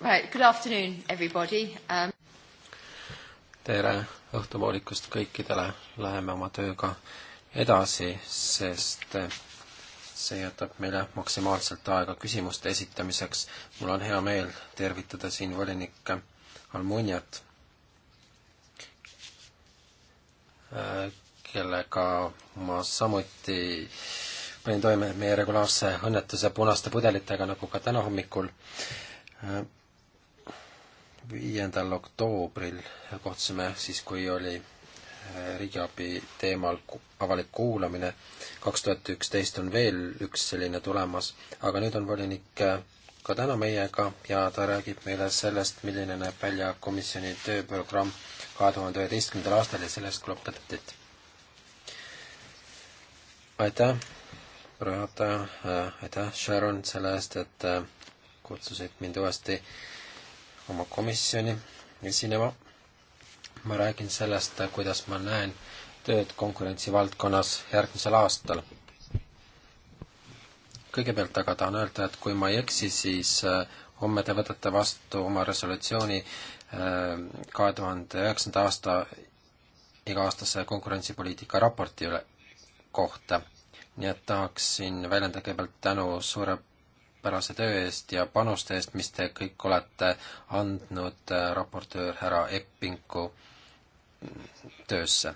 Right, good afternoon everybody um.... tere õhtupoolikust kõikidele, läheme oma tööga edasi, sest see jätab meile maksimaalselt aega küsimuste esitamiseks. mul on hea meel tervitada siin volinik Almuniat, kellega ma samuti panin toime meie regulaarse õnnetuse punaste pudelitega, nagu ka täna hommikul viiendal oktoobril kohtusime siis, kui oli äh, riigiabi teemal avalik kuulamine. kaks tuhat üksteist on veel üks selline tulemas, aga nüüd on volinik äh, ka täna meiega ja ta räägib meile sellest, milline näeb välja komisjoni tööprogramm kahe tuhande üheteistkümnendal aastal ja sellest kõlab tõtteid. aitäh, proua juhataja, äh, aitäh, Sharon, selle eest, et kutsusid mind uuesti äh, oma komisjoni esinema. ma räägin sellest, kuidas ma näen tööd konkurentsivaldkonnas järgmisel aastal. kõigepealt aga tahan öelda, et kui ma ei eksi, siis äh, homme te võtate vastu oma resolutsiooni äh, kahe tuhande üheksanda aasta iga-aastase konkurentsipoliitika raporti üle, kohta. nii et tahaksin väljendada kõigepealt tänu suure suurepärase töö eest ja panuste eest, mis te kõik olete andnud äh, raportöör härra Eppinku töösse.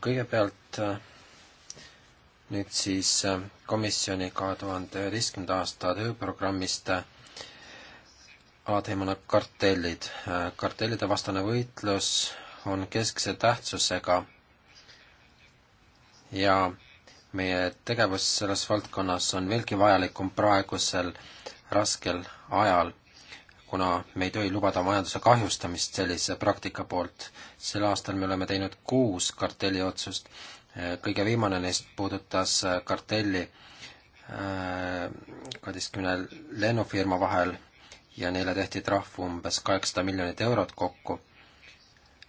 kõigepealt äh, nüüd siis äh, komisjoni kahe tuhande üheteistkümnenda aasta tööprogrammist A-teemana kartellid. kartellide vastane võitlus on keskse tähtsusega ja meie tegevus selles valdkonnas on veelgi vajalikum praegusel raskel ajal, kuna me ei tohi lubada majanduse kahjustamist sellise praktika poolt. sel aastal me oleme teinud kuus kartelliotsust, kõige viimane neist puudutas kartelli äh, kaheteistkümne lennufirma vahel ja neile tehti trahv umbes kaheksasada miljonit eurot kokku.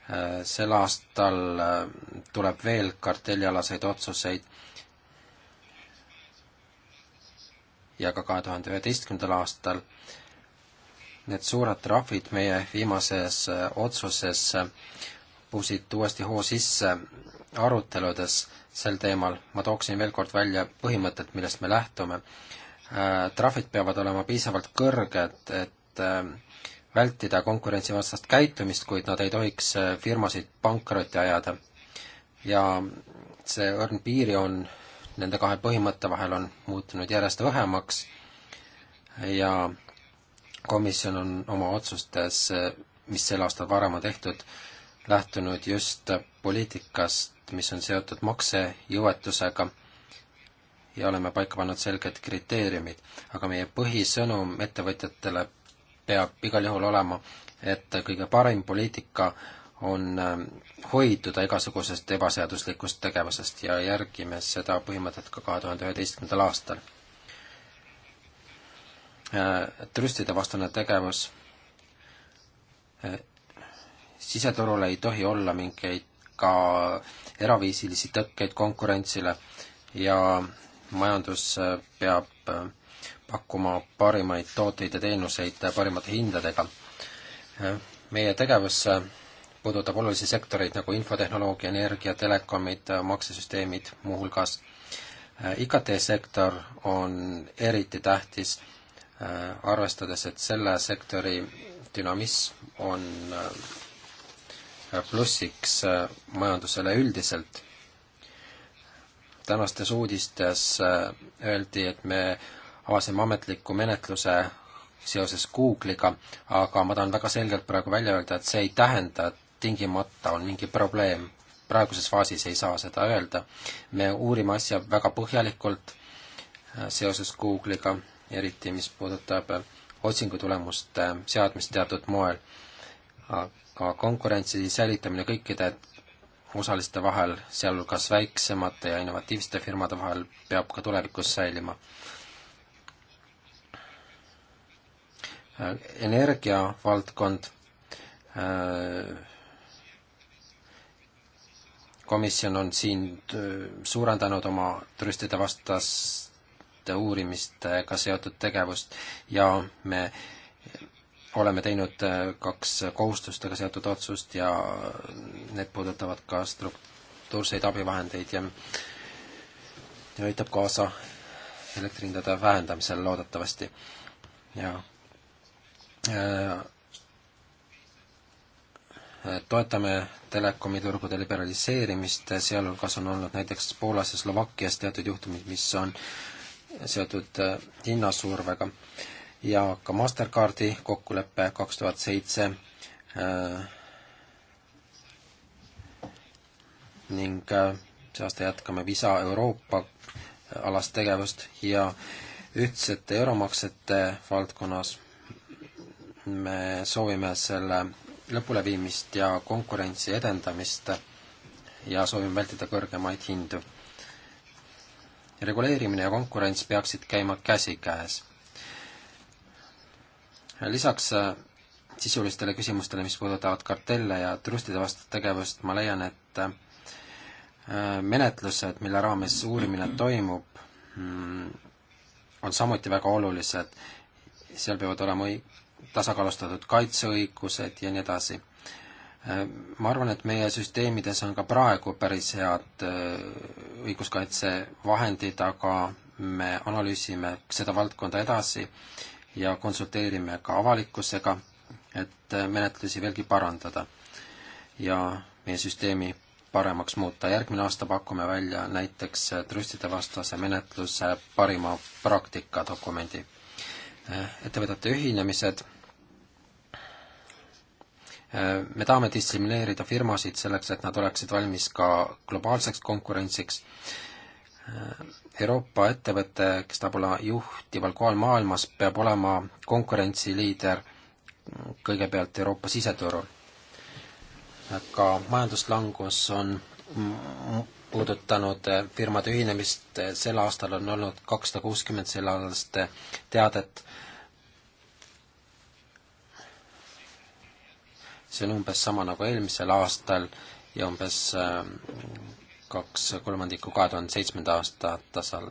Äh, sel aastal äh, tuleb veel kartellialaseid otsuseid ja ka kahe tuhande üheteistkümnendal aastal. Need suured trahvid meie viimases äh, otsuses äh, puusid uuesti hoo sisse aruteludes sel teemal. ma tooksin veel kord välja põhimõtted, millest me lähtume. Äh, trahvid peavad olema piisavalt kõrged, et vältida konkurentsivastast käitumist, kuid nad ei tohiks firmasid pankrotti ajada. ja see õrn piirijoon nende kahe põhimõtte vahel on muutunud järjest õhemaks ja komisjon on oma otsustes, mis sel aastal varem on tehtud, lähtunud just poliitikast, mis on seotud maksejõuetusega ja oleme paika pannud selged kriteeriumid. aga meie põhisõnum ettevõtjatele peab igal juhul olema, et kõige parem poliitika äh, on ähm, hoiduda igasugusest ebaseaduslikust tegevusest ja järgime seda põhimõtet ka kahe tuhande üheteistkümnendal aastal. Äh, Trüstide vastane tegevus, äh, siseturul ei tohi olla mingeid ka eraviisilisi tõkkeid konkurentsile ja majandus äh, peab pakkuma parimaid tooteid ja teenuseid parimate hindadega. meie tegevus puudutab olulisi sektoreid nagu infotehnoloogia, energia, telekomid, maksesüsteemid muuhulgas. Äh, IKT-sektor on eriti tähtis, äh, arvestades, et selle sektori dünamism on äh, plussiks majandusele üldiselt. tänastes uudistes öeldi, et me avasime ametliku menetluse seoses Google'iga, aga ma tahan väga selgelt praegu välja öelda, et see ei tähenda, et tingimata on mingi probleem. praeguses faasis ei saa seda öelda. me uurime asja väga põhjalikult äh, seoses Google'iga, eriti mis puudutab äh, otsingutulemuste äh, seadmist teatud moel. aga konkurentsi säilitamine kõikide osaliste vahel, sealhulgas väiksemate ja innovatiivsete firmade vahel, peab ka tulevikus säilima. energiavaldkond äh, komisjon on siin suurendanud oma turistide vastaste uurimistega seotud tegevust ja me oleme teinud äh, kaks kohustustega seotud otsust ja need puudutavad ka struktuurseid abivahendeid ja aitab kaasa elektrihindade vähendamisel loodetavasti ja äh, Äh, toetame telekomiturgude liberaliseerimist, sealhulgas on olnud näiteks Poolas ja Slovakkias teatud juhtumid, mis on seotud äh, hinnasurvega. ja ka Mastercardi kokkulepe kaks tuhat seitse äh, ning see aasta jätkame Visa Euroopa alast tegevust ja ühtsete euromaksete valdkonnas me soovime selle lõpuleviimist ja konkurentsi edendamist ja soovime vältida kõrgemaid hindu. reguleerimine ja konkurents peaksid käima käsikäes. lisaks äh, sisulistele küsimustele, mis puudutavad kartelle ja trustide vastu tegevust, ma leian, et äh, menetlused, mille raames uurimine toimub, mm, on samuti väga olulised, seal peavad olema õig-, tasakaalustatud kaitseõigused ja nii edasi. ma arvan, et meie süsteemides on ka praegu päris head äh, õiguskaitsevahendid, aga me analüüsime seda valdkonda edasi ja konsulteerime ka avalikkusega, et äh, menetlusi veelgi parandada ja meie süsteemi paremaks muuta. järgmine aasta pakume välja näiteks äh, trustide vastase menetluse parima praktika dokumendi Äh, ettevõtete ühinemised. Äh, me tahame distsiplineerida firmasid selleks, et nad oleksid valmis ka globaalseks konkurentsiks. Äh, Euroopa ettevõte, kes tahab olla juhtival kohal maailmas, peab olema konkurentsiliider kõigepealt Euroopa siseturul. ka majanduslangus on puudutanud eh, firmade ühinemist, eh, sel aastal on olnud kakssada kuuskümmend sellealast eh, teadet. see on umbes sama nagu eelmisel aastal ja umbes kaks kolmandikku kahe tuhande seitsmenda aasta tasal.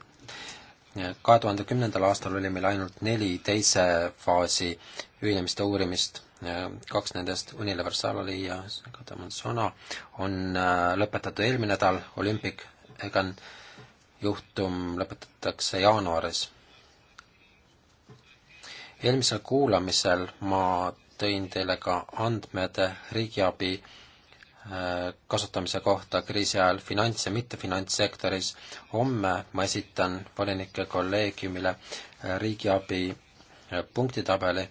kahe tuhande kümnendal aastal oli meil ainult neli teise faasi ühinemiste uurimist kaks nendest, Unilever Saloli ja Katamonsona, on äh, lõpetatud eelmine nädal, Olympic Egan juhtum lõpetatakse jaanuaris. eelmisel kuulamisel ma tõin teile ka andmed riigiabi äh, kasutamise kohta kriisi ajal finants- ja mittefinantssektoris. homme ma esitan volinike kolleegiumile äh, riigiabi punktitabeli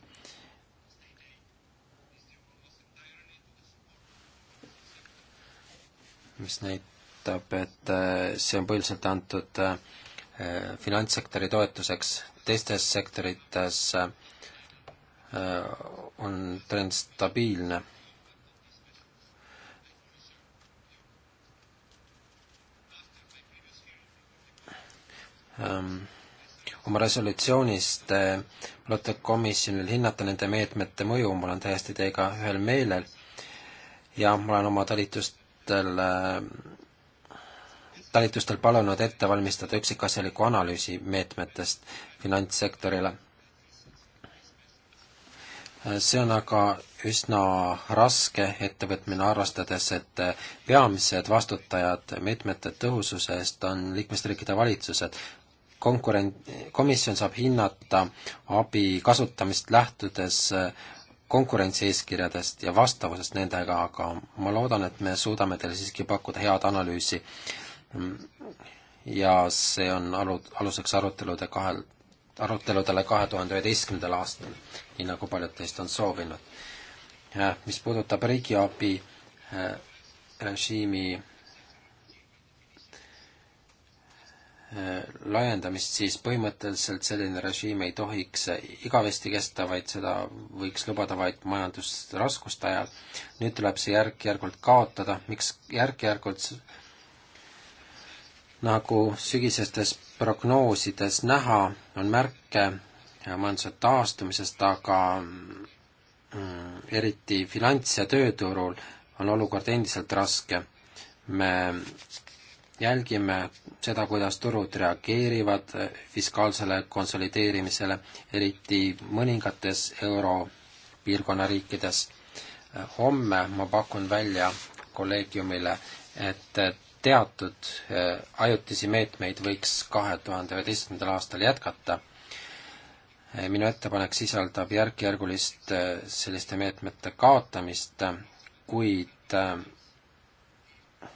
mis näitab, et äh, see on põhiliselt antud äh, finantssektori toetuseks, teistes sektorites äh, on trend stabiilne ähm, oma resolutsioonist olete komisjonil hinnata nende meetmete mõju, ma olen täiesti teiega ühel meelel ja ma olen oma talitust erinevatel äh, talitustel palunud ette valmistada üksikasjaliku analüüsi meetmetest finantssektorile. see on aga üsna raske ettevõtmine, arvestades, et peamised vastutajad meetmete tõhususe eest on liikmesriikide valitsused. konkurent, komisjon saab hinnata abi kasutamist lähtudes konkurentsieeskirjadest ja vastavusest nendega, aga ma loodan, et me suudame teile siiski pakkuda head analüüsi. ja see on alu-, aluseks arutelude kahel, aruteludele kahe tuhande üheteistkümnendal aastal, nii nagu paljud teist on soovinud. mis puudutab riigiabi eh, režiimi Äh, laiendamist, siis põhimõtteliselt selline režiim ei tohiks igavesti kesta, vaid seda võiks lubada vaid majandusraskuste ajal. nüüd tuleb see järk-järgult kaotada, miks järk-järgult nagu sügisestes prognoosides näha, on märke majanduse taastumisest, aga mm, eriti finants- ja tööturul on olukord endiselt raske. me jälgime seda, kuidas turud reageerivad fiskaalsele konsolideerimisele, eriti mõningates europiirkonna riikides. homme ma pakun välja kolleegiumile, et teatud eh, ajutisi meetmeid võiks kahe tuhande üheteistkümnendal aastal jätkata. Eh, minu ettepanek sisaldab järk-järgulist eh, selliste meetmete kaotamist, kuid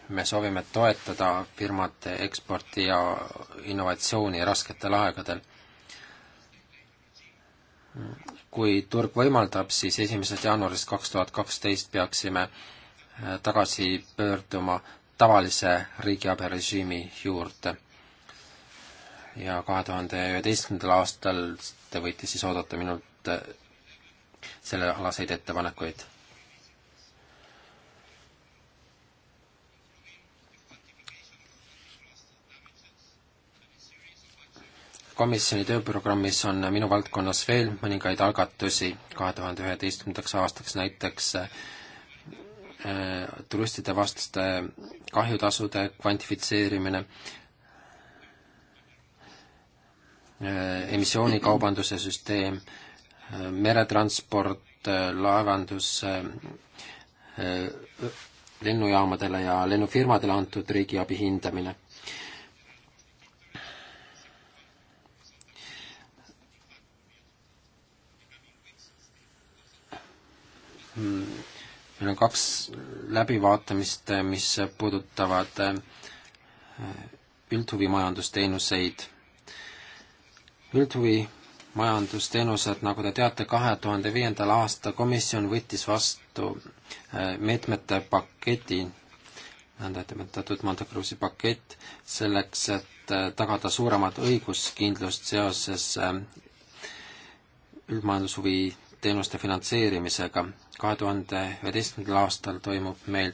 me soovime toetada firmade eksporti ja innovatsiooni rasketel aegadel. kui turg võimaldab, siis esimesest jaanuarist kaks tuhat kaksteist peaksime äh, tagasi pöörduma tavalise riigiabi režiimi juurde. ja kahe tuhande üheteistkümnendal aastal te võite siis oodata minult äh, sellealaseid ettepanekuid komisjoni tööprogrammis on minu valdkonnas veel mõningaid algatusi kahe tuhande üheteistkümnendaks aastaks, näiteks äh, turistide vastaste kahjutasude kvantifitseerimine, äh, emissioonikaubanduse süsteem, äh, meretransport, laevandus, lennujaamadele ja lennufirmadele antud riigiabi hindamine meil on kaks läbivaatamist, mis puudutavad eh, üldhuvimajandusteenuseid. üldhuvimajandusteenused, nagu te teate, kahe tuhande viiendal aastal komisjon võttis vastu eh, meetmete paketi, nõndanimetatud Monte Cruzi pakett, selleks, et eh, tagada suuremat õiguskindlust seoses üldmajandushuvi teenuste finantseerimisega. kahe tuhande üheteistkümnendal aastal toimub meil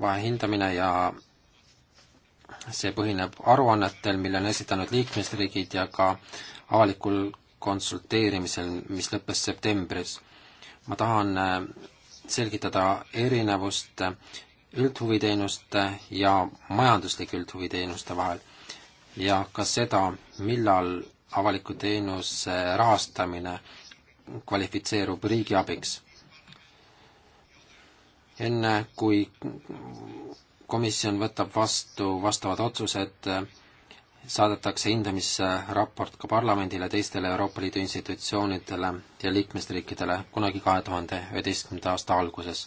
vahehindamine ja see põhineb aruannetel, mille on esitanud liikmesriigid ja ka avalikul konsulteerimisel, mis lõppes septembris. ma tahan äh, selgitada erinevust äh, üldhuviteenuste ja majanduslike üldhuviteenuste vahel ja ka seda, millal avaliku teenuse rahastamine äh, kvalifitseerub riigiabiks. enne, kui komisjon võtab vastu vastavad otsused, saadetakse hindamisse raport ka parlamendile, teistele Euroopa Liidu institutsioonidele ja liikmesriikidele kunagi kahe tuhande üheteistkümnenda aasta alguses.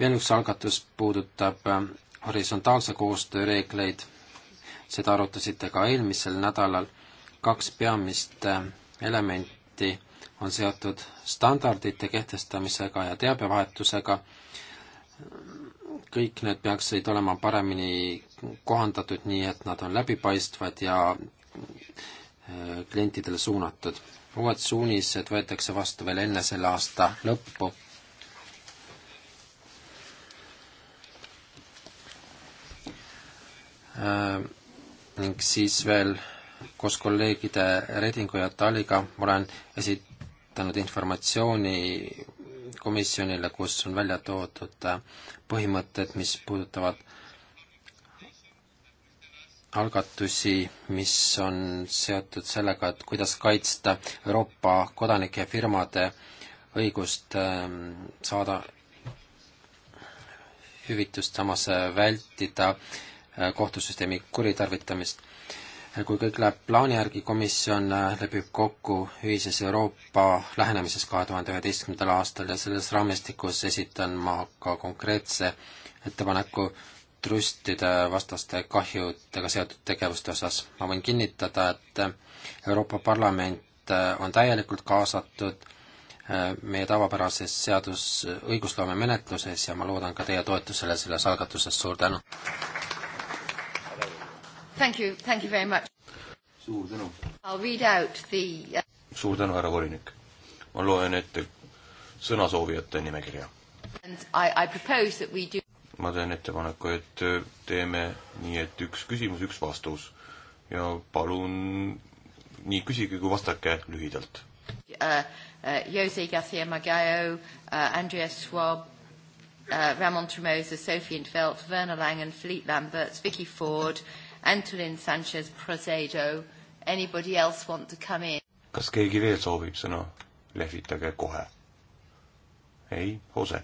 veel üks algatus puudutab äh, horisontaalse koostöö reegleid, seda arutasite ka eelmisel nädalal, kaks peamist äh, elementi on seotud standardite kehtestamisega ja teabevahetusega. kõik need peaksid olema paremini kohandatud nii, et nad on läbipaistvad ja äh, klientidele suunatud. uued suunised võetakse vastu veel enne selle aasta lõppu. Äh, ning siis veel koos kolleegide Redingu ja Taliga olen esi-, esitanud informatsiooni komisjonile, kus on välja toodud äh, põhimõtted, mis puudutavad algatusi, mis on seotud sellega, et kuidas kaitsta Euroopa kodanike ja firmade õigust ähm, saada hüvitust, samas äh, vältida äh, kohtusüsteemi kuritarvitamist kui kõik läheb plaani järgi, komisjon äh, lepib kokku ühises Euroopa lähenemises kahe tuhande üheteistkümnendal aastal ja selles raamistikus esitan ma ka konkreetse ettepaneku trustide vastaste kahjudega seotud tegevuste osas. ma võin kinnitada, et äh, Euroopa Parlament äh, on täielikult kaasatud meie tavapärases seadus, õigusloome menetluses ja ma loodan ka teie toetusele selles algatuses, suur tänu! Thank you, thank you very much. suur tänu. I will read out the uh, suur tänu, härra volinik. ma loen ette sõnasoovijate nimekirja. And I, I propose that we do ma teen ettepaneku, et äh, teeme nii, et üks küsimus, üks vastus. ja palun nii küsige kui vastake lühidalt uh,. Uh, Jose Garcia Magallo uh,, Andreas Schwab uh,, Ramon Tremosa, Sophie Intveld, Werner Langen, Philippe Lamberts, Vicky Ford uh,, Antolin Sanchez Prosedo. Anybody else want to come in? kas keegi veel soovib sõna? lehvitage kohe. ei, Jose.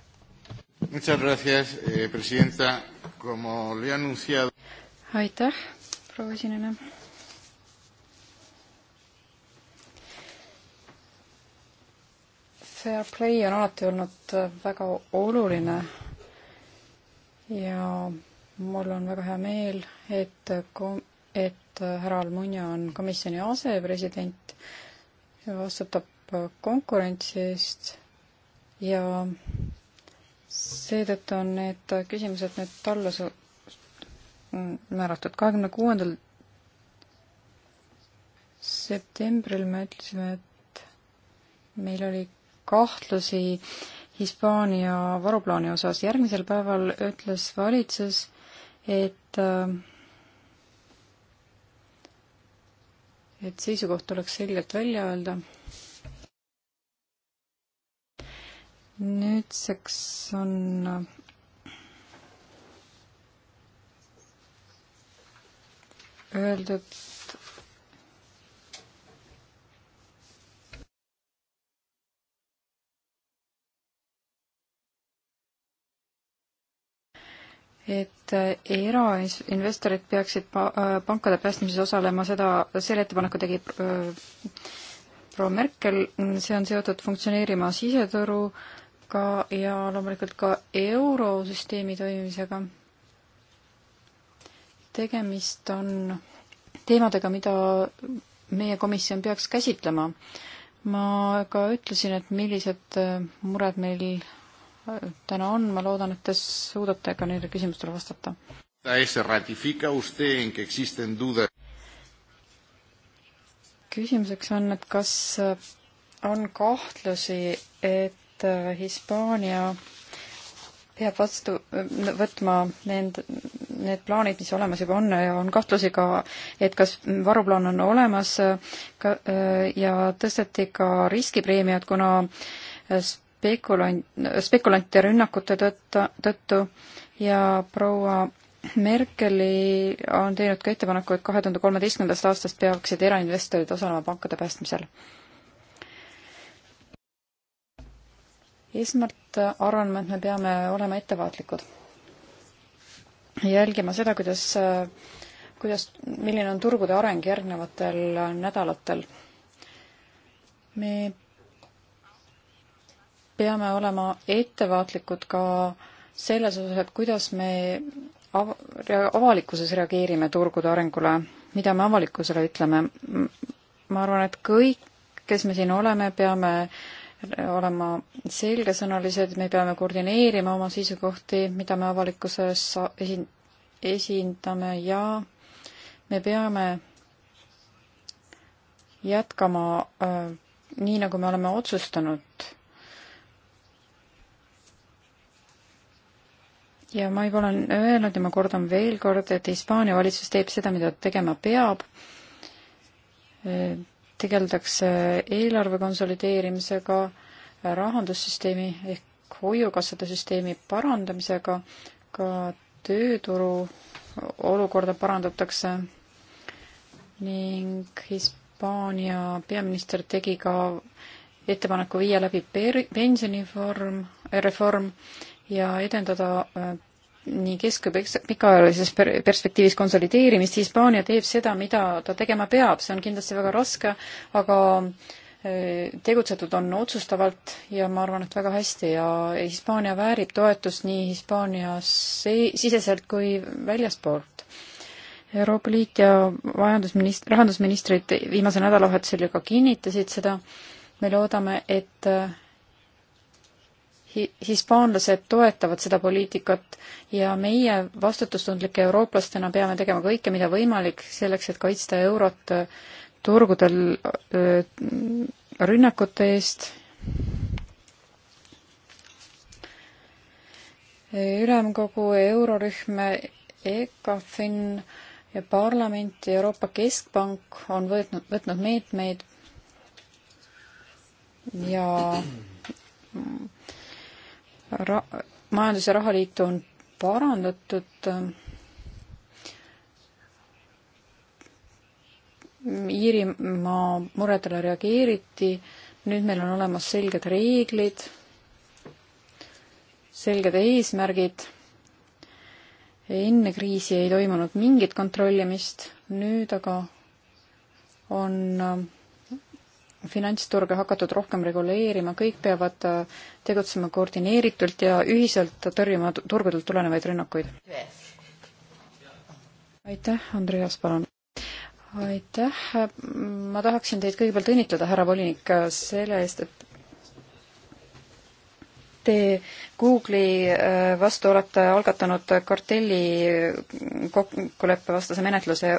Muchas gracias eh,, presidenta. Como le he anunciado. aitäh, proua esineja. Fair play on alati olnud väga oluline ja mul on väga hea meel, et kom-, et härra Almunia on komisjoni asepresident, vastutab konkurentsi eest ja seetõttu on need küsimused nüüd talle määratud. kahekümne kuuendal septembril me ütlesime, et meil oli kahtlusi Hispaania varuplaani osas. järgmisel päeval ütles valitsus, et äh, et seisukoht tuleks selgelt välja öelda. nüüdseks on äh, öeldud et äh, erainvestorid peaksid pa-, äh, pankade päästmises osalema, seda, selle ettepaneku tegi äh, proua Merkel, see on seotud funktsioneerima siseturuga ja loomulikult ka eurosüsteemi toimimisega. tegemist on teemadega, mida meie komisjon peaks käsitlema. ma ka ütlesin, et millised mured meil täna on, ma loodan, et te suudate ka neile küsimustele vastata. küsimuseks on, et kas on kahtlusi, et Hispaania peab vastu võtma need, need plaanid, mis olemas juba on ja on kahtlusi ka, et kas varuplaan on olemas ka, ja tõsteti ka riskipreemiat, kuna spekulant, spekulantide rünnakute tõttu, tõttu ja proua Merkeli on teinud ka ettepaneku, et kahe tuhande kolmeteistkümnendast aastast peaksid erainvestorid osalema pankade päästmisel. esmalt arvan ma, et me peame olema ettevaatlikud. jälgima seda, kuidas, kuidas, milline on turgude areng järgnevatel nädalatel. me peame olema ettevaatlikud ka selles osas, et kuidas me av-, avalikkuses reageerime turgude arengule, mida me avalikkusele ütleme. ma arvan, et kõik, kes me siin oleme, peame olema selgesõnalised, me peame koordineerima oma seisukohti, mida me avalikkuses esin-, esindame ja me peame jätkama äh, nii, nagu me oleme otsustanud ja ma juba olen öelnud ja ma kordan veel kord, et Hispaania valitsus teeb seda, mida tegema peab. tegeldakse eelarve konsolideerimisega, rahandussüsteemi ehk hoiukassade süsteemi parandamisega, ka tööturu olukorda parandatakse ning Hispaania peaminister tegi ka ettepaneku viia läbi per-, pensionireform, reform ja edendada äh, nii kesk- kui pikaajalises perspektiivis konsolideerimist, Hispaania teeb seda, mida ta tegema peab, see on kindlasti väga raske, aga äh, tegutsetud on otsustavalt ja ma arvan, et väga hästi ja Hispaania väärib toetust nii Hispaanias siseselt kui väljaspoolt. Euroopa Liit ja majandusminist-, rahandusministrid viimasel nädalavahetusel ju ka kinnitasid seda, me loodame, et äh, hispaanlased toetavad seda poliitikat ja meie vastutustundlike eurooplastena peame tegema kõike, mida võimalik, selleks et kaitsta eurot äh, turgudel äh, rünnakute eest. ülemkogu eurorühm ECOFIN ja parlament ja Euroopa Keskpank on võtnud, võtnud meetmeid ja ra-, majandus- ja rahaliitu on parandatud Iirimaa muredele reageeriti, nüüd meil on olemas selged reeglid, selged eesmärgid, enne kriisi ei toimunud mingit kontrollimist, nüüd aga on finantsturge hakatud rohkem reguleerima, kõik peavad äh, tegutsema koordineeritult ja ühiselt tõrjuma turgudelt tulenevaid rünnakuid. aitäh, Andreas, palun! aitäh, ma tahaksin teid kõigepealt õnnitleda, härra volinik, äh, selle eest, et te Google'i äh, vastu olete algatanud kartelli kokkuleppe vastase menetluse.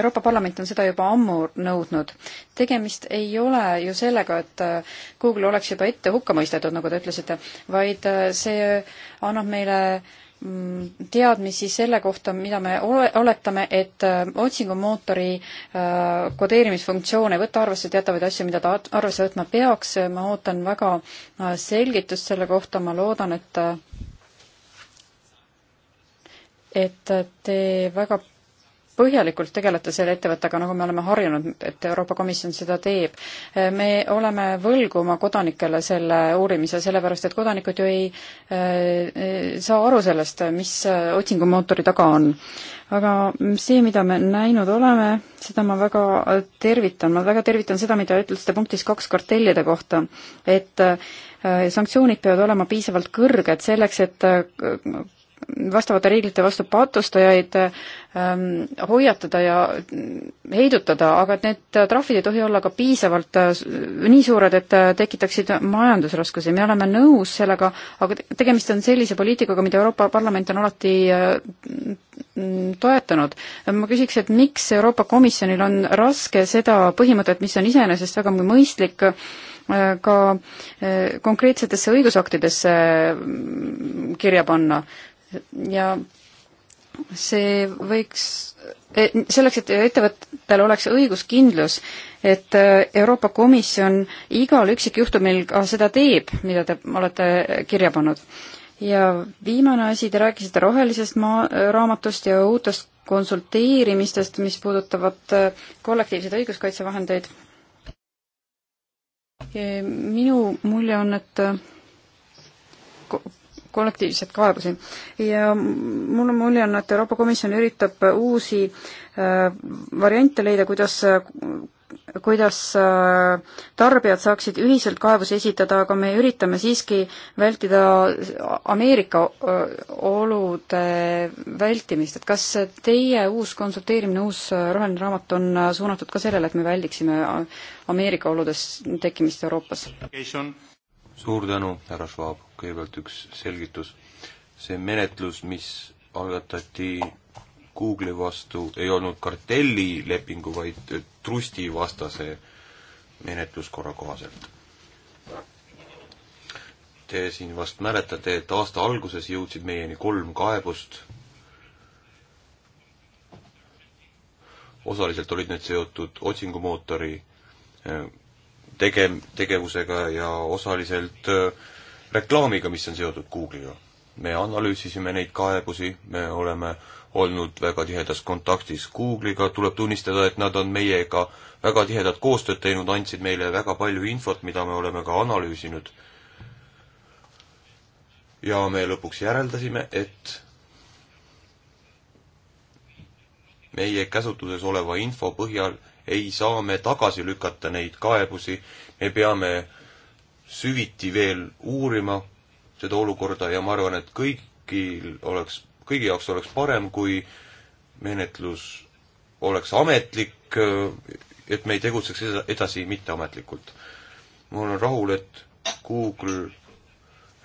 Euroopa Parlament on seda juba ammu nõudnud. tegemist ei ole ju sellega, et äh, Google oleks juba ette hukka mõistetud, nagu te ütlesite, vaid äh, see annab meile Mm, teadmisi selle kohta, mida me oletame, et äh, otsingumootori äh, kodeerimisfunktsioon ei võta arvesse teatavaid asju, mida ta arvesse võtma peaks, äh, ma ootan väga selgitust selle kohta, ma loodan, et et te väga põhjalikult tegelete selle ettevõttega, nagu me oleme harjunud, et Euroopa Komisjon seda teeb. me oleme võlgu oma kodanikele selle uurimise, sellepärast et kodanikud ju ei äh, saa aru sellest, mis otsingumootori taga on. aga see, mida me näinud oleme, seda ma väga tervitan, ma väga tervitan seda, mida ütlesite punktis kaks kartellide kohta, et eh, sanktsioonid peavad olema piisavalt kõrged selleks, et eh, vastavate reeglite vastu patustajaid ähm, hoiatada ja heidutada, aga et need trahvid ei tohi olla ka piisavalt äh, nii suured, et äh, tekitaksid majandusraskusi. me oleme nõus sellega, aga tegemist on sellise poliitikaga, mida Euroopa Parlament on alati äh, toetanud. ma küsiks, et miks Euroopa Komisjonil on raske seda põhimõtet, mis on iseenesest väga mõistlik, äh, ka äh, konkreetsetesse õigusaktidesse mm, kirja panna ja see võiks, e, selleks, et ettevõttel oleks õiguskindlus, et e, Euroopa Komisjon igal üksikjuhtumil ka seda teeb, mida te olete kirja pannud. ja viimane asi, te rääkisite rohelisest maa, e, raamatust ja uutest konsulteerimistest, mis puudutavad kollektiivseid õiguskaitsevahendeid. minu mulje on, et kollektiivseid kaebusi. ja mul on mulje on, et Euroopa Komisjon üritab uusi äh, variante leida, kuidas kuidas äh, tarbijad saaksid ühiselt kaebusi esitada, aga me üritame siiski vältida Ameerika äh, olude vältimist, et kas teie uus konsulteerimine, uus roheline raamat on suunatud ka sellele, et me väldiksime Ameerika oludes tekkimist Euroopas? suur tänu, härra Schwab, kõigepealt üks selgitus. see menetlus, mis algatati Google'i vastu, ei olnud kartellilepingu, vaid trusti vastase menetluskorra kohaselt. Te siin vast mäletate, et aasta alguses jõudsid meieni kolm kaebust. osaliselt olid need seotud otsingumootori eh, tege-, tegevusega ja osaliselt äh, reklaamiga, mis on seotud Google'iga. me analüüsisime neid kaebusi, me oleme olnud väga tihedas kontaktis Google'iga, tuleb tunnistada, et nad on meiega väga tihedat koostööd teinud, andsid meile väga palju infot, mida me oleme ka analüüsinud. ja me lõpuks järeldasime, et meie käsutuses oleva info põhjal ei saa me tagasi lükata neid kaebusi, me peame süviti veel uurima seda olukorda ja ma arvan, et kõigil oleks, kõigi jaoks oleks parem, kui menetlus oleks ametlik, et me ei tegutseks edasi mitteametlikult. ma olen rahul, et Google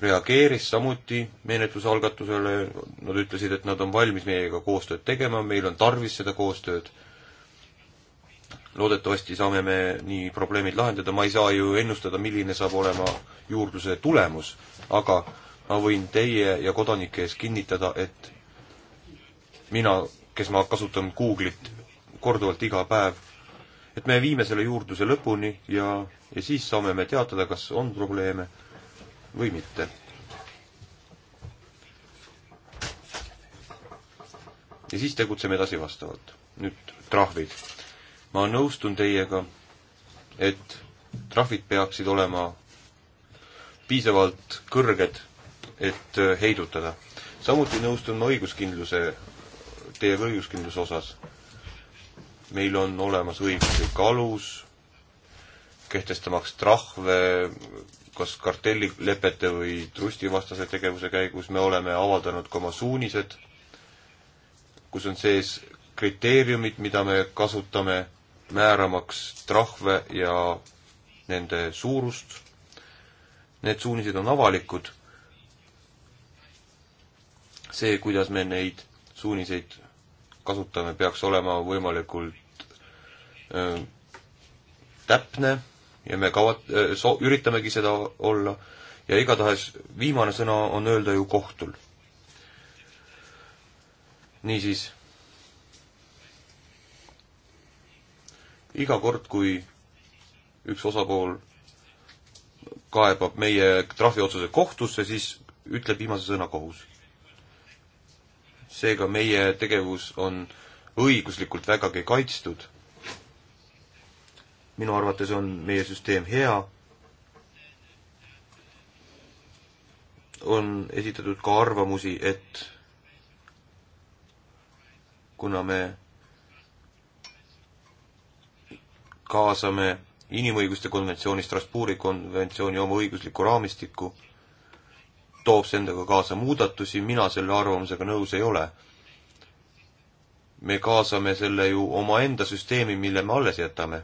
reageeris samuti menetluse algatusele, nad ütlesid, et nad on valmis meiega koostööd tegema, meil on tarvis seda koostööd loodetavasti saame me nii probleemid lahendada, ma ei saa ju ennustada, milline saab olema juurdluse tulemus, aga ma võin teie ja kodanike ees kinnitada, et mina, kes ma kasutan Google'it korduvalt iga päev, et me viime selle juurdluse lõpuni ja, ja siis saame me teatada, kas on probleeme või mitte. ja siis tegutseme edasi vastavalt. nüüd trahvid ma nõustun teiega, et trahvid peaksid olema piisavalt kõrged, et äh, heidutada. samuti nõustun ma õiguskindluse, teie õiguskindluse osas. meil on olemas õiguslik alus, kehtestamaks trahve kas kartellilepete või trustivastase tegevuse käigus, me oleme avaldanud ka oma suunised, kus on sees kriteeriumid, mida me kasutame määramaks trahve ja nende suurust. Need suunised on avalikud. see, kuidas me neid suuniseid kasutame, peaks olema võimalikult öö, täpne ja me kavat-, so-, üritamegi seda olla ja igatahes viimane sõna on öelda ju kohtul. niisiis iga kord, kui üks osapool kaebab meie trahviotsuse kohtusse, siis ütleb viimase sõna kohus. seega meie tegevus on õiguslikult vägagi kaitstud. minu arvates on meie süsteem hea. on esitatud ka arvamusi, et kuna me kaasame inimõiguste konventsiooni, Strasbourgi konventsiooni oma õiguslikku raamistikku, toob see endaga kaasa muudatusi, mina selle arvamusega nõus ei ole. me kaasame selle ju omaenda süsteemi, mille me alles jätame.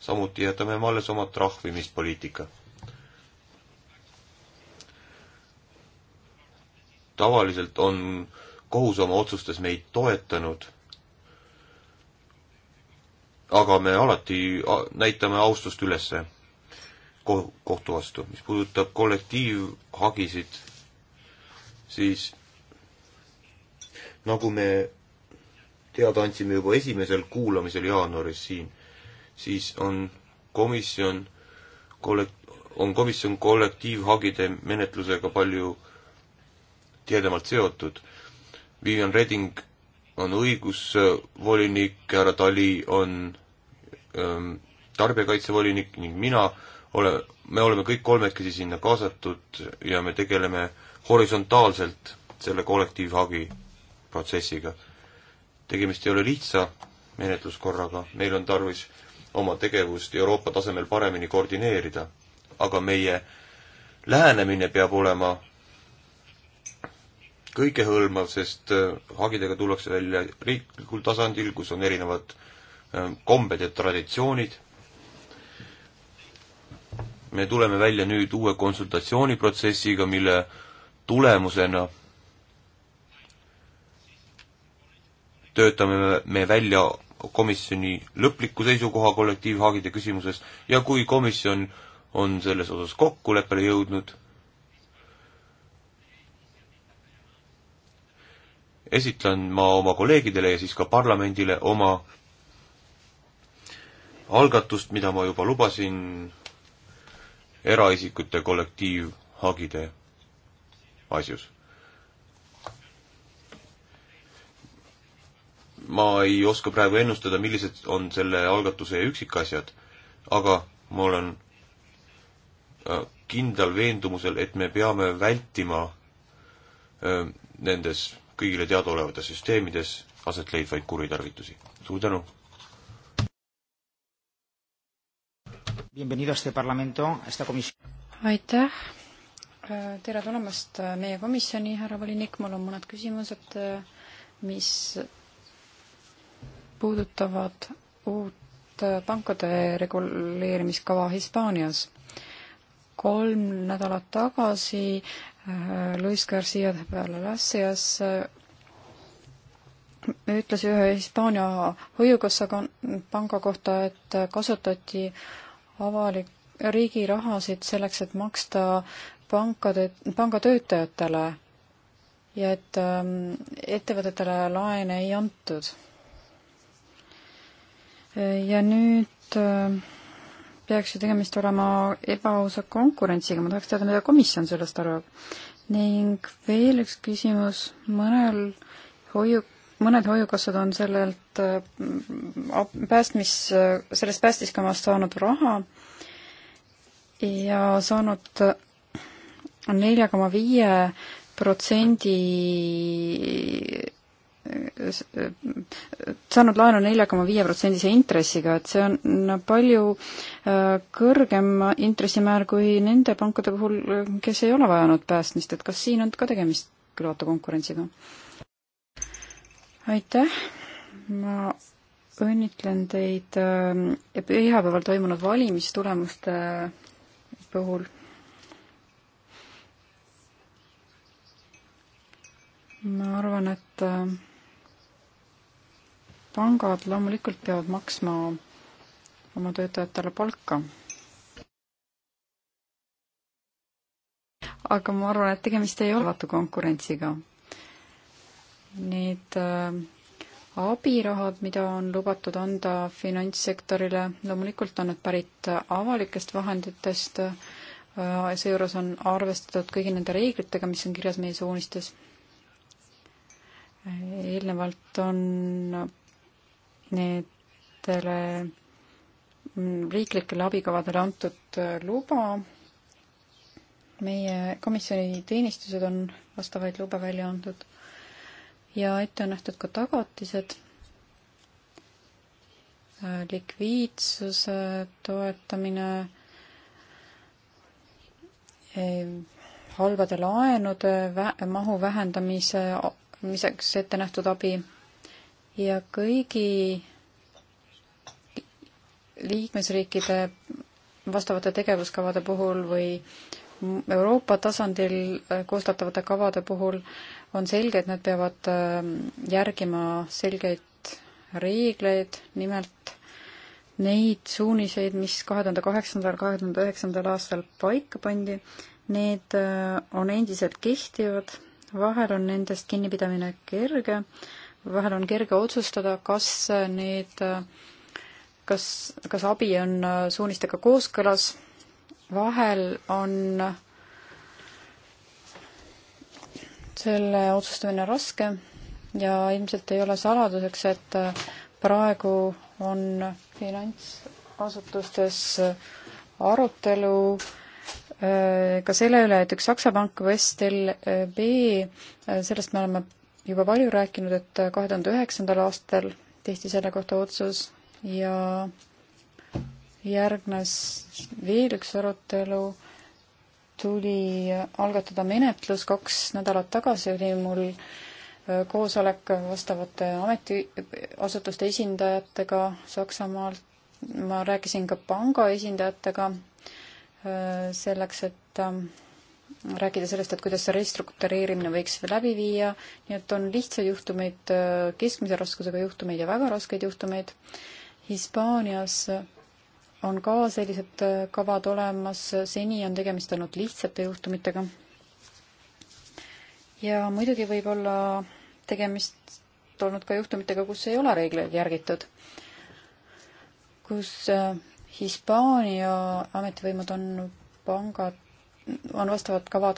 samuti jätame me alles oma trahvimispoliitika. tavaliselt on kohus oma otsustes meid toetanud aga me alati näitame austust ülesse ko kohtu vastu. mis puudutab kollektiivhagisid, siis nagu me teada andsime juba esimesel kuulamisel jaanuaris siin, siis on komisjon kollek-, on komisjon kollektiivhagide menetlusega palju tihedamalt seotud. Vivian Reding on õigusvolinik, äh, härra Tali on ähm, tarbijakaitsevolinik ning mina ole, me oleme kõik kolmekesi sinna kaasatud ja me tegeleme horisontaalselt selle kollektiivhagi protsessiga. tegemist ei ole lihtsa menetluskorraga, meil on tarvis oma tegevust Euroopa tasemel paremini koordineerida, aga meie lähenemine peab olema kõikehõlmav, sest äh, hagidega tullakse välja riiklikul tasandil, kus on erinevad äh, kombed ja traditsioonid. me tuleme välja nüüd uue konsultatsiooniprotsessiga, mille tulemusena töötame me välja komisjoni lõpliku seisukoha kollektiivhagide küsimuses ja kui komisjon on selles osas kokkuleppele jõudnud, esitlen ma oma kolleegidele ja siis ka parlamendile oma algatust, mida ma juba lubasin eraisikute kollektiivhagide asjus. ma ei oska praegu ennustada, millised on selle algatuse üksikasjad, aga ma olen äh, kindlal veendumusel, et me peame vältima äh, nendes kõigile teadaolevates süsteemides aset leidvaid kuritarvitusi. suur tänu! aitäh! tere tulemast meie komisjoni, härra volinik, mul on mõned küsimused, mis puudutavad uut pankade reguleerimiskava Hispaanias. kolm nädalat tagasi Luis Garcia de Palacios äh, ütles ühe Hispaania hoiukassa panga kohta, et kasutati avalik, riigi rahasid selleks, et maksta pankade, pangatöötajatele ja et ähm, ettevõtetele laene ei antud. ja nüüd äh, peaks ju tegemist olema ebaausa konkurentsiga, ma tahaks teada, mida komisjon sellest arvab. ning veel üks küsimus, mõnel hoiu-, mõned hoiukassad on sellelt äh, päästmis, sellest päästiskamast saanud raha ja saanud äh, nelja koma viie protsendi saanud laenu nelja koma viie protsendise intressiga, et see on palju äh, kõrgem intressimäär kui nende pankade puhul, kes ei ole vajanud päästmist, et kas siin on ka tegemist kõlvatu konkurentsiga? aitäh, ma õnnitlen teid äh, pühapäeval toimunud valimistulemuste puhul ma arvan, et äh, pangad loomulikult peavad maksma oma töötajatele palka. aga ma arvan, et tegemist ei ole vaatu konkurentsiga. Need äh, abirahad, mida on lubatud anda finantssektorile, loomulikult on need pärit avalikest vahenditest äh,, seejuures on arvestatud kõigi nende reeglitega, mis on kirjas meie suunistes äh, eelnevalt on nendele riiklikele abikavadele antud luba. meie komisjoni teenistused on vastavaid lube välja antud ja ette on nähtud ka tagatised, likviidsuse toetamine, halbade laenude vä mahu vähendamise, miseks ette nähtud abi ja kõigi liikmesriikide vastavate tegevuskavade puhul või Euroopa tasandil koostatavate kavade puhul on selge, et nad peavad ähm, järgima selgeid reegleid, nimelt neid suuniseid, mis kahe tuhande kaheksandal, kahe tuhande üheksandal aastal paika pandi, need äh, on endiselt kehtivad, vahel on nendest kinnipidamine kerge, vahel on kerge otsustada, kas need, kas, kas abi on suunistega kooskõlas, vahel on selle otsustamine raske ja ilmselt ei ole saladuseks, et praegu on finantsasutustes arutelu äh, ka selle üle, et üks Saksa pank, Westel B, äh, sellest me oleme juba palju rääkinud, et kahe tuhande üheksandal aastal tehti selle kohta otsus ja järgnes veel üks arutelu, tuli algatada menetlus, kaks nädalat tagasi oli mul äh, koosolek vastavate ametiasutuste esindajatega Saksamaalt, ma rääkisin ka panga esindajatega äh, selleks, et ähm, rääkida sellest, et kuidas see restruktureerimine võiks läbi viia, nii et on lihtsaid juhtumeid, keskmise raskusega juhtumeid ja väga raskeid juhtumeid. Hispaanias on ka sellised kavad olemas, seni on tegemist olnud lihtsate juhtumitega. ja muidugi võib olla tegemist olnud ka juhtumitega, kus ei ole reegleid järgitud, kus äh, Hispaania ametivõimud on pangad on vastavad kavad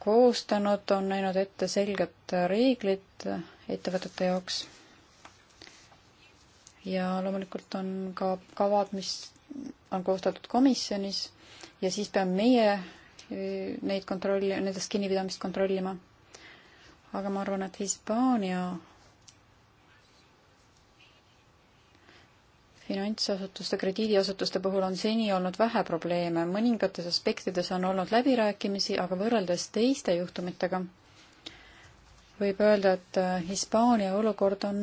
koostanud, on näinud ette selged reeglid ettevõtete jaoks. ja loomulikult on ka kavad, mis on koostatud komisjonis ja siis peame meie e, neid kontrolli, nendest kinnipidamist kontrollima. aga ma arvan, et Hispaania finantsasutuste, krediidiasutuste puhul on seni olnud vähe probleeme, mõningates aspektides on olnud läbirääkimisi, aga võrreldes teiste juhtumitega võib öelda, et äh, Hispaania olukord on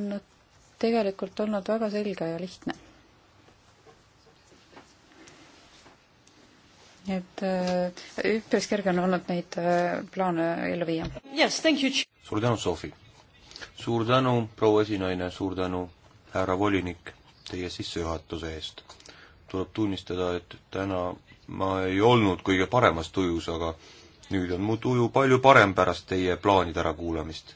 tegelikult olnud väga selge ja lihtne. et äh, üpris kerge on olnud neid äh, plaane ellu viia yes,. suur tänu, Sofi! suur tänu, proua esinaine, suur tänu, härra volinik! teie sissejuhatuse eest. tuleb tunnistada, et täna ma ei olnud kõige paremas tujus, aga nüüd on mu tuju palju parem pärast teie plaanide ärakuulamist.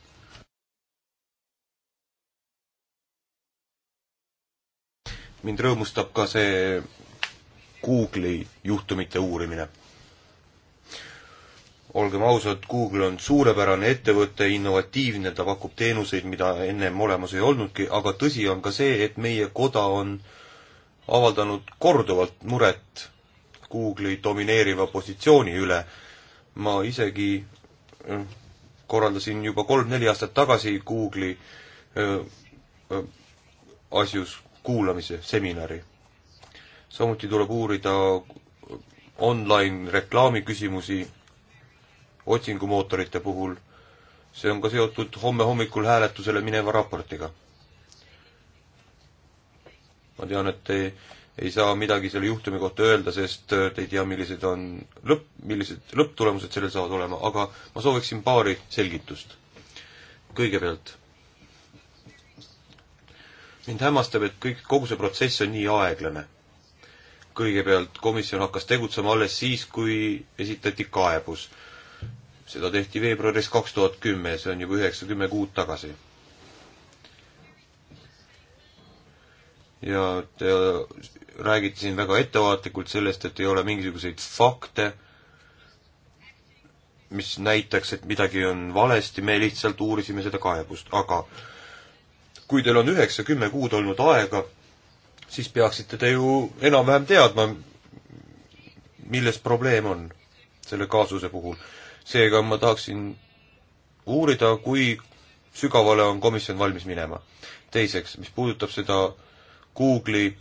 mind rõõmustab ka see Google'i juhtumite uurimine olgem ausad, Google on suurepärane ettevõte, innovatiivne, ta pakub teenuseid, mida ennem olemas ei olnudki, aga tõsi on ka see, et meie koda on avaldanud korduvalt muret Google'i domineeriva positsiooni üle. ma isegi äh, korraldasin juba kolm-neli aastat tagasi Google'i äh, äh, asjus kuulamise seminari. samuti tuleb uurida online reklaami küsimusi otsingumootorite puhul. see on ka seotud homme hommikul hääletusele mineva raportiga. ma tean, et te ei saa midagi selle juhtumi kohta öelda, sest te ei tea, millised on lõpp, millised lõpptulemused sellel saavad olema, aga ma sooviksin paari selgitust. kõigepealt, mind hämmastab, et kõik, kogu see protsess on nii aeglane kõigepealt komisjon hakkas tegutsema alles siis, kui esitati kaebus seda tehti veebruaris kaks tuhat kümme, see on juba üheksa-kümme kuud tagasi. ja te räägite siin väga ettevaatlikult sellest, et ei ole mingisuguseid fakte, mis näitaks, et midagi on valesti, me lihtsalt uurisime seda kaebust, aga kui teil on üheksa-kümme kuud olnud aega, siis peaksite te ju enam-vähem teadma, milles probleem on selle kaasuse puhul seega ma tahaksin uurida, kui sügavale on komisjon valmis minema. teiseks, mis puudutab seda Google'i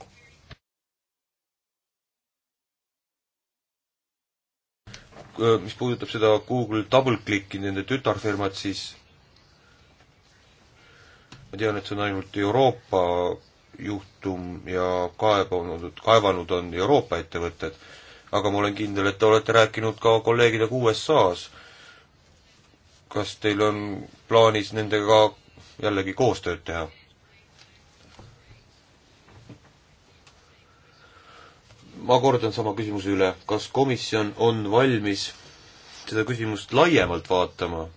mis puudutab seda Google DoubleClicki, nende tütarfirmat, siis ma tean, et see on ainult Euroopa juhtum ja kaebanud, kaevanud on Euroopa ettevõtted aga ma olen kindel, et te olete rääkinud ka kolleegidega USA-s. kas teil on plaanis nendega jällegi koostööd teha? ma kordan sama küsimuse üle, kas komisjon on valmis seda küsimust laiemalt vaatama?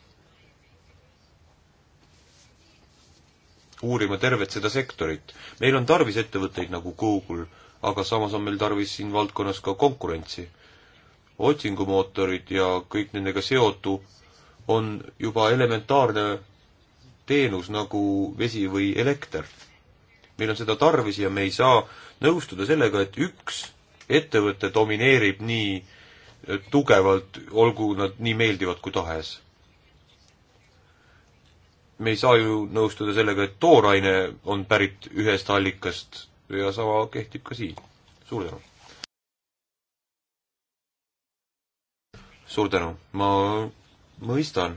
uurima tervet seda sektorit. meil on tarvis ettevõtteid nagu Google aga samas on meil tarvis siin valdkonnas ka konkurentsi. otsingumootorid ja kõik nendega seotu on juba elementaarne teenus nagu vesi või elekter. meil on seda tarvis ja me ei saa nõustuda sellega, et üks ettevõte domineerib nii tugevalt, olgu nad nii meeldivad kui tahes. me ei saa ju nõustuda sellega, et tooraine on pärit ühest allikast ja sama kehtib ka siin. suur tänu! suur tänu, ma mõistan,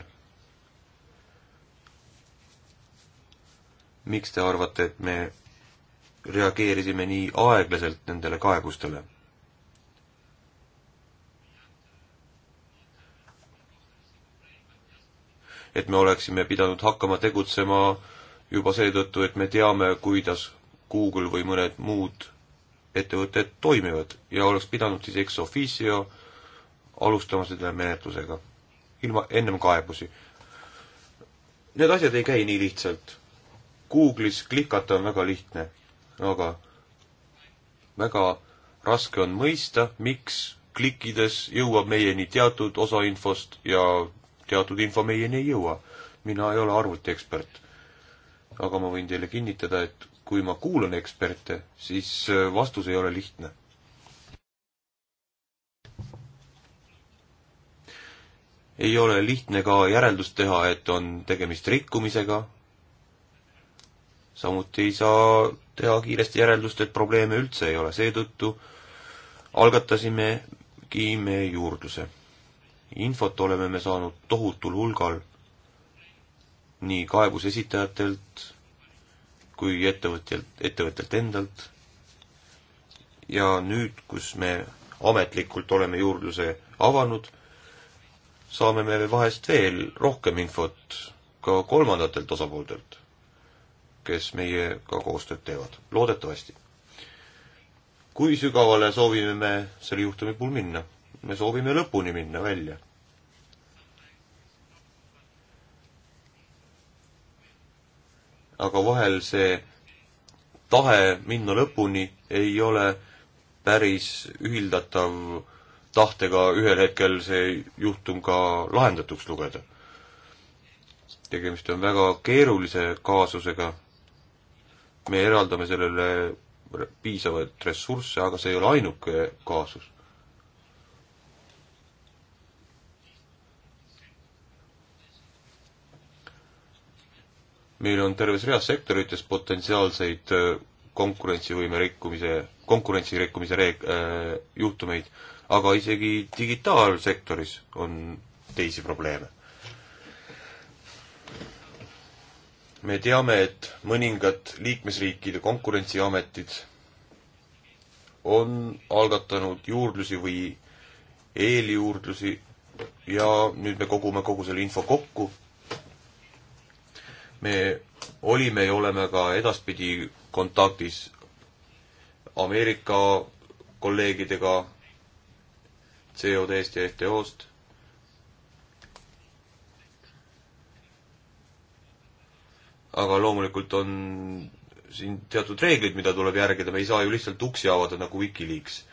miks te arvate, et me reageerisime nii aeglaselt nendele kaebustele et me oleksime pidanud hakkama tegutsema juba seetõttu, et me teame, kuidas Google või mõned muud ettevõtted toimivad ja oleks pidanud siis ex officio alustama selle menetlusega ilma ennem kaebusi. Need asjad ei käi nii lihtsalt. Google'is klikata on väga lihtne, aga väga raske on mõista, miks klikkides jõuab meieni teatud osa infost ja teatud info meieni ei jõua. mina ei ole arvutiekspert. aga ma võin teile kinnitada, et kui ma kuulan eksperte, siis äh, vastus ei ole lihtne. ei ole lihtne ka järeldust teha, et on tegemist rikkumisega. samuti ei saa teha kiiresti järeldust, et probleeme üldse ei ole, seetõttu algatasimegi me juurdluse. infot oleme me saanud tohutul hulgal nii kaebusesitajatelt, kui ettevõtjalt, ettevõttelt endalt. ja nüüd, kus me ametlikult oleme juurdluse avanud, saame me vahest veel rohkem infot ka kolmandatelt osapooltelt, kes meiega koostööd teevad, loodetavasti. kui sügavale soovime me selle juhtumi puhul minna? me soovime lõpuni minna välja aga vahel see tahe minna lõpuni ei ole päris ühildatav tahtega ühel hetkel see juhtum ka lahendatuks lugeda. tegemist on väga keerulise kaasusega. me eraldame sellele piisavalt ressursse, aga see ei ole ainuke kaasus. meil on terves reas sektorites potentsiaalseid äh, konkurentsivõime rikkumise, konkurentsi rikkumise reeg- äh,, juhtumeid, aga isegi digitaalsektoris on teisi probleeme. me teame, et mõningad liikmesriikide konkurentsiametid on algatanud juurdlusi või eeljuurdlusi ja nüüd me kogume kogu selle info kokku me olime ja oleme ka edaspidi kontaktis Ameerika kolleegidega COD-st ja FTO-st. aga loomulikult on siin teatud reeglid, mida tuleb järgida, me ei saa ju lihtsalt uksi avada nagu Wikileaks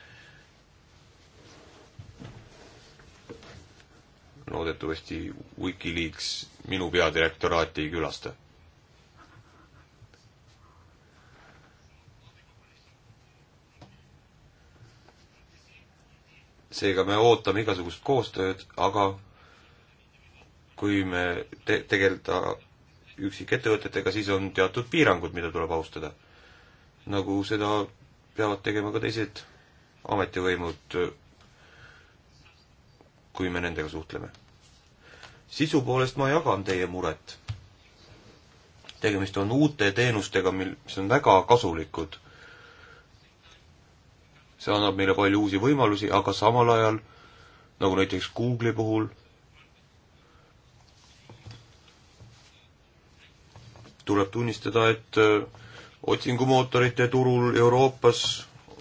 loodetavasti Wikileaks minu peadirektoraati ei külasta. seega me ootame igasugust koostööd, aga kui me te-, tegeleda üksikettevõtetega, siis on teatud piirangud, mida tuleb austada. nagu seda peavad tegema ka teised ametivõimud, kui me nendega suhtleme sisu poolest ma jagan teie muret. tegemist on uute teenustega, mil, mis on väga kasulikud. see annab meile palju uusi võimalusi, aga samal ajal, nagu näiteks Google'i puhul, tuleb tunnistada, et äh, otsingumootorite turul Euroopas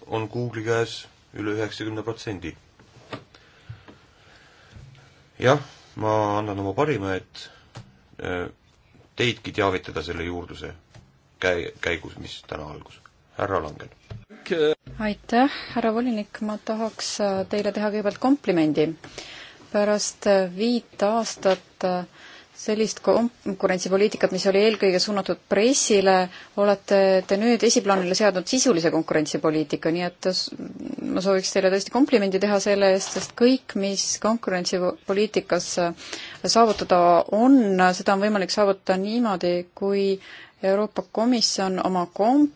on Google'i käes üle üheksakümne protsendi. jah ma annan oma parima, et äh, teidki teavitada selle juurdluse käi-, käigus, mis täna algus. härra Langen. aitäh, härra volinik, ma tahaks äh, teile teha kõigepealt komplimendi. pärast äh, viit aastat äh, sellist konkurentsipoliitikat, mis oli eelkõige suunatud pressile, olete te nüüd esiplaanile seadnud sisulise konkurentsipoliitika, nii et ma sooviks teile tõesti komplimendi teha selle eest, sest kõik, mis konkurentsipoliitikas saavutada on, seda on võimalik saavutada niimoodi, kui Euroopa Komisjon oma kom-,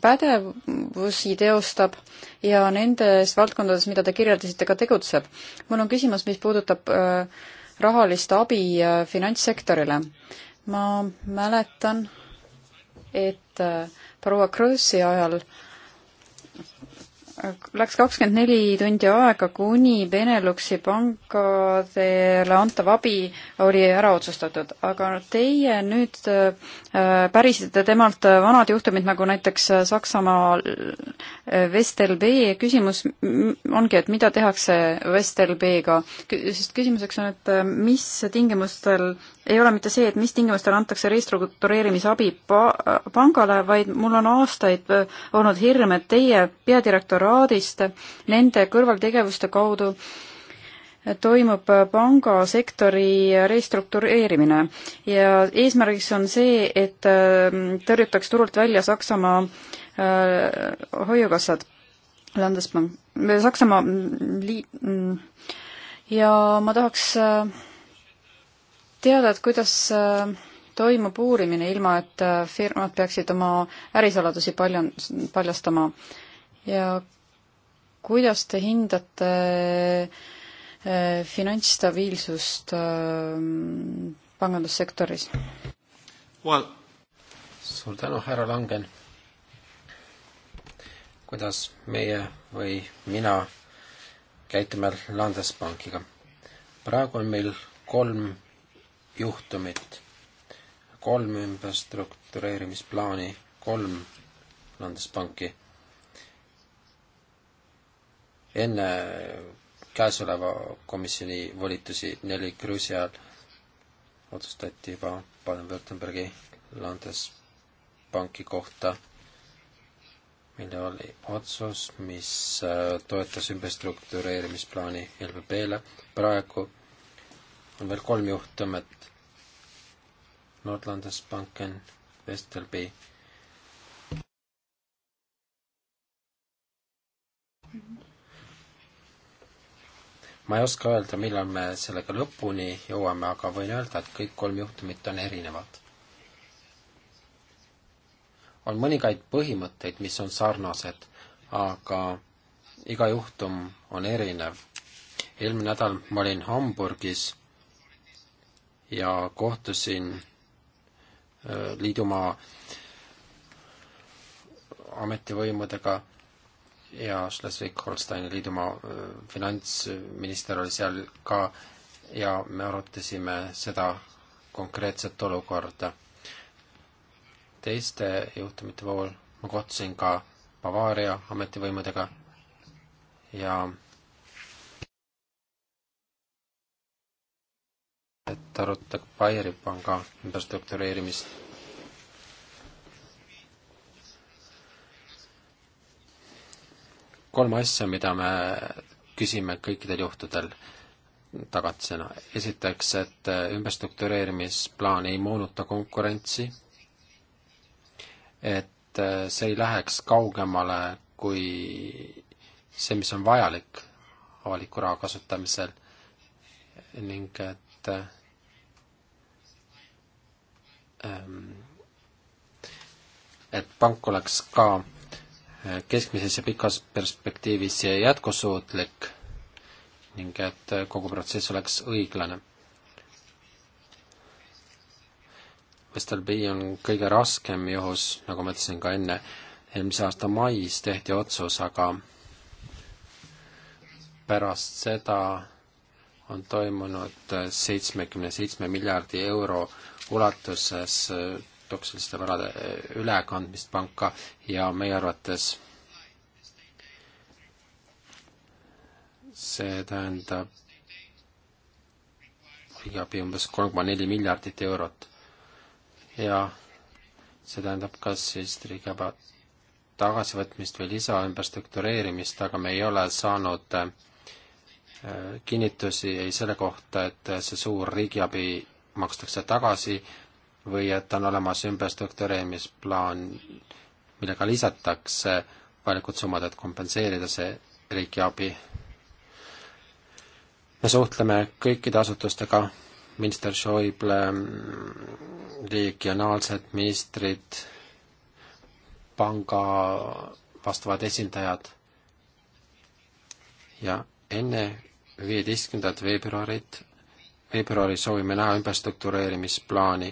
pädevusi teostab ja nendes valdkondades, mida te kirjeldasite, ka tegutseb. mul on küsimus, mis puudutab äh, rahalist abi äh, finantssektorile. ma mäletan, et äh, proua Krõõsi ajal äh, läks kakskümmend neli tundi aega, kuni Beneluxi pankadele antav abi oli ära otsustatud, aga teie nüüd äh, pärisite temalt vanad juhtumid, nagu näiteks Saksamaa Vestelbee küsimus ongi, et mida tehakse Vestelbeega, sest küsimuseks on, et äh, mis tingimustel ei ole mitte see, et mis tingimustel antakse restruktureerimisabi pa-, pangale, vaid mul on aastaid äh, olnud hirm, et teie peadirektoraadist nende kõrvaltegevuste kaudu äh, toimub äh, pangasektori restruktureerimine ja eesmärgiks on see, et tõrjutaks turult välja Saksamaa äh, hoiukassad, Landespank, Saksamaa mm, liit mm. ja ma tahaks äh, teada, et kuidas äh, toimub uurimine, ilma et äh, firmad peaksid oma ärisaladusi paljon-, paljastama. ja kuidas te hindate äh, finantsstabiilsust pangandussektoris well.? suur tänu, härra Langen. kuidas meie või mina käitume Landespankiga? praegu on meil kolm juhtumit, kolm ümberstruktureerimisplaani, kolm Landespanki. enne käesoleva komisjoni volitusi neli Gruusial otsustati juba Baden-Württembergi Landespanki kohta, mille oli otsus, mis äh, toetas ümberstruktureerimisplaani LVP-le. praegu on veel kolm juhtumit. Nordlandes, Banken, Vesterby. ma ei oska öelda, millal me sellega lõpuni jõuame, aga võin öelda, et kõik kolm juhtumit on erinevad. on mõningaid põhimõtteid, mis on sarnased, aga iga juhtum on erinev. eelmine nädal ma olin Hamburgis ja kohtusin äh, liidumaa ametivõimudega ja Schleswig-Holsteini liidumaa äh, finantsminister oli seal ka ja me arutasime seda konkreetset olukorda. teiste juhtumite puhul ma kohtusin ka Bavaaria ametivõimudega ja et arutada Bayeri panga ümberstruktureerimist. kolm asja, mida me küsime kõikidel juhtudel tagatisena. esiteks, et ümberstruktureerimisplaan ei moonuta konkurentsi, et see ei läheks kaugemale kui see, mis on vajalik avaliku raha kasutamisel ning et Ähm, et pank oleks ka äh, keskmises ja pikas perspektiivis jätkusuutlik ning et äh, kogu protsess oleks õiglane. STLB on kõige raskem juhus, nagu ma ütlesin ka enne, eelmise aasta mais tehti otsus, aga pärast seda on toimunud seitsmekümne seitsme miljardi euro ulatuses eh, toksiliste varade eh, ülekandmist panka ja meie arvates see tähendab riigiabi umbes kolm koma neli miljardit eurot. ja see tähendab kas siis riigiabi tagasivõtmist või lisa ümberstruktureerimist, aga me ei ole saanud äh, kinnitusi ei selle kohta, et see suur riigiabi makstakse tagasi või et on olemas ümberstruktureerimisplaan, millega lisatakse vajalikud summad, et kompenseerida see riigiabi. me suhtleme kõikide asutustega, minister Schäuble, regionaalsed ministrid, panga vastavad esindajad ja enne viieteistkümnendat veebruarit, veebruaris soovime näha ümberstruktureerimisplaani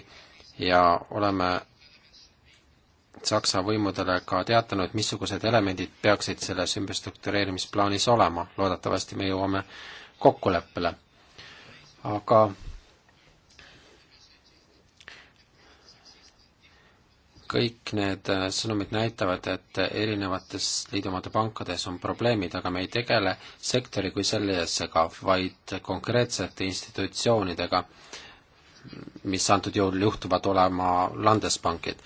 ja oleme Saksa võimudele ka teatanud, missugused elemendid peaksid selles ümberstruktureerimisplaanis olema, loodetavasti me jõuame kokkuleppele. aga kõik need äh, sõnumid näitavad, et erinevates liidumate pankades on probleemid, aga me ei tegele sektori kui sellisega, vaid konkreetsete institutsioonidega, mis antud juhul juhtuvad olema landespankid.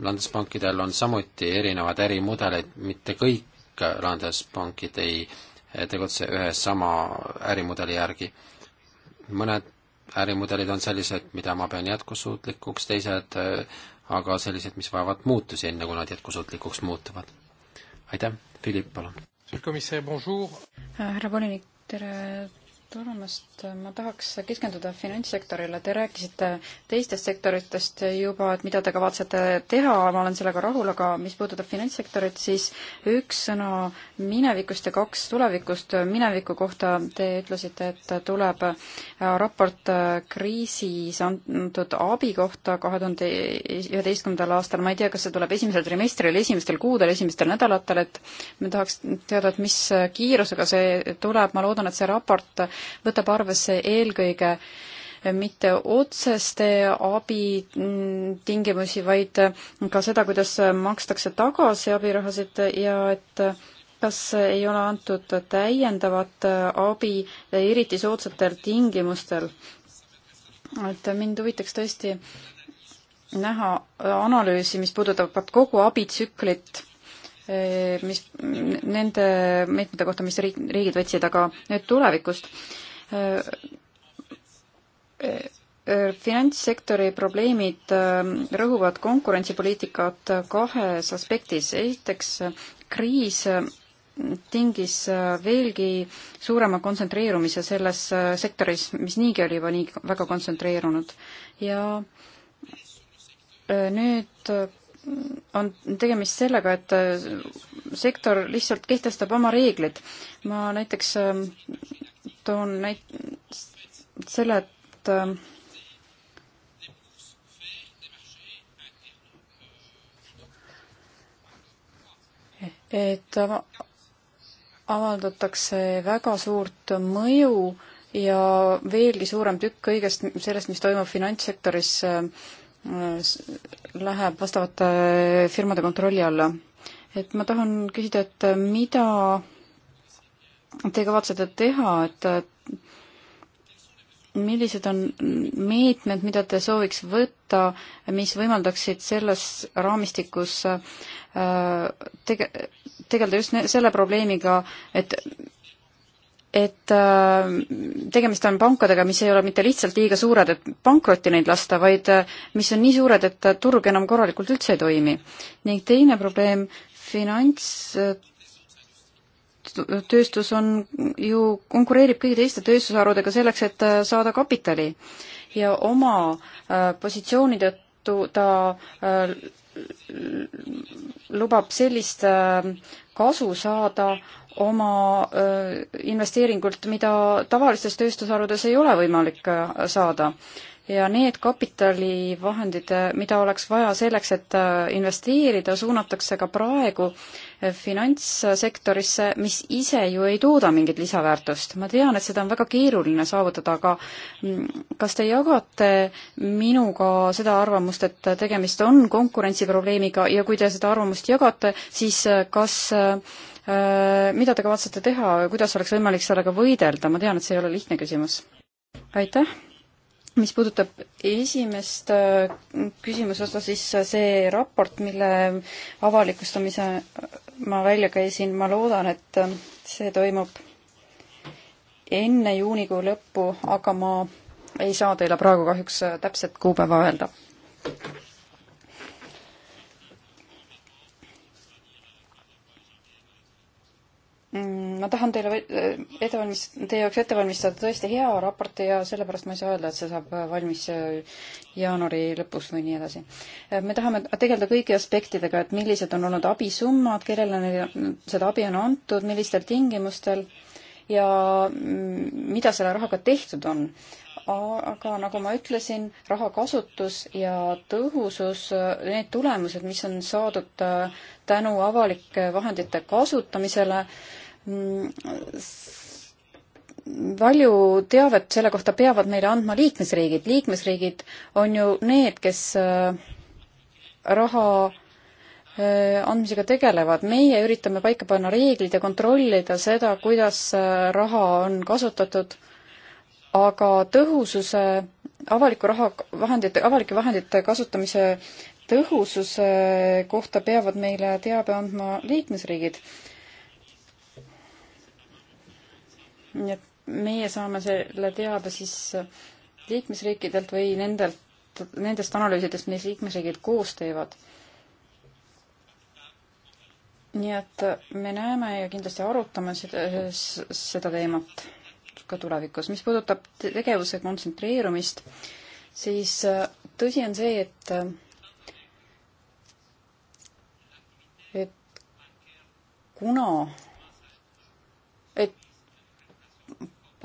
landespankidel on samuti erinevad ärimudeleid, mitte kõik landespankid ei tegutse ühe sama ärimudeli järgi. mõned ärimudelid on sellised, mida ma pean jätkusuutlikuks, teised äh, aga sellised, mis vajavad muutusi, enne kui nad jätkusuutlikuks muutuvad. aitäh, Philipp, palun! härra volinik, tere tulemast, äh, ma tahaks keskenduda finantssektorile, te rääkisite teistest sektoritest juba, et mida te kavatsete teha, ma olen sellega rahul, aga mis puudutab finantssektorit, siis üks sõna minevikust ja kaks tulevikust. mineviku kohta te ütlesite, et tuleb äh, raport äh, kriisis antud abi kohta kahe tuhande üheteistkümnendal aastal, ma ei tea, kas see tuleb esimesel trimestril, esimestel kuudel, esimestel nädalatel, et me tahaks teada, et mis kiirusega see tuleb, ma loodan, et see raport võtab arvesse eelkõige mitte otseste abitingimusi, vaid ka seda, kuidas makstakse tagasi abirahasid ja et kas ei ole antud täiendavat abi eriti soodsatel tingimustel? et mind huvitaks tõesti näha analüüsi, mis puudutab kogu abitsüklit mis nende meetmete kohta, mis riik, riigid võtsid, aga nüüd tulevikust. finantssektori probleemid rõhuvad konkurentsipoliitikat kahes aspektis. esiteks, kriis tingis veelgi suurema kontsentreerumise selles sektoris, mis niigi oli juba nii väga kontsentreerunud ja nüüd on tegemist sellega, et äh, sektor lihtsalt kehtestab oma reeglid. ma näiteks äh, toon näit-, selle, et äh, et avaldatakse väga suurt mõju ja veelgi suurem tükk kõigest sellest, mis toimub finantssektoris äh, Äh, läheb vastavate äh, firmade kontrolli alla. et ma tahan küsida, et äh, mida te kavatsete teha, et millised on meetmed, mida te sooviks võtta, mis võimaldaksid selles raamistikus tege-, tegeleda just selle probleemiga, et et äh, tegemist on pankadega, mis ei ole mitte lihtsalt liiga suured, et pankrotti neid lasta, vaid äh, mis on nii suured, et turg enam korralikult üldse ei toimi. ning teine probleem, finantstööstus äh, on ju, konkureerib kõigi teiste tööstusharudega selleks, et saada kapitali. ja oma positsiooni tõttu ta lubab sellist kasu saada oma investeeringult, mida tavalistes tööstusharudes ei ole võimalik saada ja need kapitalivahendid, mida oleks vaja selleks, et äh, investeerida, suunatakse ka praegu äh, finantssektorisse, mis ise ju ei tooda mingit lisaväärtust. ma tean, et seda on väga keeruline saavutada, aga mm, kas te jagate minuga seda arvamust, et äh, tegemist on konkurentsiprobleemiga ja kui te seda arvamust jagate, siis kas mida te kavatsete teha, kuidas oleks võimalik sellega võidelda, ma tean, et see ei ole lihtne küsimus. aitäh! mis puudutab esimest äh, küsimuse osa, siis äh, see raport, mille avalikustamise ma välja käisin, ma loodan, et äh, see toimub enne juunikuu lõppu, aga ma ei saa teile praegu kahjuks täpset kuupäeva öelda. Mm ma tahan teile eh, ettevalmist-, teie jaoks ette valmistada tõesti hea raporti ja sellepärast ma ei saa öelda, et see saab valmis eh, jaanuari lõpus või nii edasi. Eh, me tahame tegeleda kõigi aspektidega, et millised on olnud abisummad, kellele neile seda abi on antud, millistel tingimustel ja mm, mida selle rahaga tehtud on. aga nagu ma ütlesin, raha kasutus ja tõhusus, need tulemused, mis on saadud tänu avalike vahendite kasutamisele, palju teavet selle kohta peavad meile andma liikmesriigid, liikmesriigid on ju need, kes äh, raha äh, andmisega tegelevad, meie üritame paika panna reeglid ja kontrollida seda, kuidas äh, raha on kasutatud, aga tõhususe, avaliku raha, vahendite, avalike vahendite kasutamise tõhususe kohta peavad meile teabe andma liikmesriigid nii et meie saame selle teada siis liikmesriikidelt või nendelt, nendest analüüsidest, mis liikmesriigid koos teevad. nii et me näeme ja kindlasti arutame seda, seda teemat ka tulevikus. mis puudutab tegevuse kontsentreerumist, siis tõsi on see, et et kuna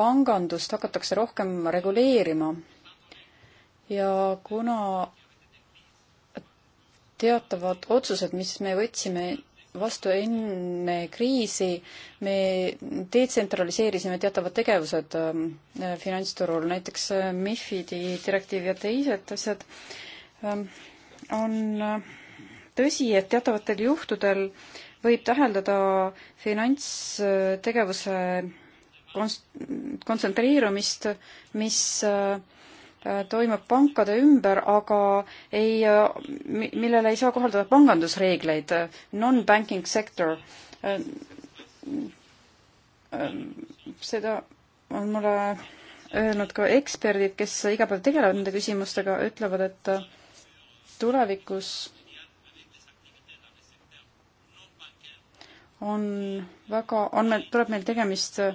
pangandust hakatakse rohkem reguleerima ja kuna teatavad otsused, mis me võtsime vastu enne kriisi, me detsentraliseerisime teatavad tegevused ähm, finantsturul, näiteks äh, MIFID-i direktiiv ja teised asjad, ähm, on äh, tõsi, et teatavatel juhtudel võib täheldada finantstegevuse äh, kontsentreerumist, mis äh, toimub pankade ümber, aga ei, äh, millele ei saa kohaldada pangandusreegleid, non-banking sector. Ähm, ähm, seda on mulle öelnud ka eksperdid, kes iga päev tegelevad nende küsimustega, ütlevad, et äh, tulevikus on väga, on meil, tuleb meil tegemist äh,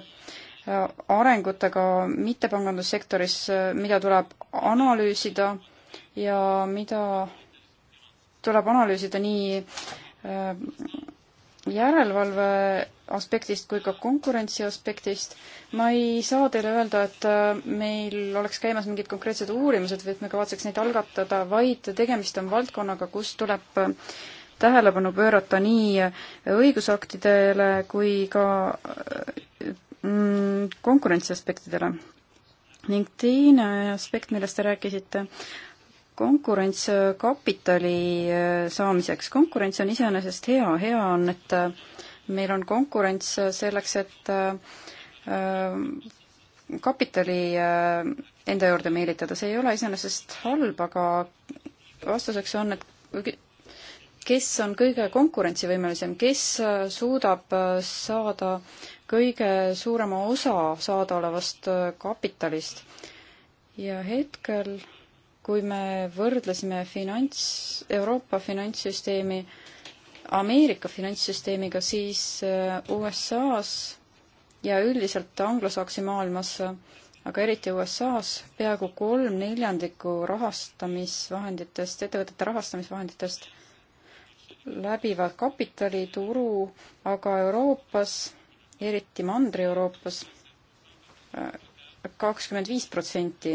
arengutega mittepangandussektoris, mida tuleb analüüsida ja mida tuleb analüüsida nii äh, järelevalve aspektist kui ka konkurentsi aspektist. ma ei saa teile öelda, et äh, meil oleks käimas mingid konkreetsed uurimused või et me kavatseks neid algatada, vaid tegemist on valdkonnaga, kus tuleb äh, tähelepanu pöörata nii õigusaktidele kui ka Mm, konkurentsiaspektidele. ning teine aspekt, millest te rääkisite, konkurents kapitali äh, saamiseks. konkurents on iseenesest hea, hea on, et äh, meil on konkurents äh, selleks, et kapitali enda juurde meelitada, see ei ole iseenesest halb, aga vastuseks on, et kes on kõige konkurentsivõimelisem, kes suudab saada kõige suurema osa saadaolevast äh, kapitalist. ja hetkel, kui me võrdlesime finants, Euroopa finantssüsteemi Ameerika finantssüsteemiga, siis äh, USA-s ja üldiselt anglosaksi maailmas, aga eriti USA-s, peaaegu kolm neljandikku rahastamisvahenditest, ettevõtete rahastamisvahenditest läbivad kapitalituru, aga Euroopas eriti Mandri-Euroopas, kakskümmend viis protsenti.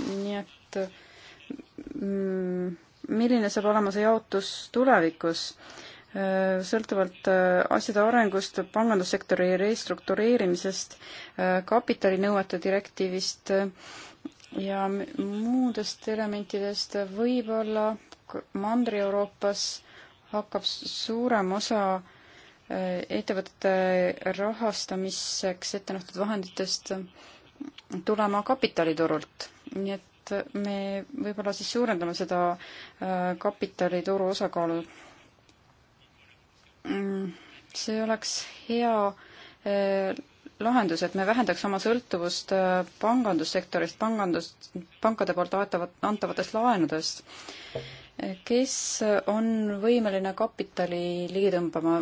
nii et mm, milline saab olema see jaotus tulevikus? sõltuvalt äh, asjade arengust, pangandussektori restruktureerimisest, äh, kapitalinõuete direktiivist äh, ja muudest elementidest võib-olla Mandri-Euroopas hakkab suurem osa äh, ettevõtete rahastamiseks ette nähtud vahenditest tulema kapitaliturult. nii et me võib-olla siis suurendame seda äh, kapitalituru osakaalu. Mm, see oleks hea äh, lahendus, et me vähendaks oma sõltuvust pangandussektorist, pangandust, pankade poolt aetavat, antavatest laenudest kes on võimeline kapitali ligi tõmbama?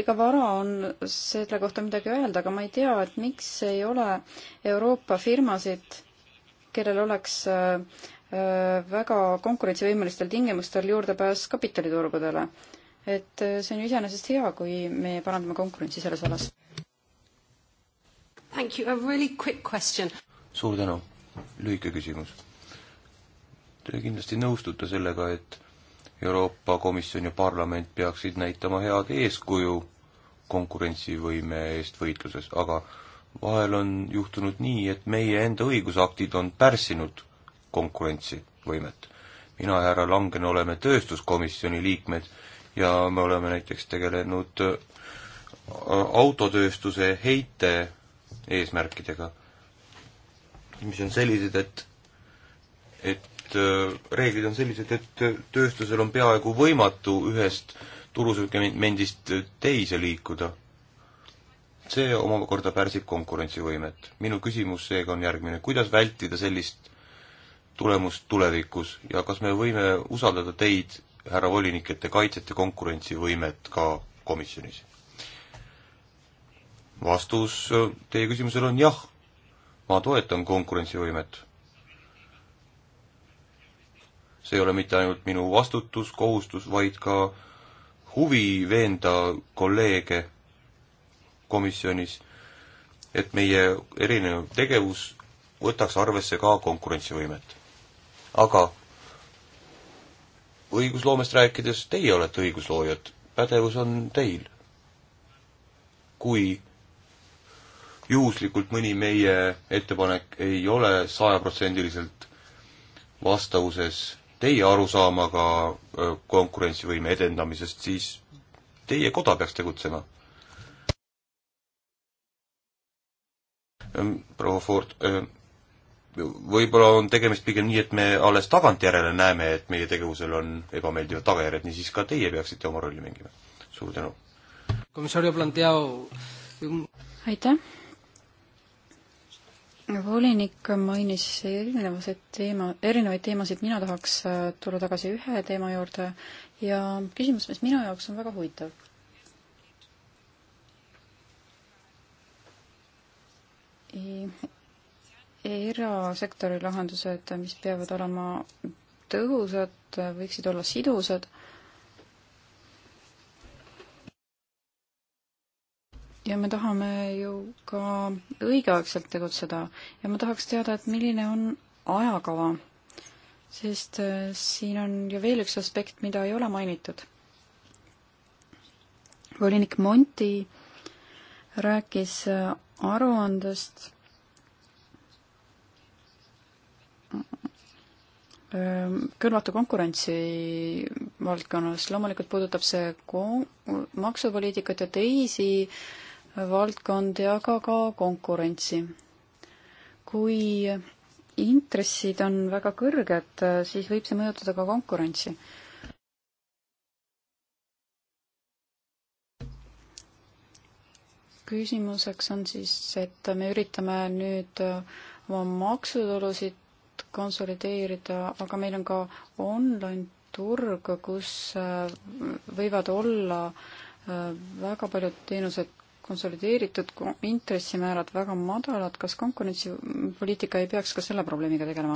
ega vara on selle kohta midagi öelda, aga ma ei tea, et miks ei ole Euroopa firmasid, kellel oleks äh, äh, väga konkurentsivõimelistel tingimustel juurdepääs kapitaliturgudele. et äh, see on ju iseenesest hea, kui me parandame konkurentsi selles vallas. Thank you, a really quick question. suur tänu, lühike küsimus te kindlasti nõustute sellega, et Euroopa Komisjon ja parlament peaksid näitama head eeskuju konkurentsivõime eest võitluses, aga vahel on juhtunud nii, et meie enda õigusaktid on pärssinud konkurentsivõimet. mina ja härra Langen oleme tööstuskomisjoni liikmed ja me oleme näiteks tegelenud äh, autotööstuse heite eesmärkidega, mis on sellised, et et Äh, reeglid on sellised, et äh, tööstusel on peaaegu võimatu ühest turusegmendist äh, teise liikuda. see omakorda pärsib konkurentsivõimet. minu küsimus seega on järgmine, kuidas vältida sellist tulemust tulevikus ja kas me võime usaldada teid, härra volinik, et te kaitsete konkurentsivõimet ka komisjonis? vastus teie küsimusele on jah, ma toetan konkurentsivõimet see ei ole mitte ainult minu vastutus, kohustus, vaid ka huvi veenda kolleege komisjonis, et meie erinev tegevus võtaks arvesse ka konkurentsivõimet. aga õigusloomest rääkides, teie olete õigusloojad, pädevus on teil. kui juhuslikult mõni meie ettepanek ei ole sajaprotsendiliselt vastavuses teie arusaamaga konkurentsivõime edendamisest, siis teie koda peaks tegutsema. proua Ford, võib-olla on tegemist pigem nii, et me alles tagantjärele näeme, et meie tegevusel on ebameeldivad tagajärjed, niisiis ka teie peaksite oma rolli mängima. suur tänu. aitäh volinik mainis erinevaid teema, erinevaid teemasid, mina tahaks äh, tulla tagasi ühe teema juurde ja küsimus, mis minu jaoks on väga huvitav. E, erasektori lahendused, mis peavad olema tõhusad, võiksid olla sidusad ja me tahame ju ka õigeaegselt tegutseda ja ma tahaks teada, et milline on ajakava, sest äh, siin on ju veel üks aspekt, mida ei ole mainitud. volinik Monti rääkis äh, aruandest ähm, kõlvatu konkurentsi valdkonnas, loomulikult puudutab see maksupoliitikat ja teisi äh, valdkondi, aga ka konkurentsi. kui intressid on väga kõrged, siis võib see mõjutada ka konkurentsi. küsimuseks on siis, et me üritame nüüd oma maksutulusid konsolideerida, aga meil on ka online turg, kus võivad olla väga paljud teenused konsolideeritud intressimäärad väga madalad, kas konkurentsipoliitika ei peaks ka selle probleemiga tegelema?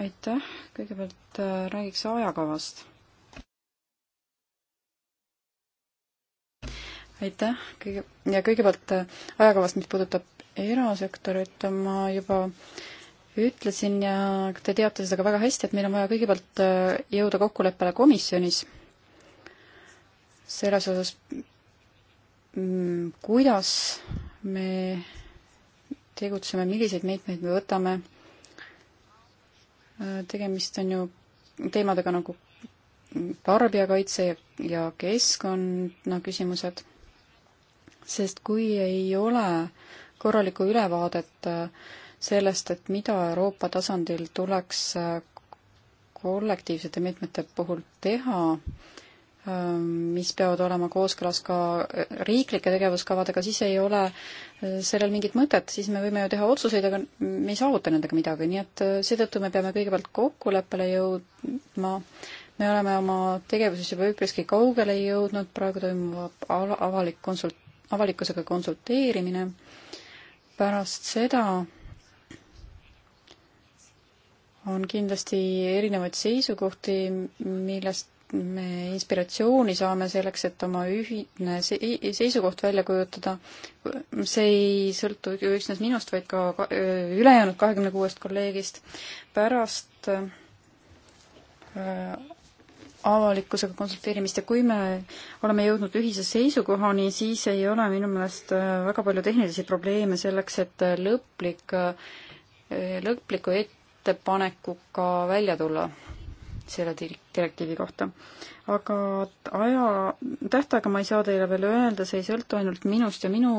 aitäh, kõigepealt äh, räägiks ajakavast. aitäh, kõige, ja kõigepealt äh, ajakavast, mis puudutab erasektorit, ma juba ütlesin ja te teate seda ka väga hästi, et meil on vaja kõigepealt äh, jõuda kokkuleppele komisjonis selles osas, mm, kuidas me tegutseme, milliseid meetmeid me võtame. Äh, tegemist on ju teemadega nagu tarbijakaitse ja keskkonna küsimused, sest kui ei ole korralikku ülevaadet äh, sellest, et mida Euroopa tasandil tuleks äh, kollektiivsete meetmete puhul teha, Ähm, mis peavad olema kooskõlas ka äh, riiklike tegevuskavadega, siis ei ole äh, sellel mingit mõtet, siis me võime ju teha otsuseid, aga me ei saavuta nendega midagi, nii et äh, seetõttu me peame kõigepealt kokkuleppele jõudma. me oleme oma tegevuses juba üpriski kaugele jõudnud, praegu toimub avalik konsult-, avalikkusega konsulteerimine. pärast seda on kindlasti erinevaid seisukohti, millest me inspiratsiooni saame selleks, et oma ühine seisukoht välja kujutada, see ei sõltu üksnes minust, vaid ka ülejäänud kahekümne kuuest kolleegist. pärast äh, avalikkusega konsulteerimist ja kui me oleme jõudnud ühise seisukohani, siis ei ole minu meelest äh, väga palju tehnilisi probleeme selleks, et äh, lõplik, lõpliku ettepanekuga välja tulla selle direktiivi kohta. aga aja, tähtaega ma ei saa teile veel öelda, see ei sõltu ainult minust ja minu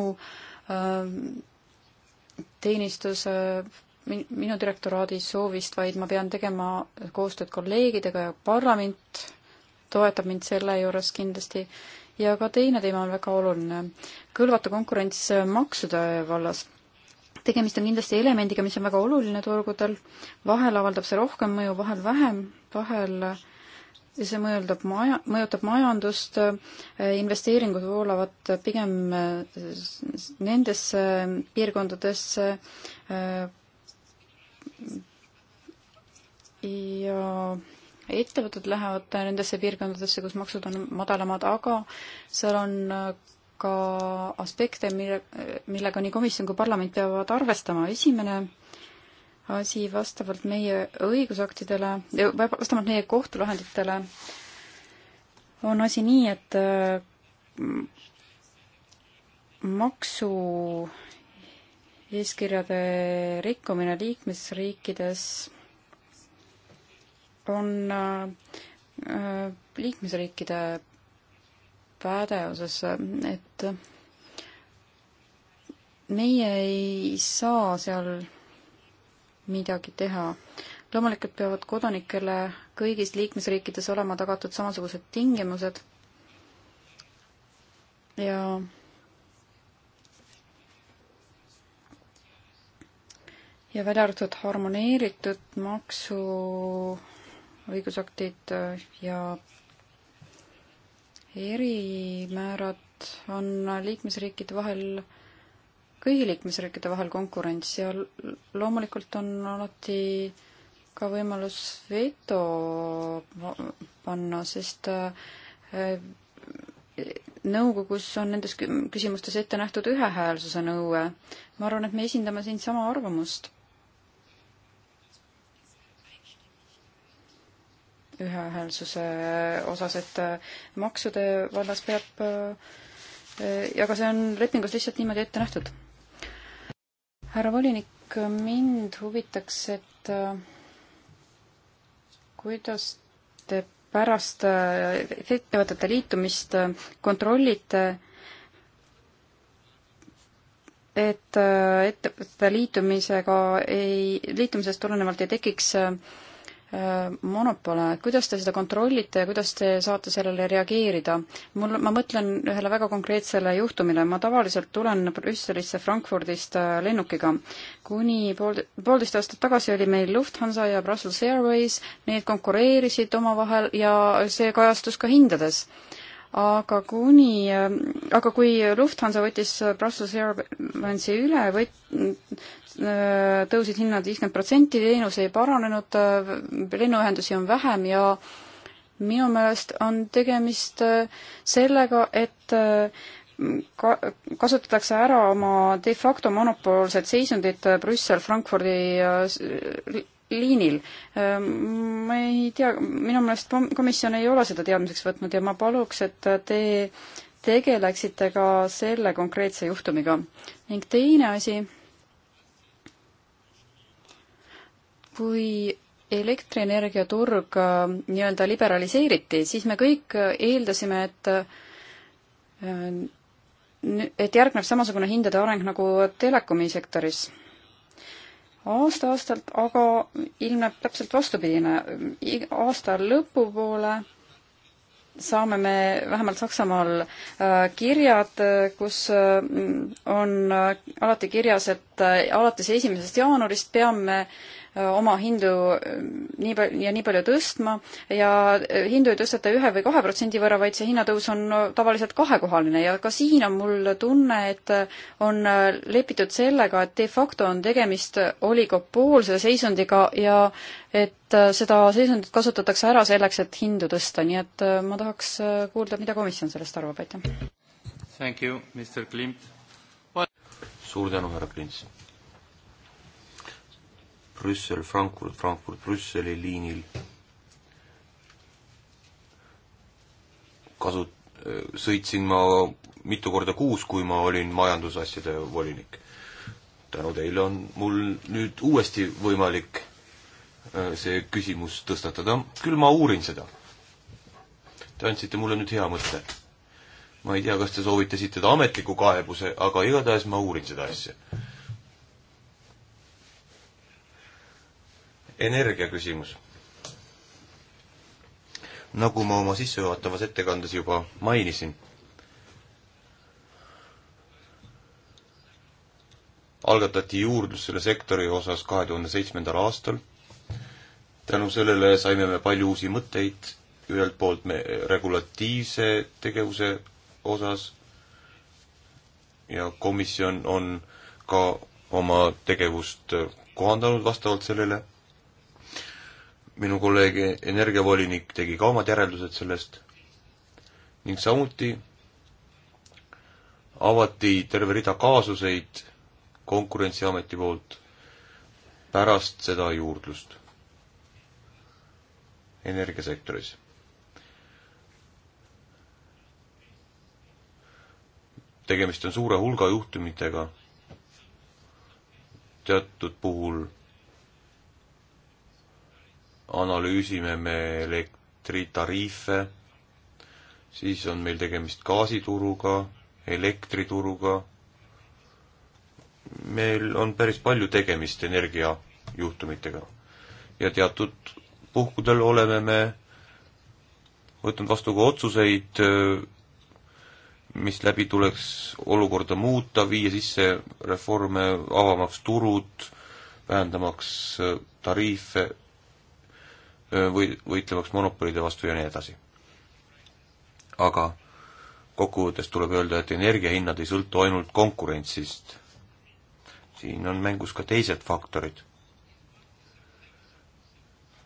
äh, teenistuse äh, minu direktoraadi soovist, vaid ma pean tegema koostööd kolleegidega ja parlament toetab mind selle juures kindlasti. ja ka teine teema on väga oluline, kõlvatu konkurents maksude vallas tegemist on kindlasti elemendiga, mis on väga oluline turgudel, vahel avaldab see rohkem mõju, vahel vähem, vahel ja see mõjutab maja, mõjutab majandust, investeeringud voolavad pigem nendesse piirkondadesse ja ettevõtted lähevad nendesse piirkondadesse, kus maksud on madalamad, aga seal on ka aspekte, mille, millega nii komisjon kui parlament peavad arvestama. esimene asi vastavalt meie õigusaktidele, eh, vastavalt meie kohtulahenditele on asi nii, et mm, maksu eeskirjade rikkumine liikmesriikides on eh, liikmesriikide pädevuses, et meie ei saa seal midagi teha. loomulikult peavad kodanikele kõigis liikmesriikides olema tagatud samasugused tingimused ja ja välja arvatud harmoneeritud maksuõigusaktid ja erimäärad on liikmesriikide vahel, kõigi liikmesriikide vahel konkurents ja loomulikult on alati ka võimalus veto panna, sest äh, nõukogus on nendes küsimustes ette nähtud ühehäälsuse nõue. ma arvan, et me esindame siin sama arvamust ühehäälsuse osas, et äh, maksude vallas peab, aga äh, see on lepingus lihtsalt niimoodi ette nähtud. härra volinik, mind huvitaks, et äh, kuidas te pärast ettevõtete liitumist kontrollite, et ettevõtete liitumisega ei, liitumisest tulenevalt ei tekiks monopole, et kuidas te seda kontrollite ja kuidas te saate sellele reageerida? mul, ma mõtlen ühele väga konkreetsele juhtumile, ma tavaliselt tulen Brüsselisse Frankfurdist äh, lennukiga. kuni pool, poolteist aastat tagasi oli meil Lufthansa ja Brussels Airways, need konkureerisid omavahel ja see kajastus ka hindades aga kuni, äh, aga kui Lufthansa võttis Brussels Airlinesi üle, võt-, Äh, tõusid hinnad viiskümmend protsenti, teenus ei paranenud, äh, lennuühendusi on vähem ja minu meelest on tegemist äh, sellega, et ka-, kasutatakse ära oma de facto monopoolset seisundit Brüssel-Frankfurdi liinil. Ma ei tea, minu meelest komisjon ei ole seda teadmiseks võtnud ja ma paluks, et te tegeleksite ka selle konkreetse juhtumiga. ning teine asi kui elektrienergia turg äh, nii-öelda liberaliseeriti, siis me kõik äh, eeldasime, et äh, et järgneb samasugune hindade areng nagu telekomisektoris. aasta-aastalt aga ilmneb täpselt vastupidine. aasta lõpupoole saame me vähemalt Saksamaal kirjad, kus on alati kirjas, et alates esimesest jaanuarist peame oma hindu nii palju ja nii palju tõstma ja hindu ei tõsteta ühe või kahe protsendi võrra, vaid see hinnatõus on tavaliselt kahekohaline ja ka siin on mul tunne, et on lepitud sellega, et de facto on tegemist oligopoolse seisundiga ja et seda seisundit kasutatakse ära selleks, et hindu tõsta, nii et ma tahaks kuulda, mida komisjon sellest arvab, aitäh. Thank you, Mr Klimt. suur tänu, härra Klints Brüssel, Frankfurt, Frankfurt, Brüsseli liinil kasu-, sõitsin ma mitu korda kuus, kui ma olin majandusasjade volinik. tänu teile on mul nüüd uuesti võimalik äh, see küsimus tõstatada, küll ma uurin seda. Te andsite mulle nüüd hea mõtte. ma ei tea, kas te soovite esitada ametliku kaebuse, aga igatahes ma uurin seda asja energiaküsimus. nagu ma oma sissejuhatavas ettekandes juba mainisin, algatati juurdlus selle sektori osas kahe tuhande seitsmendal aastal. tänu sellele saime me palju uusi mõtteid, ühelt poolt me regulatiivse tegevuse osas ja komisjon on ka oma tegevust kohandanud vastavalt sellele minu kolleeg energiavolinik tegi ka omad järeldused sellest ning samuti avati terve rida kaasuseid Konkurentsiameti poolt pärast seda juurdlust energiasektoris. tegemist on suure hulga juhtumitega, teatud puhul analüüsime me elektritariife, siis on meil tegemist gaasituruga, elektrituruga, meil on päris palju tegemist energiajuhtumitega. ja teatud puhkudel oleme me võtnud vastu ka otsuseid, mis läbi tuleks olukorda muuta, viia sisse reforme, avamaks turud, vähendamaks tariife, või võitlemaks monopolide vastu ja nii edasi. aga kokkuvõttes tuleb öelda, et energiahinnad ei sõltu ainult konkurentsist. siin on mängus ka teised faktorid.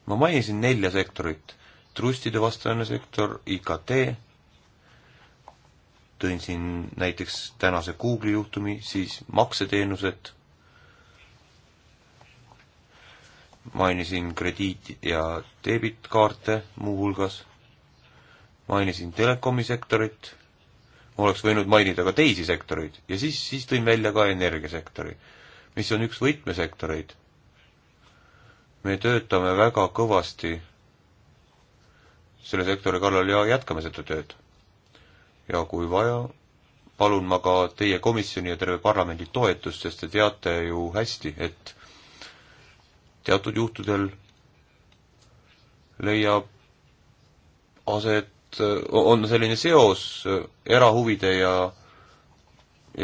ma mainisin nelja sektorit, trustide vastane sektor, IKT, tõin siin näiteks tänase Google'i juhtumi, siis makseteenused mainisin krediit- ja debitkaarte muuhulgas, mainisin telekomi sektorit, ma oleks võinud mainida ka teisi sektoreid ja siis, siis tõin välja ka energiasektori, mis on üks võtmesektoreid. me töötame väga kõvasti selle sektori kallal ja jätkame seda tööd. ja kui vaja, palun ma ka teie komisjoni ja terve parlamendi toetust, sest te teate ju hästi, et teatud juhtudel leiab aset, on selline seos erahuvide ja,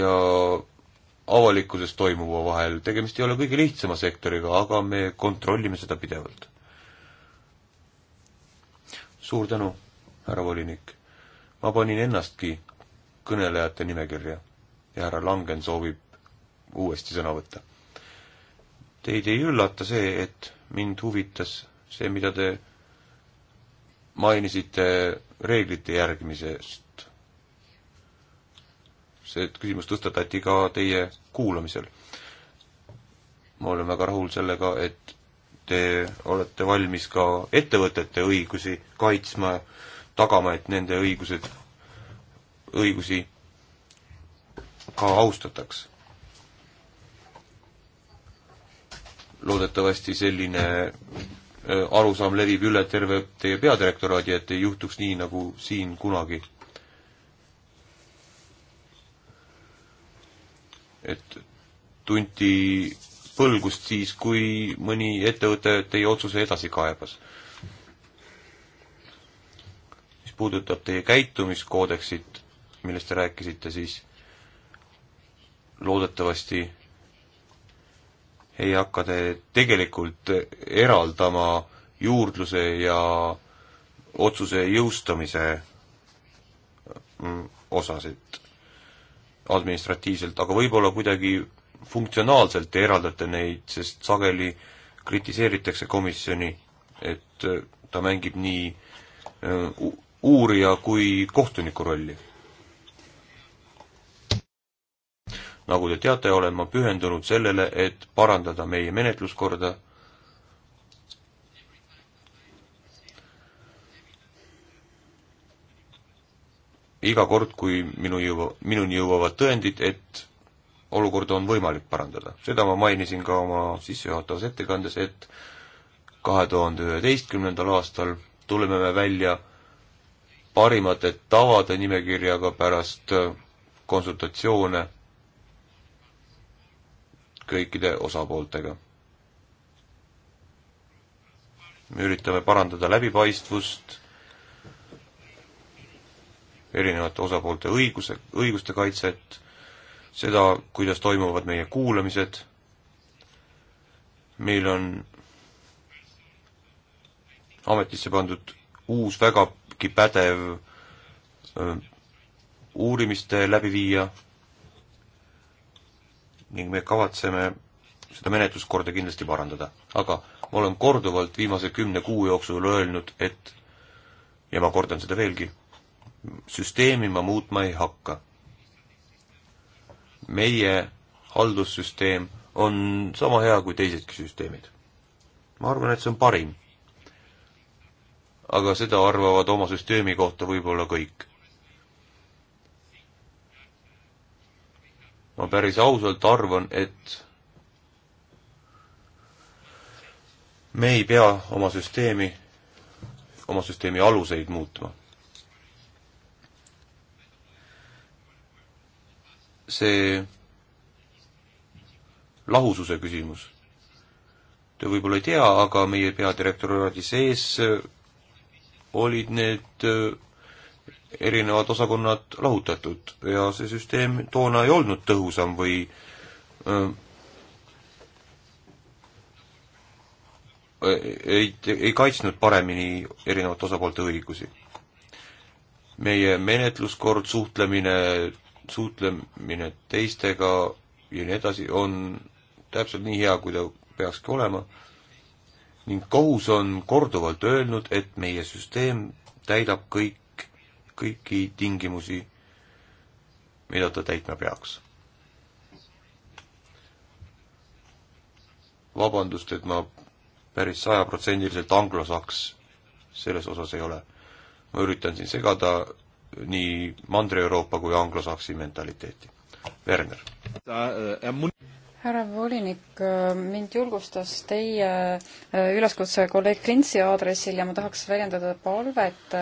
ja avalikkuses toimuva vahel, tegemist ei ole kõige lihtsama sektoriga, aga me kontrollime seda pidevalt. suur tänu, härra volinik. ma panin ennastki kõnelejate nimekirja ja härra Langen soovib uuesti sõna võtta. Teid ei üllata see, et mind huvitas see, mida te mainisite reeglite järgimisest. see küsimus tõstatati ka teie kuulamisel. ma olen väga rahul sellega, et te olete valmis ka ettevõtete õigusi kaitsma, tagama, et nende õigused, õigusi ka austataks loodetavasti selline äh, arusaam levib üle terve teie peadirektoraadi, et ei juhtuks nii, nagu siin kunagi. et tunti põlgust siis, kui mõni ettevõte teie otsuse edasi kaebas. mis puudutab teie käitumiskoodeksit, millest te rääkisite, siis loodetavasti ei hakka te tegelikult eraldama juurdluse ja otsuse jõustamise mm, osasid administratiivselt, aga võib-olla kuidagi funktsionaalselt te eraldate neid, sest sageli kritiseeritakse komisjoni, et ta mängib nii äh, uurija kui kohtuniku rolli nagu te teate, olen ma pühendunud sellele, et parandada meie menetluskorda. iga kord, kui minu jõua, minuni jõuavad tõendid, et olukorda on võimalik parandada. seda ma mainisin ka oma sissejuhatavas ettekandes, et kahe tuhande üheteistkümnendal aastal tuleme me välja parimate tavade nimekirjaga pärast konsultatsioone kõikide osapooltega. me üritame parandada läbipaistvust, erinevate osapoolte õiguse, õiguste kaitset, seda, kuidas toimuvad meie kuulamised, meil on ametisse pandud uus vägagi pädev öö, uurimiste läbiviija, ning me kavatseme seda menetluskorda kindlasti parandada. aga ma olen korduvalt viimase kümne kuu jooksul öelnud, et ja ma kordan seda veelgi, süsteemi ma muutma ei hakka. meie haldussüsteem on sama hea kui teisedki süsteemid. ma arvan, et see on parim. aga seda arvavad oma süsteemi kohta võib-olla kõik. ma päris ausalt arvan, et me ei pea oma süsteemi, oma süsteemi aluseid muutma. see lahususe küsimus. Te võib-olla ei tea, aga meie peadirektoraadi sees olid need äh, erinevad osakonnad lahutatud ja see süsteem toona ei olnud tõhusam või äh, ei, ei kaitsnud paremini erinevate osapoolte õigusi. meie menetluskord, suhtlemine, suhtlemine teistega ja nii edasi on täpselt nii hea, kui ta peakski olema ning kohus on korduvalt öelnud, et meie süsteem täidab kõik kõiki tingimusi, mida ta täitma peaks. vabandust, et ma päris sajaprotsendiliselt anglosaks selles osas ei ole. ma üritan siin segada nii Mandri-Euroopa kui anglosaksi mentaliteeti. Werner. härra volinik, mind julgustas teie üleskutse kolleeg Klintsi aadressil ja ma tahaks väljendada palvet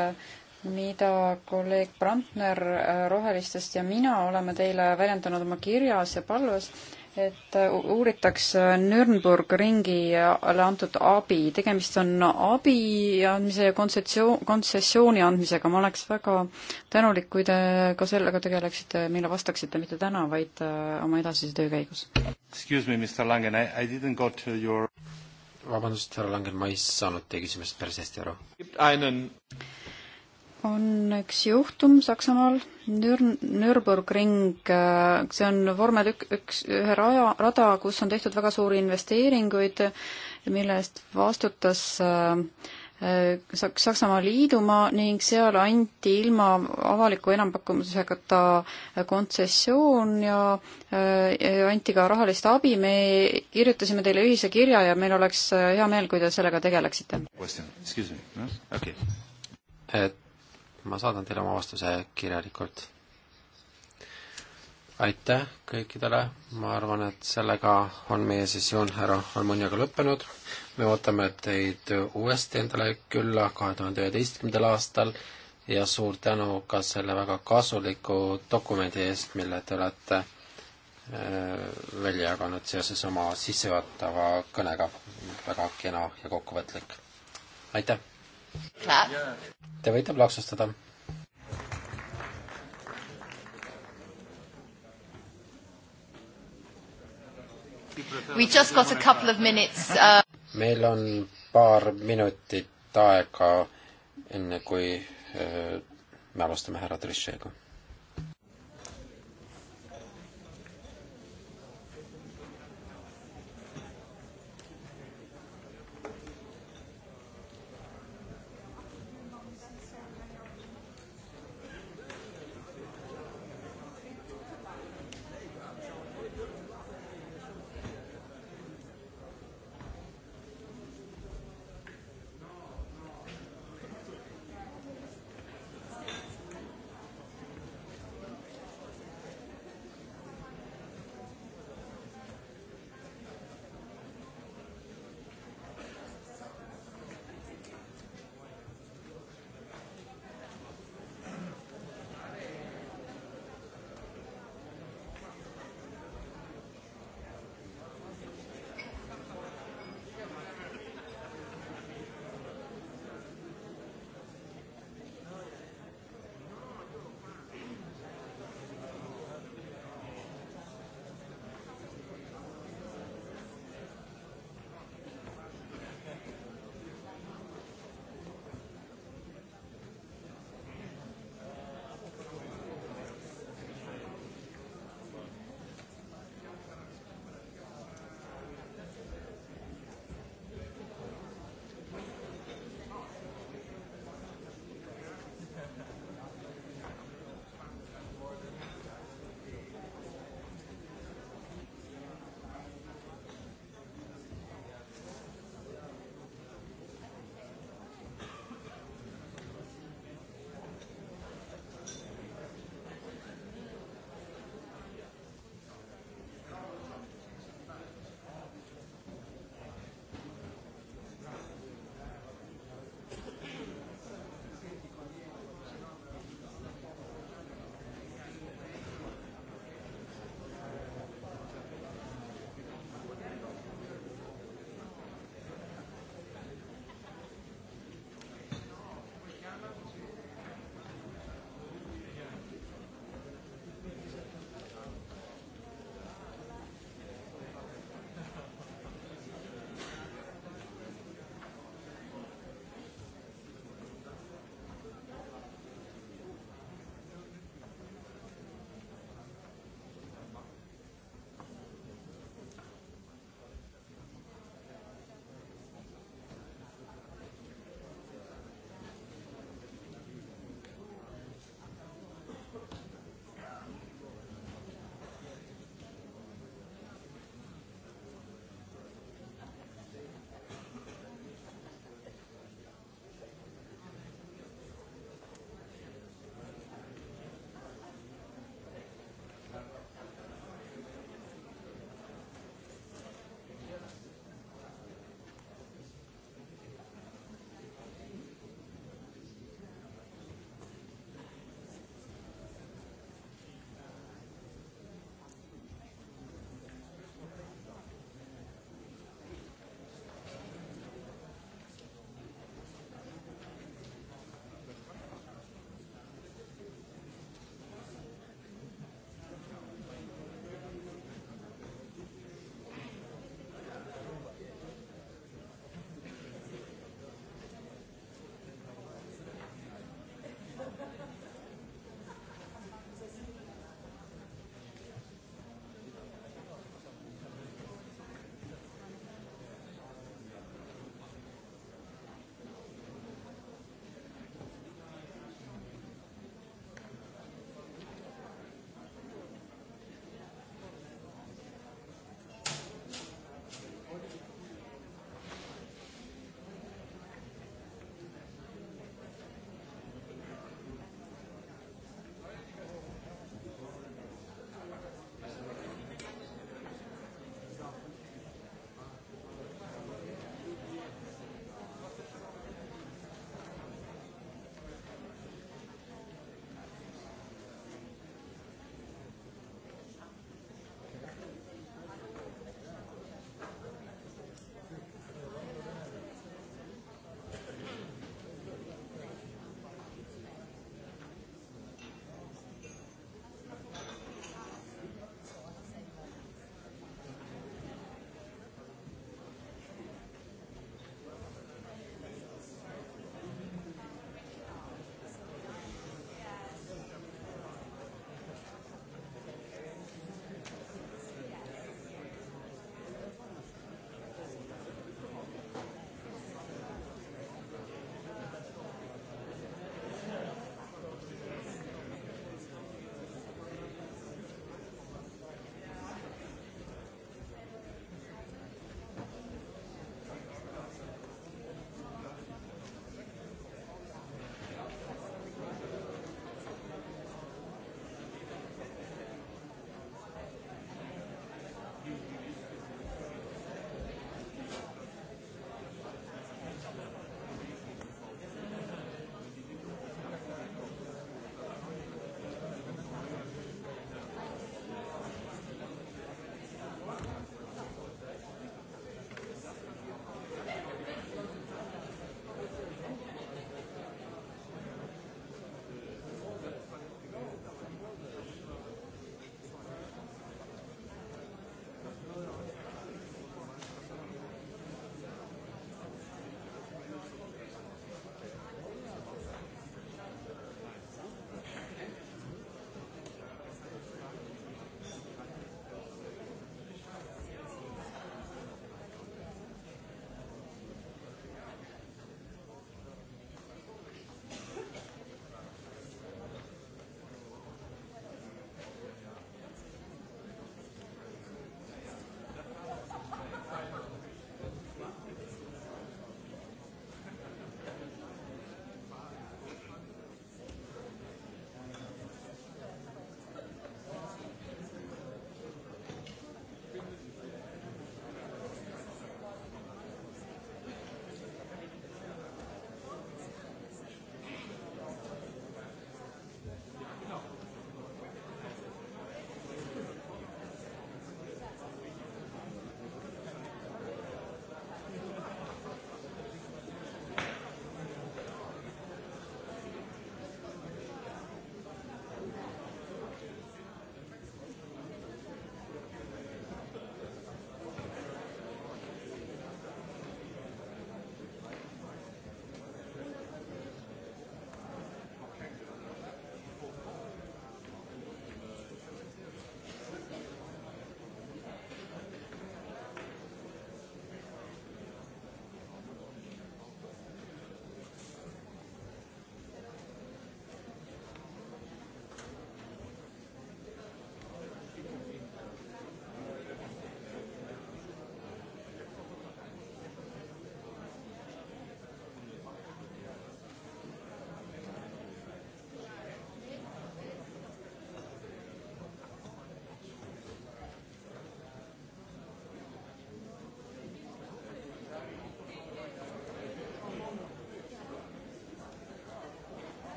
mida kolleeg Brandner äh, Rohelistest ja mina oleme teile väljendanud oma kirjas ja palves, et äh, uuritaks Nürnberg ringile antud abi. tegemist on abi andmise ja kontsessioon, kontsessiooni andmisega. ma oleks väga tänulik, kui te ka sellega tegeleksite, meile vastaksite mitte täna, vaid äh, oma edasise töö käigus. Excuse me, Mr Langen, I didn't got uh, your vabandust, härra Langen, ma ei saanud teie küsimusest päris hästi aru on üks juhtum Saksamaal Nür-, Nürburgring, äh, see on vormel ük-, üks, ühe raja, rada, kus on tehtud väga suuri investeeringuid, mille eest vastutas äh, Saksamaa liidumaa ning seal anti ilma avaliku enampakkumisega kontsessioon äh, ja anti ka rahalist abi, me kirjutasime teile ühise kirja ja meil oleks hea meel, kui te sellega tegeleksite. et ma saadan teile oma vastuse kirjalikult. aitäh kõikidele, ma arvan, et sellega on meie sessioon härra Almuniaga lõppenud. me ootame teid uuesti endale külla kahe tuhande üheteistkümnendal aastal ja suur tänu ka selle väga kasuliku dokumendi eest, mille te olete äh, välja jaganud seoses oma sissejuhatava kõnega. väga kena ja kokkuvõtlik. aitäh! Te võite plaksustada. We just got a couple of minutes uh.... meil on paar minutit aega, enne kui uh, me alustame härra Trichet'ga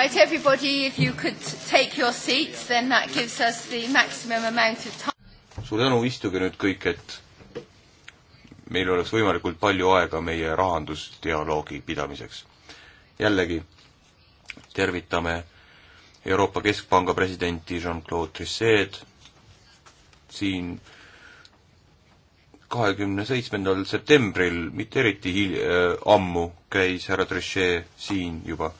Right, everybody, if you could take your seats, then that gives us the maximum amount of time. suur tänu, istuge nüüd kõik, et meil oleks võimalikult palju aega meie rahandusdialoogi pidamiseks. jällegi tervitame Euroopa Keskpanga presidenti Jean-Claude Trichet siin kahekümne seitsmendal septembril, mitte eriti hil-, äh, ammu, käis härra Trichet siin juba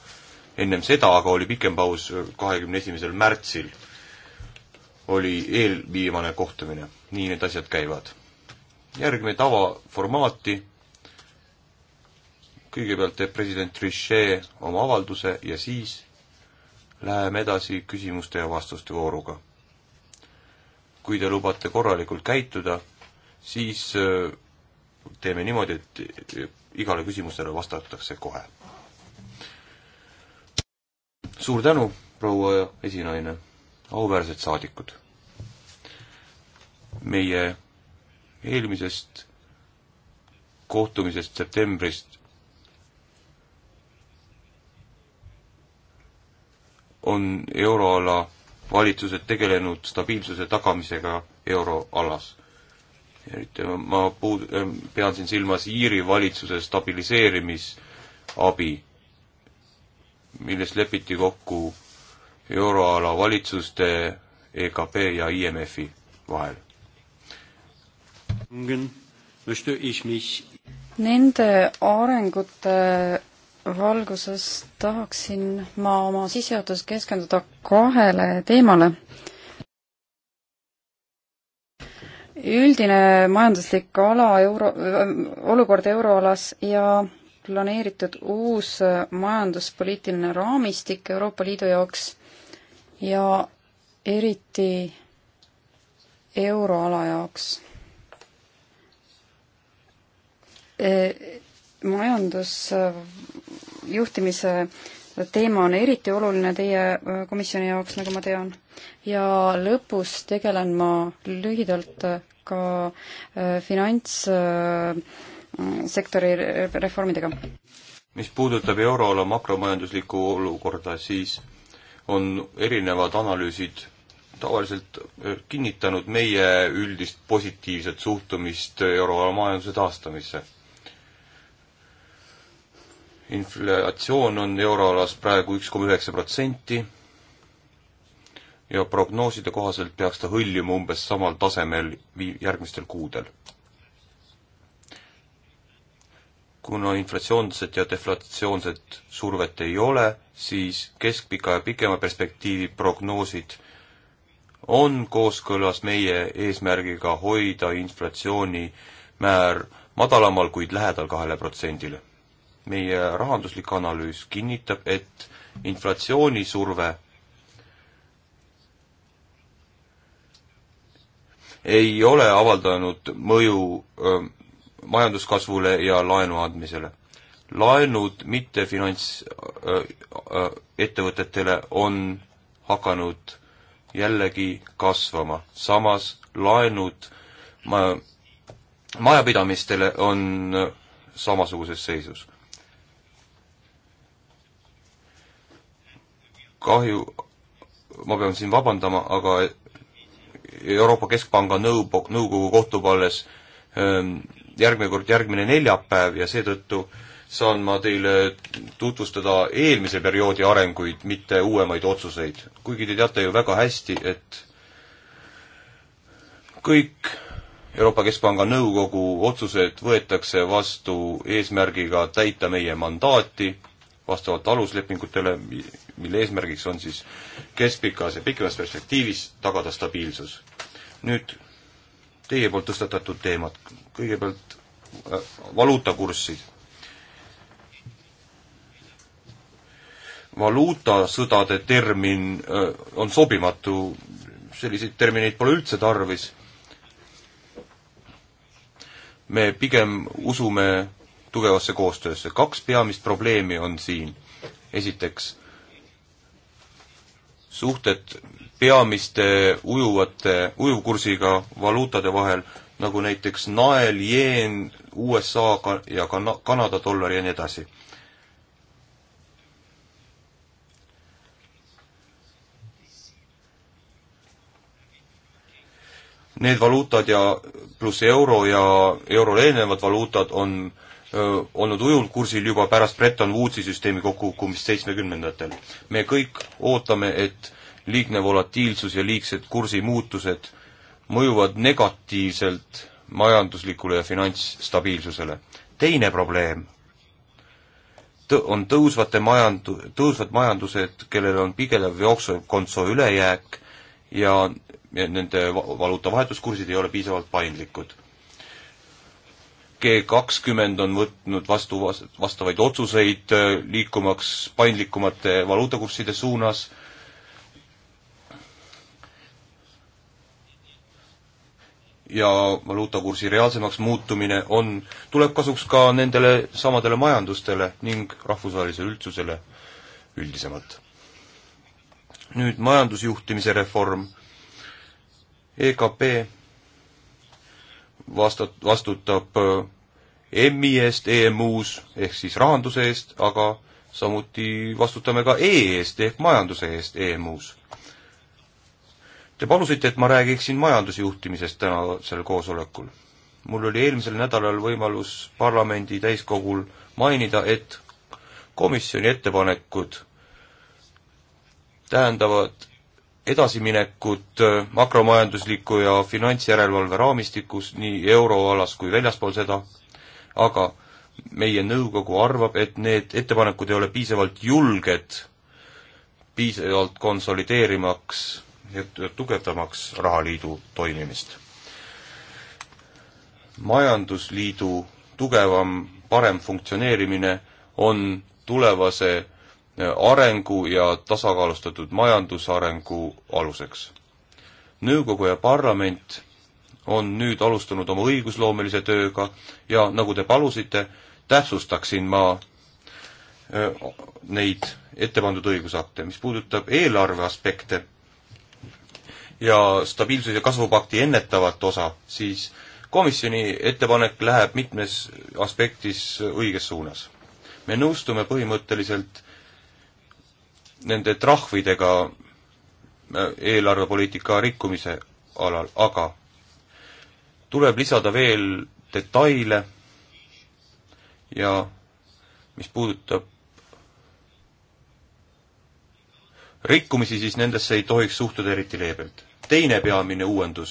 ennem seda aga oli pikem paus äh, kahekümne esimesel märtsil, oli eelviimane kohtumine, nii need asjad käivad. järgmine tavaformaati, kõigepealt teeb president Trichet oma avalduse ja siis läheme edasi küsimuste ja vastuste vooruga. kui te lubate korralikult käituda, siis äh, teeme niimoodi, et igale küsimusele vastatakse kohe suur tänu, proua esinaine, auväärsed saadikud. meie eelmisest kohtumisest septembrist on euroala valitsused tegelenud stabiilsuse tagamisega euroalas. eriti ma puud-, pean siin silmas Iiri valitsuse stabiliseerimisabi milles lepiti kokku euroala valitsuste, EKP ja IMF-i vahel. Nende arengute valguses tahaksin ma oma sissejuhatuses keskenduda kahele teemale. üldine majanduslik ala euro, olukord euroalas ja planeeritud uus äh, majanduspoliitiline raamistik Euroopa Liidu jaoks ja eriti euroala jaoks e majandusjuhtimise teema on eriti oluline teie äh, komisjoni jaoks, nagu ma tean. ja lõpus tegelen ma lühidalt ka finants äh, sektori reformidega? mis puudutab euroala makromajanduslikku olukorda, siis on erinevad analüüsid tavaliselt eh, kinnitanud meie üldist positiivset suhtumist euroala majanduse taastamisse. inflatsioon on euroalas praegu üks koma üheksa protsenti ja prognooside kohaselt peaks ta hõljuma umbes samal tasemel vii-, järgmistel kuudel kuna inflatsioonset ja deflatsioonset survet ei ole, siis keskpika ja pikema perspektiivi prognoosid on kooskõlas meie eesmärgiga hoida inflatsiooni määr madalamal, kuid lähedal kahele protsendile. meie rahanduslik analüüs kinnitab, et inflatsioonisurve ei ole avaldanud mõju öö, majanduskasvule ja laenu andmisele. laenud mittefinantsettevõtetele on hakanud jällegi kasvama, samas laenud ma, majapidamistele on samasuguses seisus. kahju, ma pean siin vabandama, aga Euroopa Keskpanga nõukogu, nõukogu kohtub alles ähm, järgmine kord järgmine neljapäev ja seetõttu saan ma teile tutvustada eelmise perioodi arenguid, mitte uuemaid otsuseid. kuigi te teate ju väga hästi, et kõik Euroopa Keskpanga nõukogu otsused võetakse vastu eesmärgiga täita meie mandaati vastavalt aluslepingutele, mille eesmärgiks on siis keskpikas ja pikemas perspektiivis tagada stabiilsus. nüüd teie poolt tõstatatud teemat. kõigepealt äh, valuutakurssid. valuutasõdade termin äh, on sobimatu, selliseid termineid pole üldse tarvis. me pigem usume tugevasse koostöösse. kaks peamist probleemi on siin. esiteks, suhted peamiste ujuvate, ujuvkursiga valuutade vahel, nagu näiteks nael, jeen, USA ka, ja kana-, Kanada dollar ja nii edasi. Need valuutad ja pluss euro ja eurole eelnevad valuutad on öö, olnud ujuvkursil juba pärast Bretton Woodsi süsteemi kokkukukkumist seitsmekümnendatel. me kõik ootame, et liigne volatiilsus ja liigsed kursimuutused mõjuvad negatiivselt majanduslikule ja finantsstabiilsusele. teine probleem tõ-, on tõusvate majand-, tõusvad majandused, kellel on pigenev jooksev konso ülejääk ja, ja nende valuutavahetuskursid ei ole piisavalt paindlikud. G kakskümmend on võtnud vastu vastavaid otsuseid, äh, liikumaks paindlikumate valuutakursside suunas ja valuutakursi reaalsemaks muutumine on, tuleb kasuks ka nendele samadele majandustele ning rahvusvahelisele üldsusele üldisemalt. nüüd majandusjuhtimise reform. EKP vastat-, vastutab EM-i äh, eest EMU-s ehk siis rahanduse eest, aga samuti vastutame ka E, e eest ehk majanduse eest EMU-s Te palusite, et ma räägiksin majandusjuhtimisest tänasel koosolekul. mul oli eelmisel nädalal võimalus parlamendi täiskogul mainida, et komisjoni ettepanekud tähendavad edasiminekut makromajandusliku ja finantsjärelevalve raamistikus nii euroalas kui väljaspool seda, aga meie nõukogu arvab, et need ettepanekud ei ole piisavalt julged, piisavalt konsolideerimaks tugevdamaks rahaliidu toimimist. majandusliidu tugevam, parem funktsioneerimine on tulevase äh, arengu ja tasakaalustatud majandusarengu aluseks. nõukogu ja parlament on nüüd alustanud oma õigusloomelise tööga ja nagu te palusite, täpsustaksin ma äh, neid ette pandud õigusakte. mis puudutab eelarve aspekte, ja stabiilsus- ja kasvupakti ennetavat osa, siis komisjoni ettepanek läheb mitmes aspektis õiges suunas. me nõustume põhimõtteliselt nende trahvidega äh, eelarvepoliitika rikkumise alal, aga tuleb lisada veel detaile ja mis puudutab rikkumisi, siis nendesse ei tohiks suhtuda eriti leebelt teine peamine uuendus.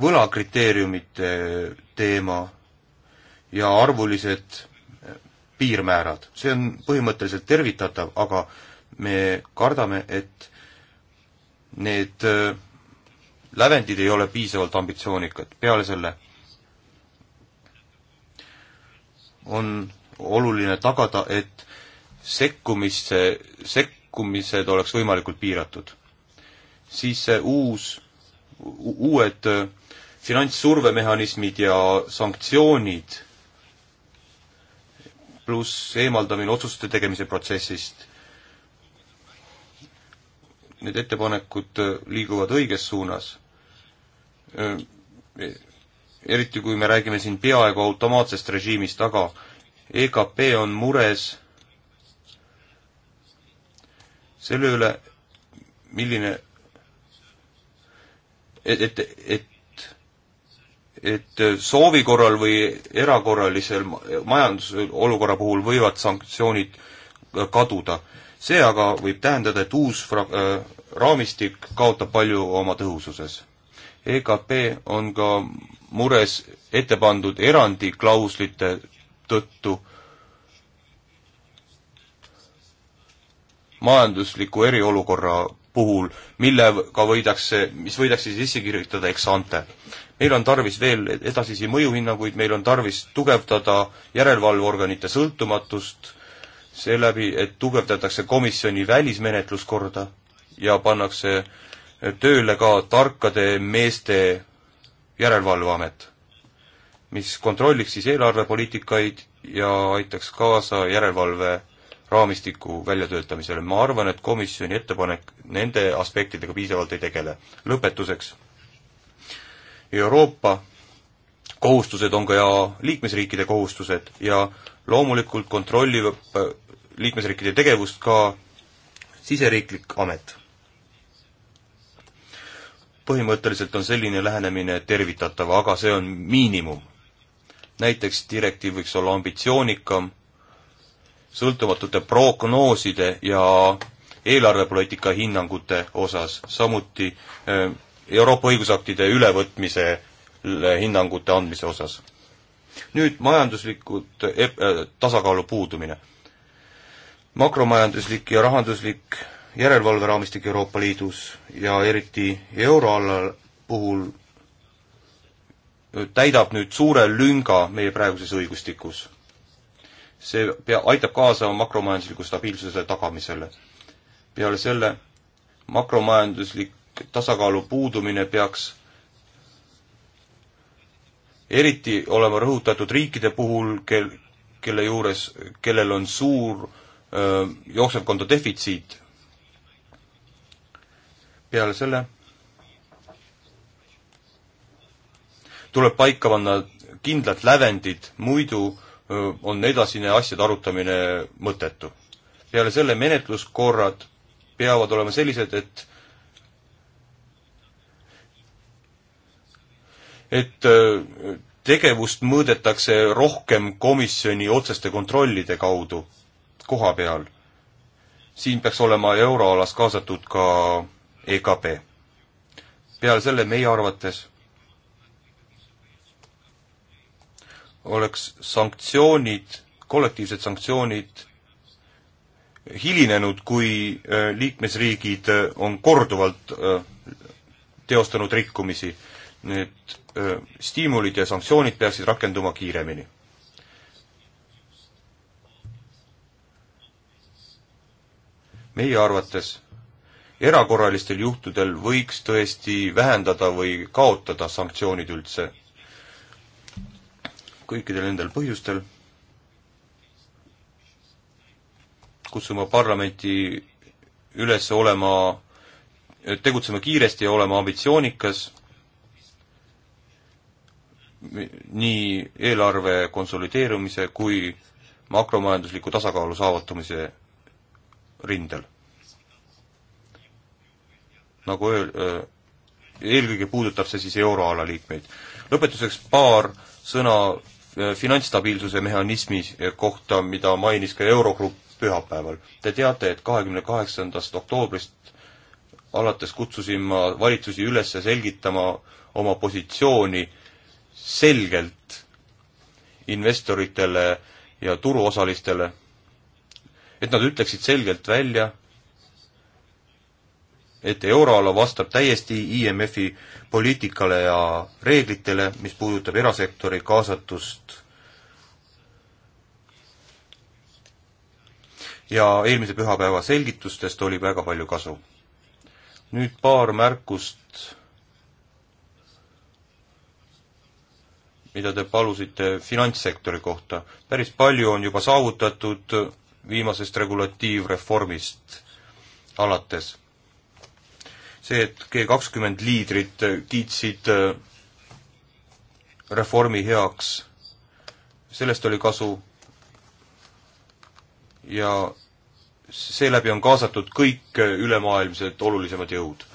võlakriteeriumite teema ja arvulised piirmäärad, see on põhimõtteliselt tervitatav, aga me kardame, et need äh, lävendid ei ole piisavalt ambitsioonikad, peale selle on oluline tagada, et sekkumisse, sekkumised oleks võimalikult piiratud siis see uus, uued äh, finantssurvemehhanismid ja sanktsioonid pluss eemaldamine otsuste tegemise protsessist. Need ettepanekud äh, liiguvad õiges suunas. Äh, eriti kui me räägime siin peaaegu automaatsest režiimist, aga EKP on mures selle üle, milline et, et, et, et soovi korral või erakorralisel majandusolukorra puhul võivad sanktsioonid kaduda. see aga võib tähendada, et uus fra-, äh, raamistik kaotab palju oma tõhususes. EKP on ka mures ette pandud erandiklauslite tõttu majandusliku eriolukorra puhul, millega võidakse, mis võidakse sisse kirjutada ex-ante. meil on tarvis veel edasisi mõjuhinnanguid, meil on tarvis tugevdada järelevalveorganite sõltumatust, seeläbi, et tugevdatakse komisjoni välismenetluskorda ja pannakse tööle ka tarkade meeste järelevalveamet, mis kontrolliks siis eelarvepoliitikaid ja aitaks kaasa järelevalve raamistiku väljatöötamisele, ma arvan, et komisjoni ettepanek nende aspektidega piisavalt ei tegele. lõpetuseks, Euroopa kohustused on ka liikmesriikide kohustused ja loomulikult kontrollib äh, liikmesriikide tegevust ka siseriiklik amet. põhimõtteliselt on selline lähenemine tervitatav, aga see on miinimum. näiteks direktiiv võiks olla ambitsioonikam sõltumatute prognooside ja eelarvepoliitika hinnangute osas, samuti eh, Euroopa õigusaktide ülevõtmisele hinnangute andmise osas. nüüd majanduslikud e tasakaalu puudumine. makromajanduslik ja rahanduslik järelevalveraamistik Euroopa Liidus ja eriti euroala puhul äh, täidab nüüd suure lünga meie praeguses õigustikus see pea, aitab kaasa makromajandusliku stabiilsuse tagamisele. peale selle makromajanduslik tasakaalu puudumine peaks eriti olema rõhutatud riikide puhul, kel, kelle juures, kellel on suur öö, jooksevkonto defitsiit. peale selle tuleb paika panna kindlad lävendid, muidu on edasine asjade arutamine mõttetu. peale selle menetluskorrad peavad olema sellised, et et tegevust mõõdetakse rohkem komisjoni otseste kontrollide kaudu koha peal. siin peaks olema euroalas kaasatud ka EKP. peale selle meie arvates oleks sanktsioonid, kollektiivsed sanktsioonid hilinenud, kui äh, liikmesriigid äh, on korduvalt äh, teostanud rikkumisi. Need stiimulid ja sanktsioonid peaksid rakenduma kiiremini. meie arvates erakorralistel juhtudel võiks tõesti vähendada või kaotada sanktsioonid üldse kõikidel nendel põhjustel kutsuma parlamenti üles olema, tegutsema kiiresti ja olema ambitsioonikas nii eelarve konsolideerumise kui makromajandusliku tasakaalu saavutamise rindel. nagu öel-, eelkõige puudutab see siis euroala liikmeid. lõpetuseks paar sõna Äh, finantsstabiilsuse mehhanismi kohta, mida mainis ka Eurogrupp pühapäeval. Te teate, et kahekümne kaheksandast oktoobrist alates kutsusin ma valitsusi üles selgitama oma positsiooni selgelt investoritele ja turuosalistele, et nad ütleksid selgelt välja, et euroala vastab täiesti IMF-i poliitikale ja reeglitele, mis puudutab erasektori kaasatust ja eelmise pühapäeva selgitustest oli väga palju kasu. nüüd paar märkust, mida te palusite finantssektori kohta. päris palju on juba saavutatud viimasest regulatiivreformist alates see, et G kakskümmend liidrid kiitsid äh, reformi heaks, sellest oli kasu ja seeläbi on kaasatud kõik äh, ülemaailmsed olulisemad jõud.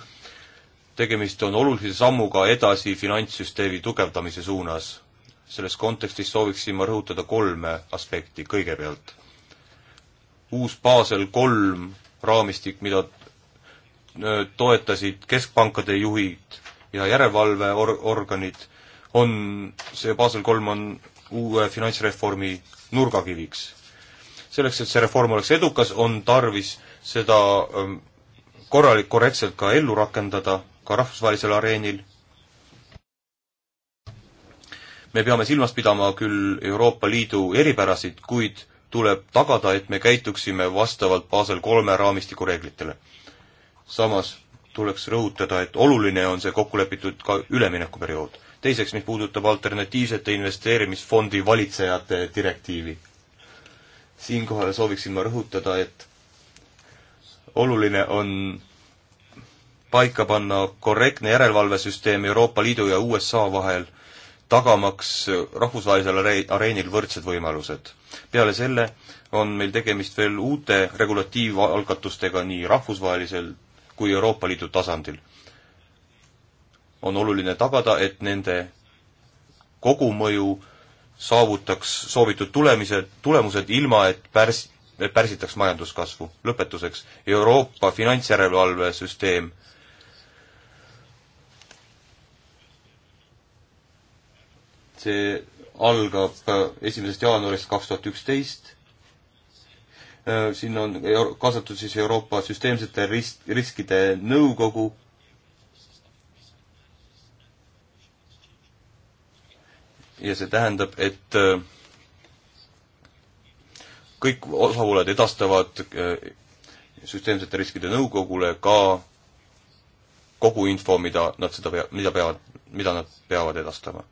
tegemist on olulise sammuga edasi finantssüsteemi tugevdamise suunas. selles kontekstis sooviksin ma rõhutada kolme aspekti kõigepealt. uus Basel kolm raamistik, mida Äh, toetasid keskpankade juhid ja järelevalveorganid, on see Basel kolm on uue finantsreformi nurgakiviks. selleks, et see reform oleks edukas, on tarvis seda ähm, korralik-, korrektselt ka ellu rakendada, ka rahvusvahelisel areenil. me peame silmas pidama küll Euroopa Liidu eripärasid, kuid tuleb tagada, et me käituksime vastavalt Basel kolme raamistiku reeglitele samas tuleks rõhutada, et oluline on see kokkulepitud ka üleminekuperiood. teiseks, mis puudutab alternatiivsete investeerimisfondi valitsejate direktiivi. siinkohal sooviksin ma rõhutada, et oluline on paika panna korrektne järelevalvesüsteem Euroopa Liidu ja USA vahel, tagamaks rahvusvahelisel areenil võrdsed võimalused. peale selle on meil tegemist veel uute regulatiivalgatustega nii rahvusvahelisel kui Euroopa Liidu tasandil. on oluline tagada, et nende kogumõju saavutaks soovitud tulemised, tulemused ilma, et pärs-, pärsitaks majanduskasvu. lõpetuseks, Euroopa finantsjärelevalvesüsteem see algab äh, esimesest jaanuarist kaks tuhat üksteist Äh, sinna on kaasatud siis Euroopa Süsteemsete Rist-, Riskide Nõukogu, ja see tähendab, et äh, kõik osapooled edastavad äh, süsteemsete riskide nõukogule ka kogu info, mida nad seda, mida peavad, mida nad peavad edastama.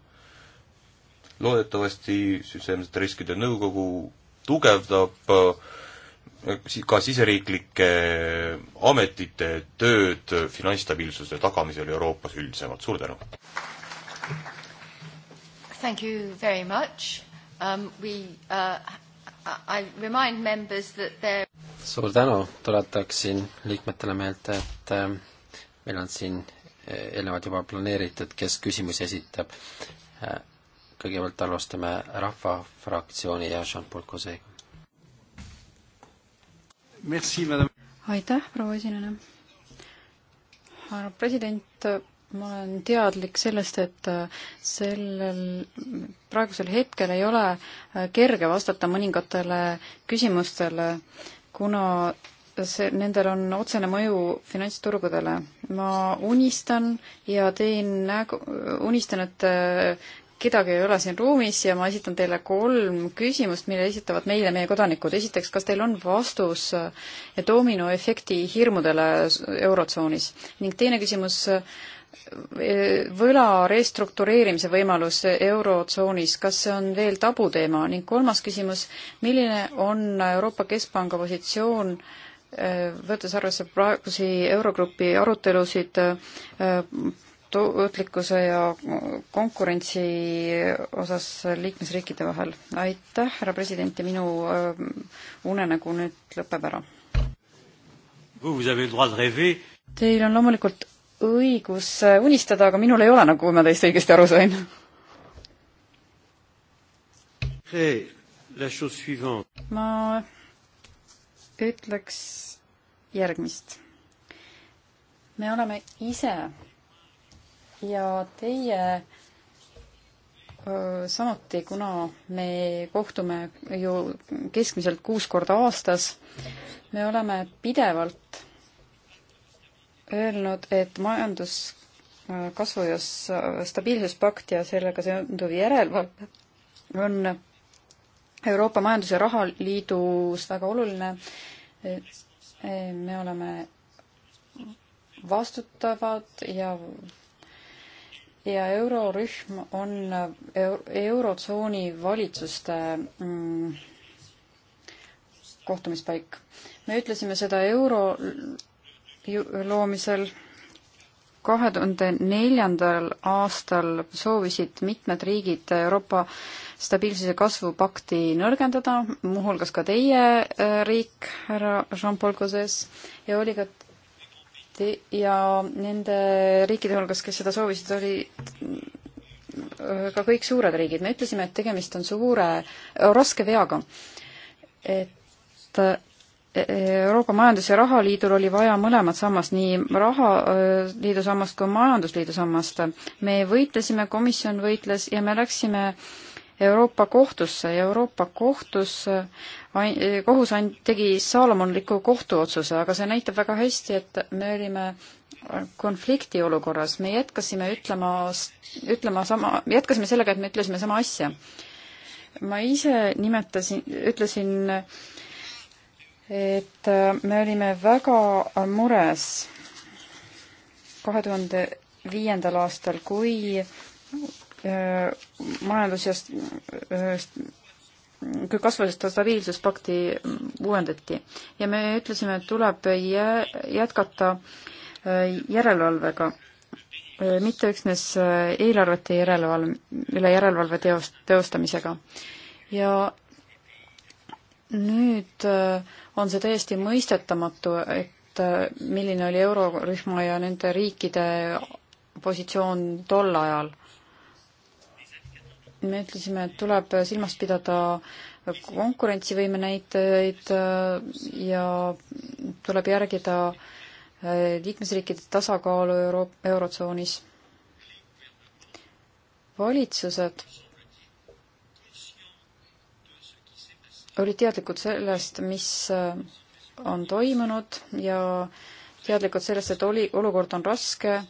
loodetavasti süsteemsete riskide nõukogu tugevdab ka siseriiklike ametite tööd finantsstabiilsuse tagamisel Euroopas üldisemalt. suur tänu! Thank you very much um,. We uh,, I remind members that there suur tänu, tuletaksin liikmetele meelde, et äh, meil on siin e, eelnevalt juba planeeritud, kes küsimusi esitab. Uh, kõigepealt alustame Rahvafraktsiooni ja Jean-Paul Cosega aitäh, proua esineja. härra president, ma olen teadlik sellest, et sellel, praegusel hetkel ei ole kerge vastata mõningatele küsimustele, kuna see, nendel on otsene mõju finantsturgudele. ma unistan ja teen nägu, unistan, et kedagi ei ole siin ruumis ja ma esitan teile kolm küsimust, mille esitavad meile meie kodanikud. esiteks, kas teil on vastus äh, dominoefekti hirmudele Eurotsoonis? ning teine küsimus, äh, võla restruktureerimise võimalus Eurotsoonis, kas see on veel tabuteema? ning kolmas küsimus, milline on Euroopa Keskpanga positsioon äh, võttes arvesse praegusi Eurogrupi arutelusid tootlikkuse ja konkurentsi osas liikmesriikide vahel. aitäh, härra president, ja minu äh, unenägu nüüd lõpeb ära. Teil on loomulikult õigus äh, unistada, aga minul ei ole, nagu ma teist õigesti aru sain. ma ütleks järgmist. me oleme ise ja teie samuti, kuna me kohtume ju keskmiselt kuus korda aastas, me oleme pidevalt öelnud, et majanduskasvu ja stabiilsuspakt ja sellega seonduv järelevalve on Euroopa Majandus- ja Rahaliidus väga oluline. E, me oleme vastutavad ja ja eurorühm on eurotsooni valitsuste mm, kohtumispaik. me ütlesime seda euro loomisel kahe tuhande neljandal aastal soovisid mitmed riigid Euroopa stabiilsuse kasvupakti nõrgendada, muuhulgas ka teie äh, riik, härra Jean-Paul Gauzes, ja oli ka te- ja nende riikide hulgas, kes seda soovisid, oli ka kõik suured riigid. me ütlesime, et tegemist on suure, raske veaga. et e, e, Euroopa Majandus- ja Rahaliidul oli vaja mõlemat sammast, nii rahaliidu sammast kui majandusliidu sammast. me võitlesime, komisjon võitles ja me läksime äh, Euroopa kohtusse ja Euroopa kohtus kohus and-, tegi saalomonliku kohtuotsuse, aga see näitab väga hästi, et me olime konflikti olukorras, me jätkasime ütlema, ütlema sama, jätkasime sellega, et me ütlesime sama asja. ma ise nimetasin, ütlesin, et me olime väga mures kahe tuhande viiendal aastal, kui Äh, majandus- ja äh, kui kasvas stabiilsuspakti mm, uuendati ja me ütlesime, et tuleb jätkata äh, järelevalvega, mitte üksnes eelarvete järelevalve, üle järelevalve teost, teostamisega. ja nüüd on see täiesti mõistetamatu, et milline oli eurorühma ja nende riikide positsioon tol ajal me ütlesime, et tuleb silmas pidada konkurentsivõime näitajaid äh, ja tuleb järgida äh, liikmesriikide tasakaalu euro-, Eurotsoonis. valitsused olid teadlikud sellest, mis äh, on toimunud ja teadlikud sellest, et oli, olukord on raske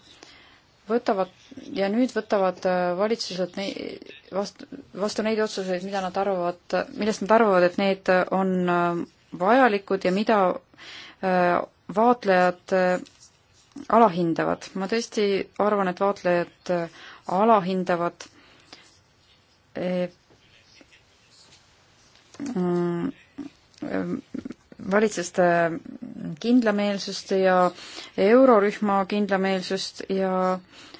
võtavad ja nüüd võtavad äh, valitsused nei, vastu, vastu neid otsuseid, mida nad arvavad, millest nad arvavad, et need äh, on äh, vajalikud ja mida vaatlejad alahindavad. ma tõesti arvan, et vaatlejad alahindavad mm, valitsuste kindlameelsust ja eurorühma kindlameelsust ja,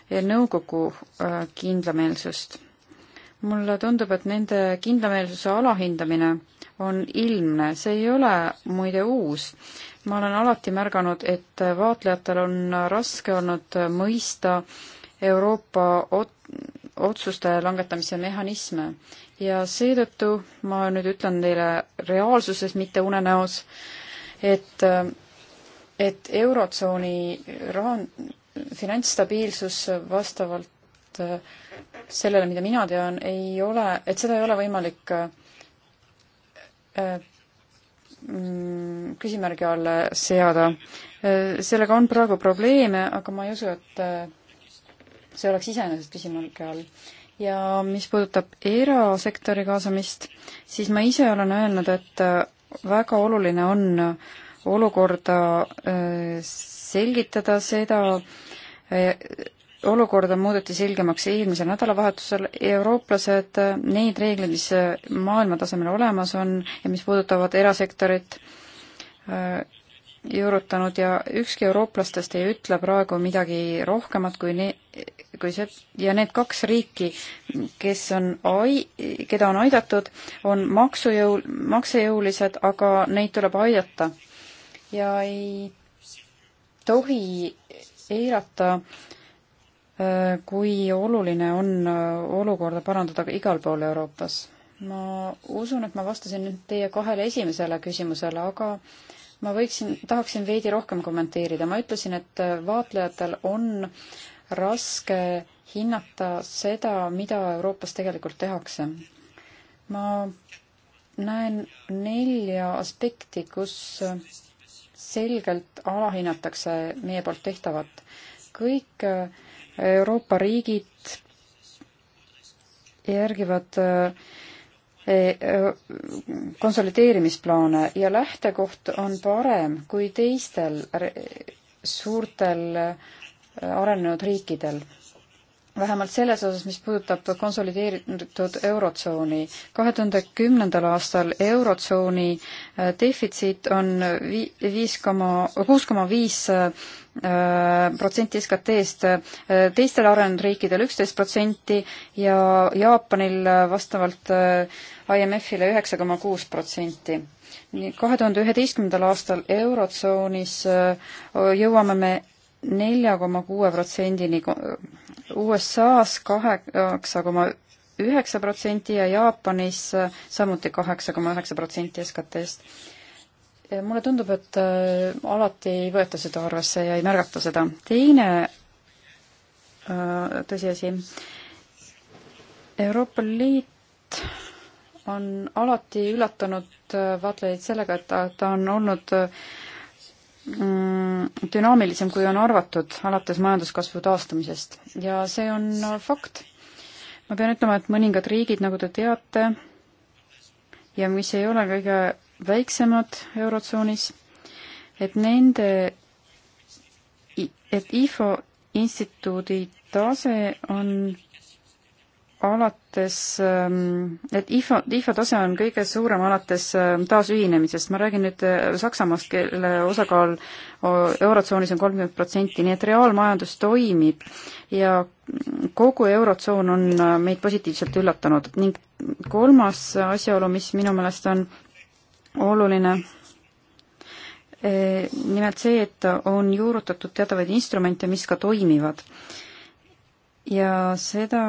ja nõukogu äh, kindlameelsust. mulle tundub, et nende kindlameelsuse alahindamine on ilmne, see ei ole muide uus. ma olen alati märganud, et vaatlejatel on raske olnud mõista Euroopa ot-, otsuste langetamise mehhanisme ja seetõttu ma nüüd ütlen teile reaalsuses, mitte unenäos, et, et Eurotsooni rahan-, finantsstabiilsus vastavalt äh, sellele, mida mina tean, ei ole, et seda ei ole võimalik äh, äh, mm, küsimärgi alla seada. sellega on praegu probleeme, aga ma ei usu, et see oleks iseenesest küsimärgi all ja mis puudutab erasektori kaasamist, siis ma ise olen öelnud, et äh, väga oluline on äh, olukorda äh, selgitada, seda olukorda muudeti selgemaks eelmisel nädalavahetusel, eurooplased, neid reegleid, mis maailma tasemel olemas on ja mis puudutavad erasektorit, juurutanud ja ükski eurooplastest ei ütle praegu midagi rohkemat kui ne-, kui see, ja need kaks riiki, kes on ai-, keda on aidatud, on maksujõul, maksejõulised, aga neid tuleb aidata. ja ei tohi eirata, äh, kui oluline on äh, olukorda parandada igal pool Euroopas. ma usun, et ma vastasin nüüd teie kahele esimesele küsimusele, aga ma võiksin, tahaksin veidi rohkem kommenteerida, ma ütlesin, et äh, vaatlejatel on raske hinnata seda, mida Euroopas tegelikult tehakse. ma näen nelja aspekti, kus selgelt alahinnatakse meie poolt tehtavat. kõik äh, Euroopa riigid järgivad äh, konsolideerimisplaane ja lähtekoht on parem kui teistel suurtel äh, arenenud riikidel vähemalt selles osas, mis puudutab konsolideeritud Eurotsooni. kahe tuhande kümnendal aastal Eurotsooni äh, defitsiit on viis koma, kuus koma viis äh, protsenti SKT-st, äh, teistel arenenud riikidel üksteist protsenti ja Jaapanil vastavalt IMF-ile üheksa koma kuus protsenti kahe tuhande üheteistkümnendal aastal Eurotsoonis jõuame me nelja koma kuue protsendini, USA-s kaheksa koma üheksa protsenti ja Jaapanis äh, samuti kaheksa koma üheksa protsenti SKT-st. SKT mulle tundub, et äh, alati ei võeta seda arvesse ja ei märgata seda. teine äh, tõsiasi, Euroopa Liit on alati üllatanud vaatlejaid sellega, et ta, ta on olnud äh, Mm, dünaamilisem, kui on arvatud, alates majanduskasvu taastumisest ja see on fakt. ma pean ütlema, et mõningad riigid, nagu te teate, ja mis ei ole kõige väiksemad Eurotsoonis, et nende, et IFO instituudi tase on alates, ähm, et IFO, IFO tase on kõige suurem alates ähm, taasühinemisest, ma räägin nüüd äh, Saksamaast, kelle osakaal Eurotsoonis on kolmkümmend protsenti, nii et reaalmajandus toimib ja kogu Eurotsoon on äh, meid positiivselt üllatanud ning kolmas asjaolu, mis minu meelest on oluline, e, nimelt see, et on juurutatud teatavaid instrumente, mis ka toimivad. ja seda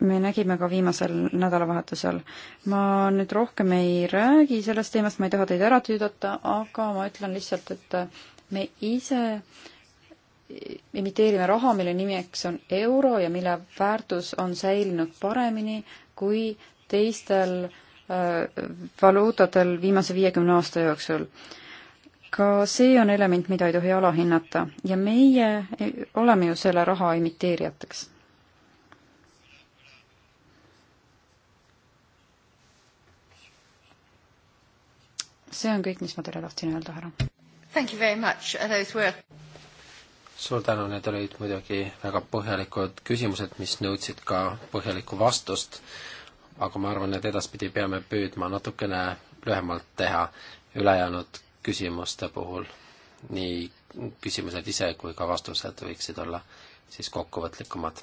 me nägime ka viimasel nädalavahetusel. ma nüüd rohkem ei räägi sellest teemast, ma ei taha teid ära tüüdata, aga ma ütlen lihtsalt, et me ise imiteerime raha, mille nimeks on euro ja mille väärtus on säilinud paremini kui teistel äh, valuutadel viimase viiekümne aasta jooksul. ka see on element, mida ei tohi alahinnata ja meie oleme ju selle raha imiteerijateks see on kõik, mis ma teile tahtsin öelda, härra. Thank you very much, those were suur tänu, need olid muidugi väga põhjalikud küsimused, mis nõudsid ka põhjalikku vastust, aga ma arvan, et edaspidi peame püüdma natukene lühemalt teha ülejäänud küsimuste puhul. nii küsimused ise kui ka vastused võiksid olla siis kokkuvõtlikumad.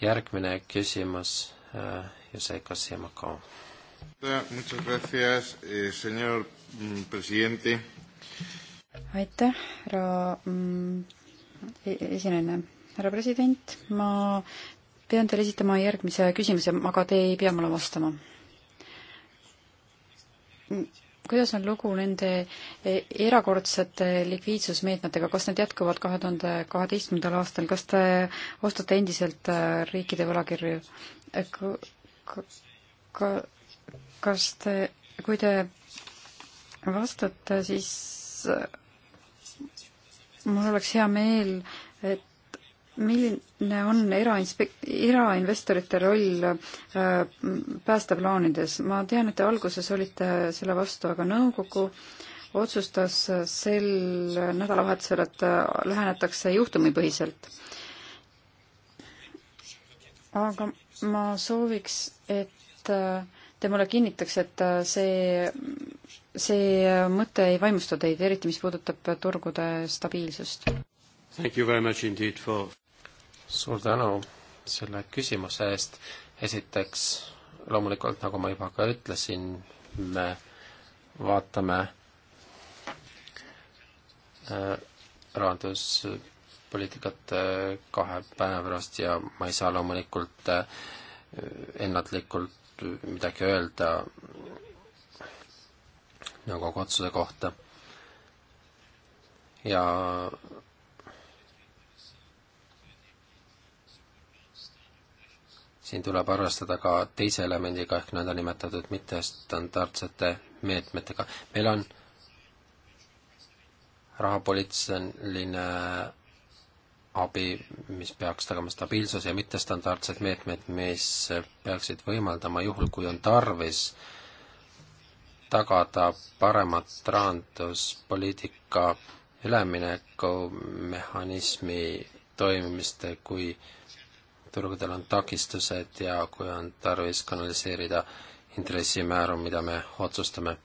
järgmine küsimus äh,, Jusei Kassimakov Muchas gracias, eh, señor mm, presidente. aitäh, härra mm, e-, esinejana. härra president, ma pean teile esitama järgmise küsimuse, aga te ei pea mulle vastama. kuidas on lugu nende e, erakordsete likviidsusmeetmetega, kas need jätkuvad kahe tuhande kaheteistkümnendal aastal, kas te ostate endiselt äh, riikide võlakirju? ka, kas te, kui te vastate, siis äh, mul oleks hea meel, et milline on erainspe-, erainvestorite roll äh, päästeplaanides? ma tean, et te alguses olite selle vastu, aga nõukogu otsustas sel nädalavahetusel, et äh, lähenetakse juhtumipõhiselt. aga ma sooviks, et äh, te mulle kinnitaks, et äh, see, see äh, mõte ei vaimusta teid, eriti mis puudutab äh, turgude stabiilsust? For... suur tänu selle küsimuse eest. esiteks, loomulikult, nagu ma juba ka ütlesin, me vaatame rahanduspoliitikat kahe päeva pärast ja ma ei saa loomulikult ennatlikult midagi öelda nõukogu otsuse kohta. ja siin tuleb arvestada ka teise elemendiga ehk nõndanimetatud mittestandardsete meetmetega. meil on rahapoliitiline abi, mis peaks tagama stabiilsuse ja mittestandardsed meetmed, mis peaksid võimaldama juhul, kui on tarvis, tagada paremat rahanduspoliitika üleminekumehhanismi toimimist, kui turgudel on takistused ja kui on tarvis kanaliseerida intressimääru, mida me otsustame.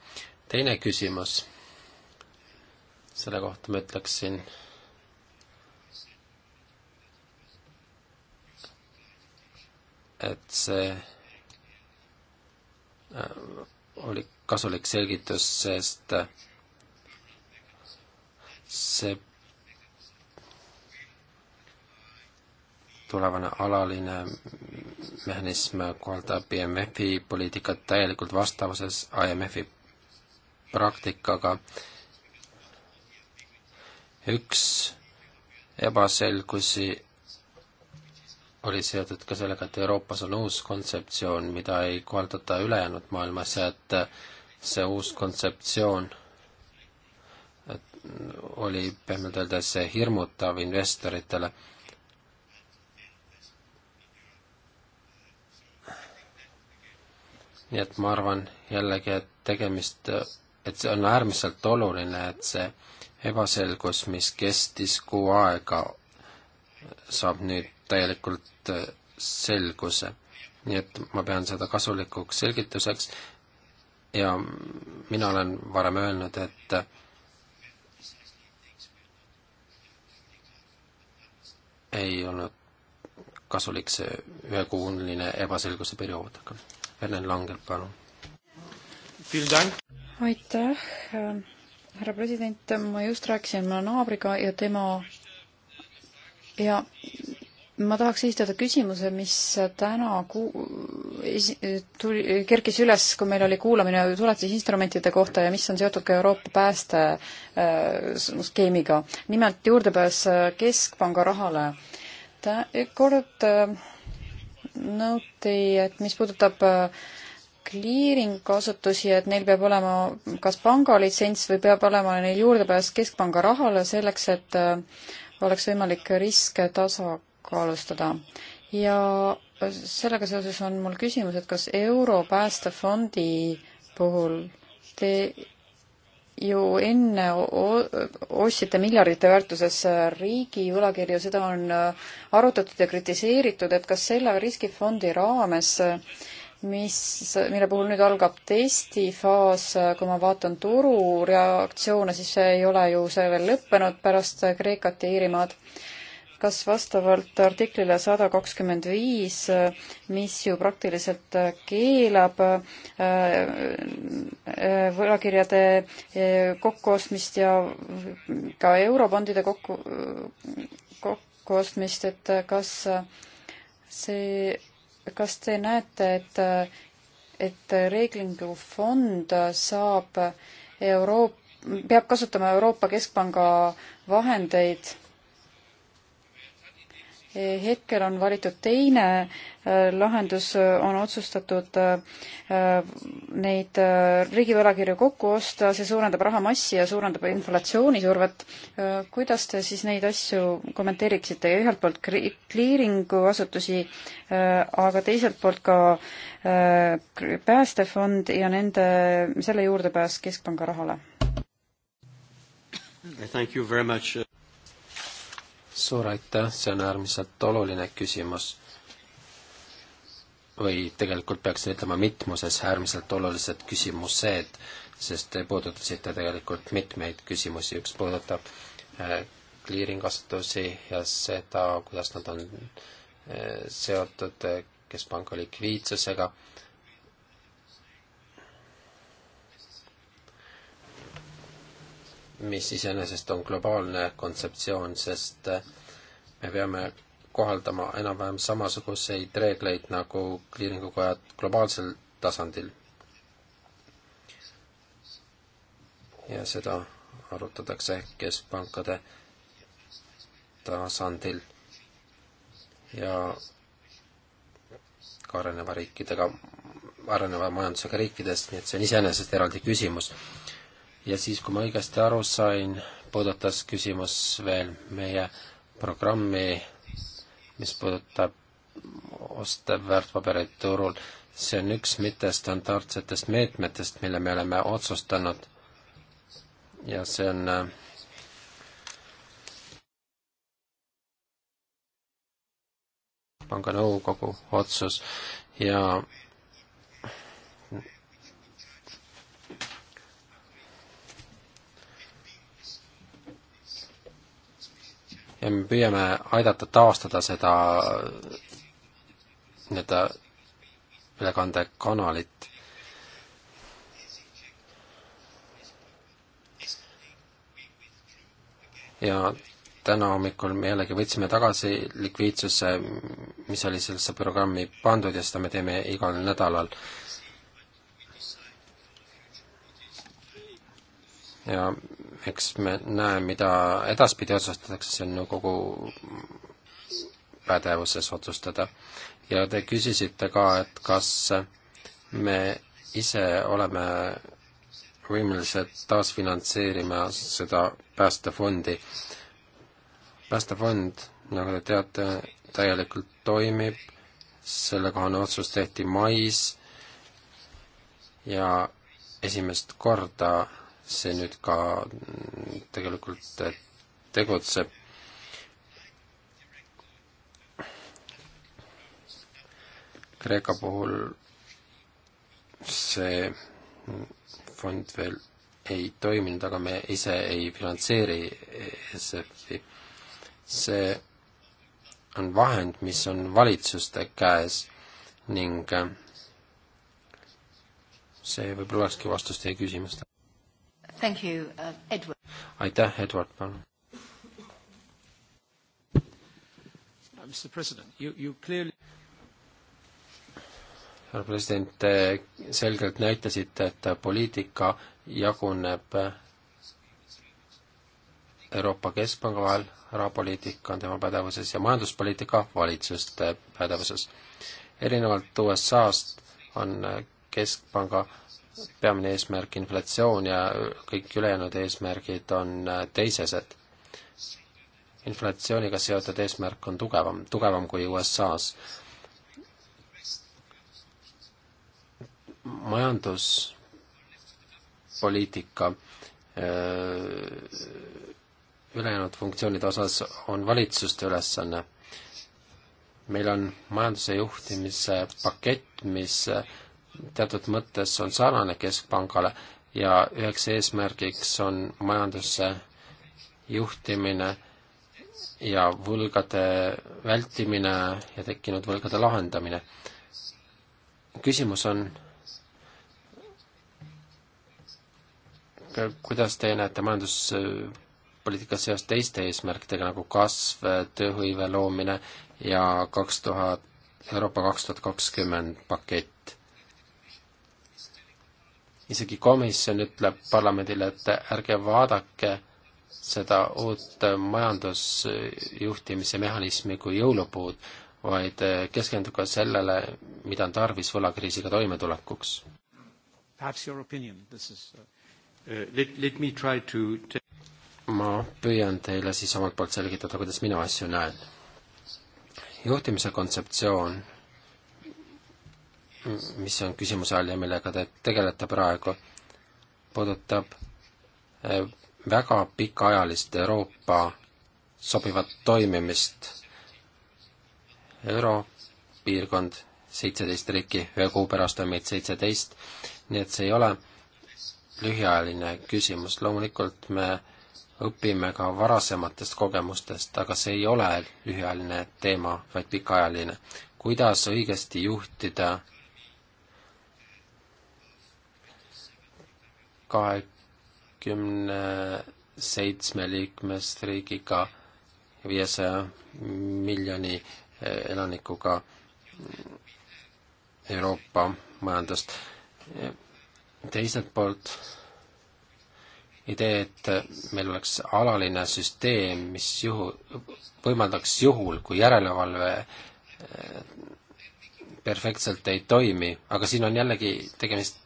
teine küsimus, selle kohta ma ütleksin et see äh, oli kasulik selgitus, sest äh, see tulevane alaline mehhanism kohaldab IMF-i poliitikat täielikult vastavuses IMF-i praktikaga. üks ebaselgusi oli seotud ka sellega, et Euroopas on uus kontseptsioon, mida ei kohaldata ülejäänud maailmas ja et see uus kontseptsioon oli pehmelt öeldes hirmutav investoritele. nii et ma arvan jällegi, et tegemist, et see on äärmiselt oluline, et see ebaselgus, mis kestis kuu aega, saab nüüd täielikult äh, selguse. nii et ma pean seda kasulikuks selgituseks ja mina olen varem öelnud, et äh, ei olnud kasulik see ühekuuline ebaselguse periood, aga Verne Langel, palun. aitäh, härra president, ma just rääkisin oma naabriga ja tema ja ma tahaks esitada küsimuse, mis täna ku-, tuli, kerkis üles, kui meil oli kuulamine tuletisinstrumentide kohta ja mis on seotud ka Euroopa päästeskeemiga. Äh, nimelt juurdepääs äh, Keskpanga rahale. ta kord äh, nõuti, et mis puudutab kliiringasutusi, et neil peab olema kas pangalitsents või peab olema neil juurdepääs Keskpanga rahale selleks, et oleks võimalik riske tasa tasakaalustada ja sellega seoses on mul küsimus, et kas Euro päästefondi puhul te ju enne ostsite miljardite väärtuses riigi võlakirju, seda on arutatud ja kritiseeritud, et kas selle riskifondi raames mis, mille puhul nüüd algab testifaas, kui ma vaatan turureaktsioone, siis see ei ole ju see veel lõppenud pärast Kreekat ja Iirimaad kas vastavalt artiklile sada kakskümmend viis, mis ju praktiliselt keelab äh, äh, võlakirjade äh, kokkuostmist ja ka eurobondide kokku, kokkuostmist, et kas see, kas te näete, et, et reeglingufond saab Euroop-, peab kasutama Euroopa Keskpanga vahendeid hetkel on valitud teine äh, lahendus, äh, on otsustatud äh, neid riigivõlakirju kokku osta, see suurendab rahamassi ja suurendab inflatsioonisurvet. kuidas te siis neid asju kommenteeriksite, ühelt poolt kliiringu asutusi, aga teiselt poolt ka päästefond ja nende, selle juurdepääs Keskpanga rahale? Thank you very much suur aitäh, see on äärmiselt oluline küsimus. või tegelikult peaksin ütlema mitmuses äärmiselt olulised küsimused, sest te puudutasite tegelikult mitmeid küsimusi, üks puudutab clearing äh, asutusi ja seda, kuidas nad on äh, seotud äh, keskpanga likviidsusega mis iseenesest on globaalne kontseptsioon, sest me peame kohaldama enam-vähem samasuguseid reegleid nagu kliiringukojad globaalsel tasandil. ja seda arutatakse keskpankade tasandil ja ka areneva riikidega, areneva majandusega riikides, nii et see on iseenesest eraldi küsimus ja siis, kui ma õigesti aru sain, puudutas küsimus veel meie programmi, mis puudutab oste väärtpabereid turul. see on üks mittestandardsetest meetmetest, mille me oleme otsustanud ja see on äh, panga nõukogu otsus ja ja me püüame aidata taastada seda nii-öelda ülekandekanalit. ja täna hommikul me jällegi võtsime tagasi likviidsuse, mis oli sellesse programmi pandud ja seda me teeme igal nädalal ja eks me näe, mida edaspidi otsustatakse, see on nõukogu pädevuses otsustada. ja te küsisite ka, et kas me ise oleme võimelised taasfinantseerima seda päästefondi. päästefond, nagu te teate, täielikult toimib, sellekohane otsus tehti mais ja esimest korda see nüüd ka tegelikult tegutseb. Kreeka puhul see fond veel ei toiminud, aga me ise ei finantseeri ESF-i. see on vahend, mis on valitsuste käes ning see võib-olla olekski vastus teie küsimustele. Thank you, uh, Edward. aitäh, Edward, palun. Uh, Mr President, you, you clearly härra president, te selgelt näitasite, et poliitika jaguneb Euroopa Keskpanga vahel, rahapoliitika on tema pädevuses ja majanduspoliitika valitsuste pädevuses. erinevalt USA-st on Keskpanga peamine eesmärk inflatsioon ja kõik ülejäänud eesmärgid on äh, teisesed. inflatsiooniga seotud eesmärk on tugevam, tugevam kui USA-s. majanduspoliitika äh, ülejäänud funktsioonide osas on valitsuste ülesanne. meil on majanduse juhtimise pakett, mis äh, teatud mõttes on sarnane keskpangale ja üheks eesmärgiks on majanduse juhtimine ja võlgade vältimine ja tekkinud võlgade lahendamine. küsimus on, kuidas te näete majanduspoliitikat seos teiste eesmärkidega nagu kasv, tööhõive loomine ja kaks tuhat, Euroopa kaks tuhat kakskümmend pakett? isegi komisjon ütleb parlamendile, et ärge vaadake seda uut majandusjuhtimise mehhanismi kui jõulupuud, vaid keskenduge sellele, mida on tarvis võlakriisiga toimetulekuks. Uh, uh, ma püüan teile siis omalt poolt selgitada, kuidas mina asju näen. juhtimise kontseptsioon mis on küsimuse all ja millega te tegelete praegu, puudutab eh, väga pikaajalist Euroopa sobivat toimimist. europiirkond, seitseteist riiki, ühe kuu pärast on meid seitseteist, nii et see ei ole lühiajaline küsimus, loomulikult me õpime ka varasematest kogemustest, aga see ei ole lühiajaline teema, vaid pikaajaline. kuidas õigesti juhtida kahekümne seitsme liikmesriigiga ja viiesaja miljoni eh, elanikuga Euroopa majandust. teiselt poolt idee, et meil oleks alaline süsteem, mis juhu, võimaldaks juhul, kui järelevalve eh, perfektselt ei toimi, aga siin on jällegi tegemist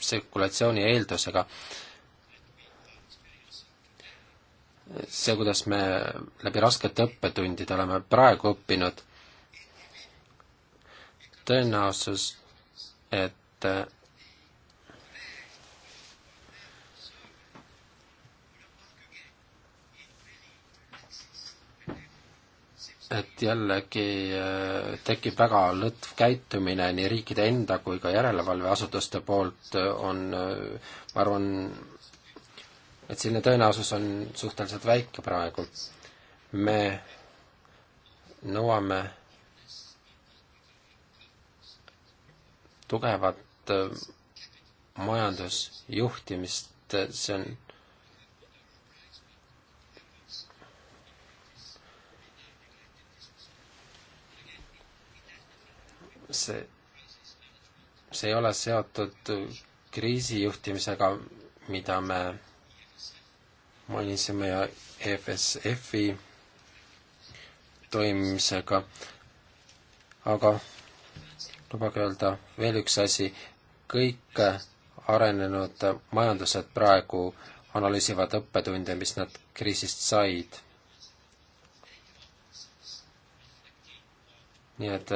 sirkulatsiooni eeldusega. see, kuidas me läbi raskete õppetundide oleme praegu õppinud, tõenäosus, et et jällegi äh, tekib väga lõtv käitumine nii riikide enda kui ka järelevalveasutuste poolt, äh, on, äh, ma arvan, et selline tõenäosus on suhteliselt väike praegu. me nõuame tugevat majandusjuhtimist, see on see, see ei ole seotud kriisijuhtimisega, mida me mainisime ja EFSF-i toimimisega, aga lubage öelda veel üks asi, kõik arenenud majandused praegu analüüsivad õppetunde, mis nad kriisist said. nii et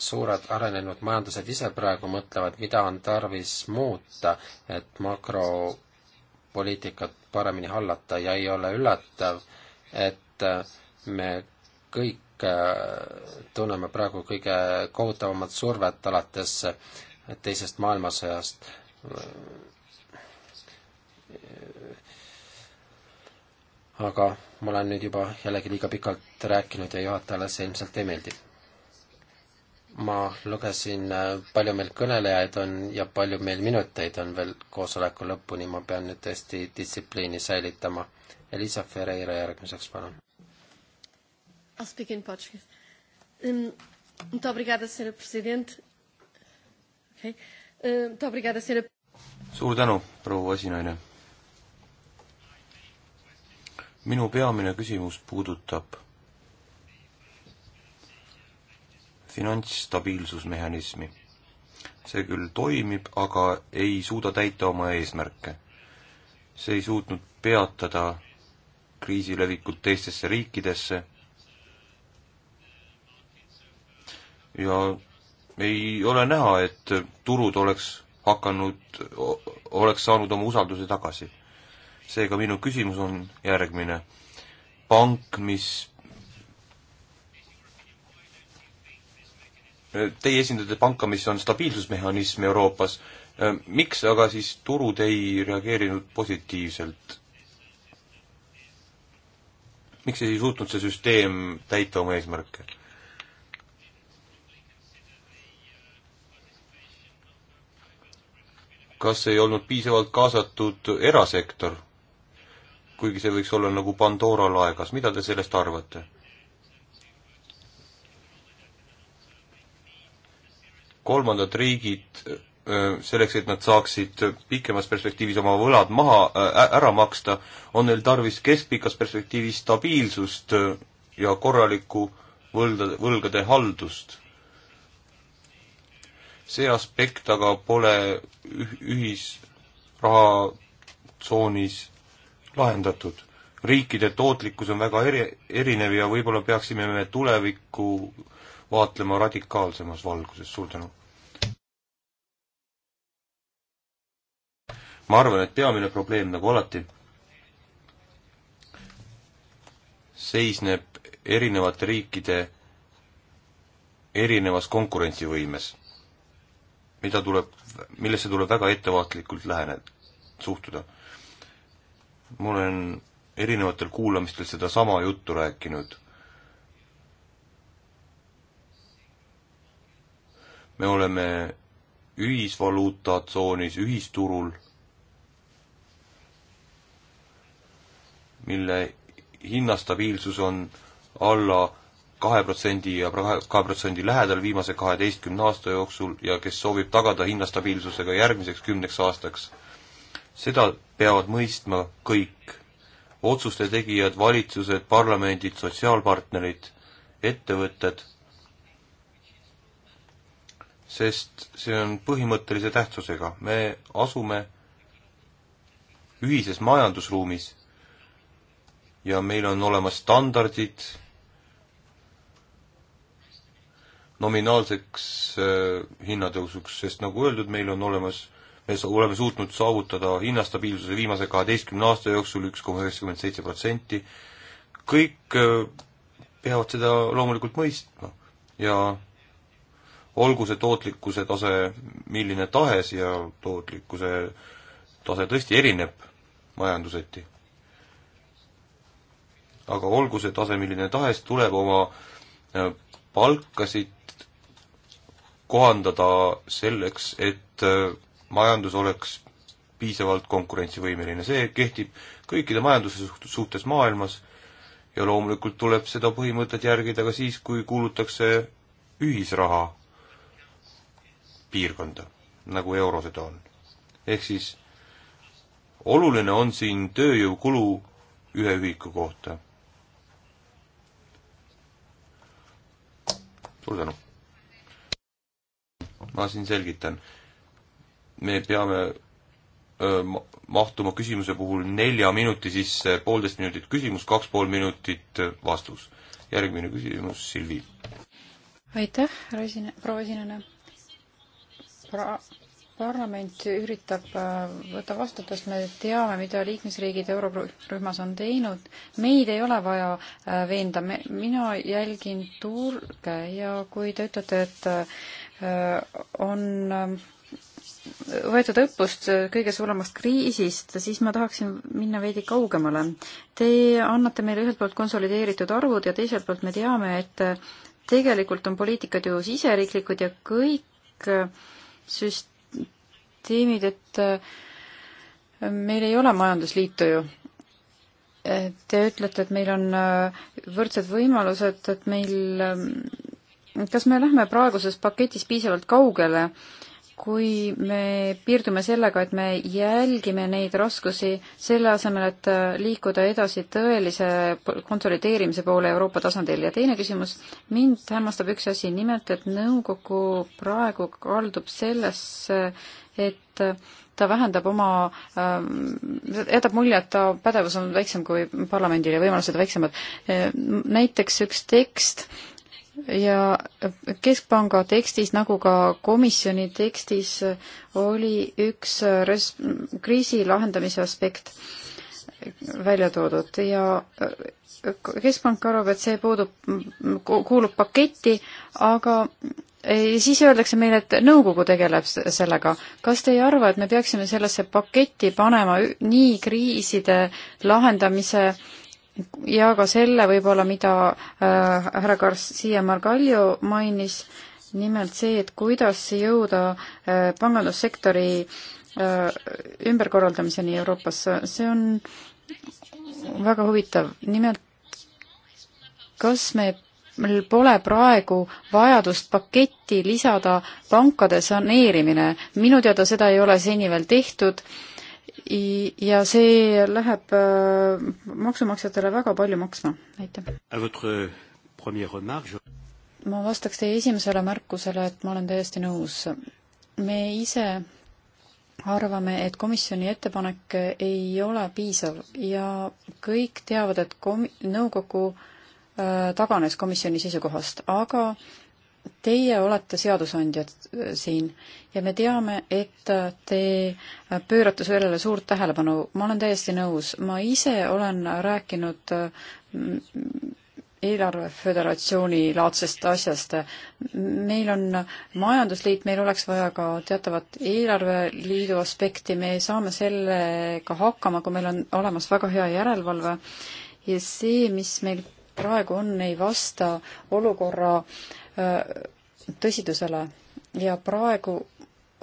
suured arenenud majandused ise praegu mõtlevad, mida on tarvis muuta, et makropoliitikat paremini hallata ja ei ole üllatav, et äh, me kõik äh, tunneme praegu kõige kohutavamat survet alates äh, teisest maailmasõjast. aga ma olen nüüd juba jällegi liiga pikalt rääkinud ja juhatajale see ilmselt ei meeldi ma lugesin, äh, palju meil kõnelejaid on ja palju meil minuteid on veel koosoleku lõpuni, ma pean nüüd tõesti distsipliini säilitama. Elisa Ferreira järgmiseks, palun. I'll speak in Portuguese. Um, muito obrigada, senhora president. Okay. Um, muito obrigada, senhora... suur tänu, proua esinaine. minu peamine küsimus puudutab finantsstabiilsusmehhanismi. see küll toimib, aga ei suuda täita oma eesmärke. see ei suutnud peatada kriisi levikut teistesse riikidesse ja ei ole näha, et turud oleks hakanud, oleks saanud oma usalduse tagasi. seega minu küsimus on järgmine. pank, mis teie esindate panka, mis on stabiilsusmehhanism Euroopas, äh, miks aga siis turud ei reageerinud positiivselt? miks ei suutnud see süsteem täita oma eesmärke? kas ei olnud piisavalt kaasatud erasektor, kuigi see võiks olla nagu Pandora laegas, mida te sellest arvate? kolmandad riigid selleks, et nad saaksid pikemas perspektiivis oma võlad maha, ära maksta, on neil tarvis keskpikas perspektiivis stabiilsust ja korralikku võlda, võlgade haldust. see aspekt aga pole ühisrahatsoonis lahendatud. riikide tootlikkus on väga eri, erinev ja võib-olla peaksime me tuleviku äh, vaatlema radikaalsemas valguses, suur tänu! ma arvan, et peamine probleem, nagu alati, seisneb erinevate riikide erinevas konkurentsivõimes, mida tuleb, millesse tuleb väga ettevaatlikult lähene-, suhtuda. ma olen erinevatel kuulamistel sedasama juttu rääkinud me oleme ühisvaluutatsoonis, ühisturul, mille hinnastabiilsus on alla kahe protsendi ja kahe protsendi lähedal viimase kaheteistkümne aasta jooksul ja kes soovib tagada hinnastabiilsuse ka järgmiseks kümneks aastaks. seda peavad mõistma kõik, otsuste tegijad, valitsused, parlamendid, sotsiaalpartnerid, ettevõtted sest see on põhimõttelise tähtsusega. me asume ühises majandusruumis ja meil on olemas standardid nominaalseks äh, hinnatõusuks, sest nagu öeldud, meil on olemas, me oleme suutnud saavutada hinnastabiilsuse viimase kaheteistkümne aasta jooksul üks koma üheksakümmend seitse protsenti, kõik äh, peavad seda loomulikult mõistma ja olgu see tootlikkuse tase milline tahes ja tootlikkuse tase tõesti erineb majanduseti. aga olgu see tase milline tahes, tuleb oma äh, palkasid kohandada selleks, et äh, majandus oleks piisavalt konkurentsivõimeline, see kehtib kõikide majanduse suhtes maailmas ja loomulikult tuleb seda põhimõtet järgida ka siis, kui kuulutakse ühisraha piirkonda, nagu euro seda on. ehk siis oluline on siin tööjõukulu ühe ühiku kohta. suur tänu! ma siin selgitan. me peame öö, mahtuma küsimuse puhul nelja minuti sisse, poolteist minutit küsimus, kaks pool minutit vastus. järgmine küsimus, Silvi. aitäh, härra esine-, proua esinejana pra-, parlament üritab äh, võtta vastutust, me teame, mida liikmesriigid eurorühmas on teinud. meid ei ole vaja äh, veenda, me, mina jälgin turge ja kui te ütlete, et äh, on võetud õppust kõige suuremast kriisist, siis ma tahaksin minna veidi kaugemale. Te annate meile ühelt poolt konsolideeritud arvud ja teiselt poolt me teame, et tegelikult on poliitikad ju siseriiklikud ja kõik süsteemid, et äh, meil ei ole majandusliitu ju. Äh, te ütlete, et meil on äh, võrdsed võimalused, et meil, ähm, kas me lähme praeguses paketis piisavalt kaugele äh, kui me piirdume sellega, et me jälgime neid raskusi, selle asemel, et äh, liikuda edasi tõelise konsolideerimise poole Euroopa tasandil. ja teine küsimus, mind hämmastab üks asi, nimelt et nõukogu praegu kaldub sellesse, et äh, ta vähendab oma äh,, jätab mulje, et ta pädevus on väiksem kui parlamendil ja võimalused väiksemad. Äh, näiteks üks tekst äh, ja Keskpanga tekstis nagu ka komisjoni tekstis oli üks res-, kriisi lahendamise aspekt välja toodud ja Keskpank arvab, et see puudub, kuulub paketti, aga siis öeldakse meile, et nõukogu tegeleb sellega. kas te ei arva, et me peaksime sellesse paketti panema nii kriiside lahendamise äh, ja ka selle võib-olla, mida äh, härra Garcia Margallo mainis, nimelt see, et kuidas jõuda äh, pangandussektori äh, ümberkorraldamiseni Euroopas, see on väga huvitav. nimelt, kas me meil pole praegu vajadust paketti lisada pankade saneerimine. minu teada seda ei ole seni veel tehtud äh, ja see läheb äh, maksumaksjatele väga palju maksma, aitäh. Euh, ma vastaks teie esimesele märkusele, et ma olen täiesti nõus. me ise arvame, et komisjoni ettepanek ei ole piisav ja kõik teavad, et kom-, nõukogu äh, taganes komisjoni seisukohast, aga Teie olete seadusandjad äh, siin ja me teame, et äh, te äh, pöörate sellele suurt tähelepanu. ma olen täiesti nõus. ma ise olen rääkinud eelarve föderatsiooni laadsest asjast. meil on majandusliit, meil oleks vaja ka teatavat eelarveliidu aspekti, me saame sellega hakkama, kui meil on olemas väga hea järelevalve ja see, mis meil praegu on, ei vasta olukorra tõsidusele ja praegu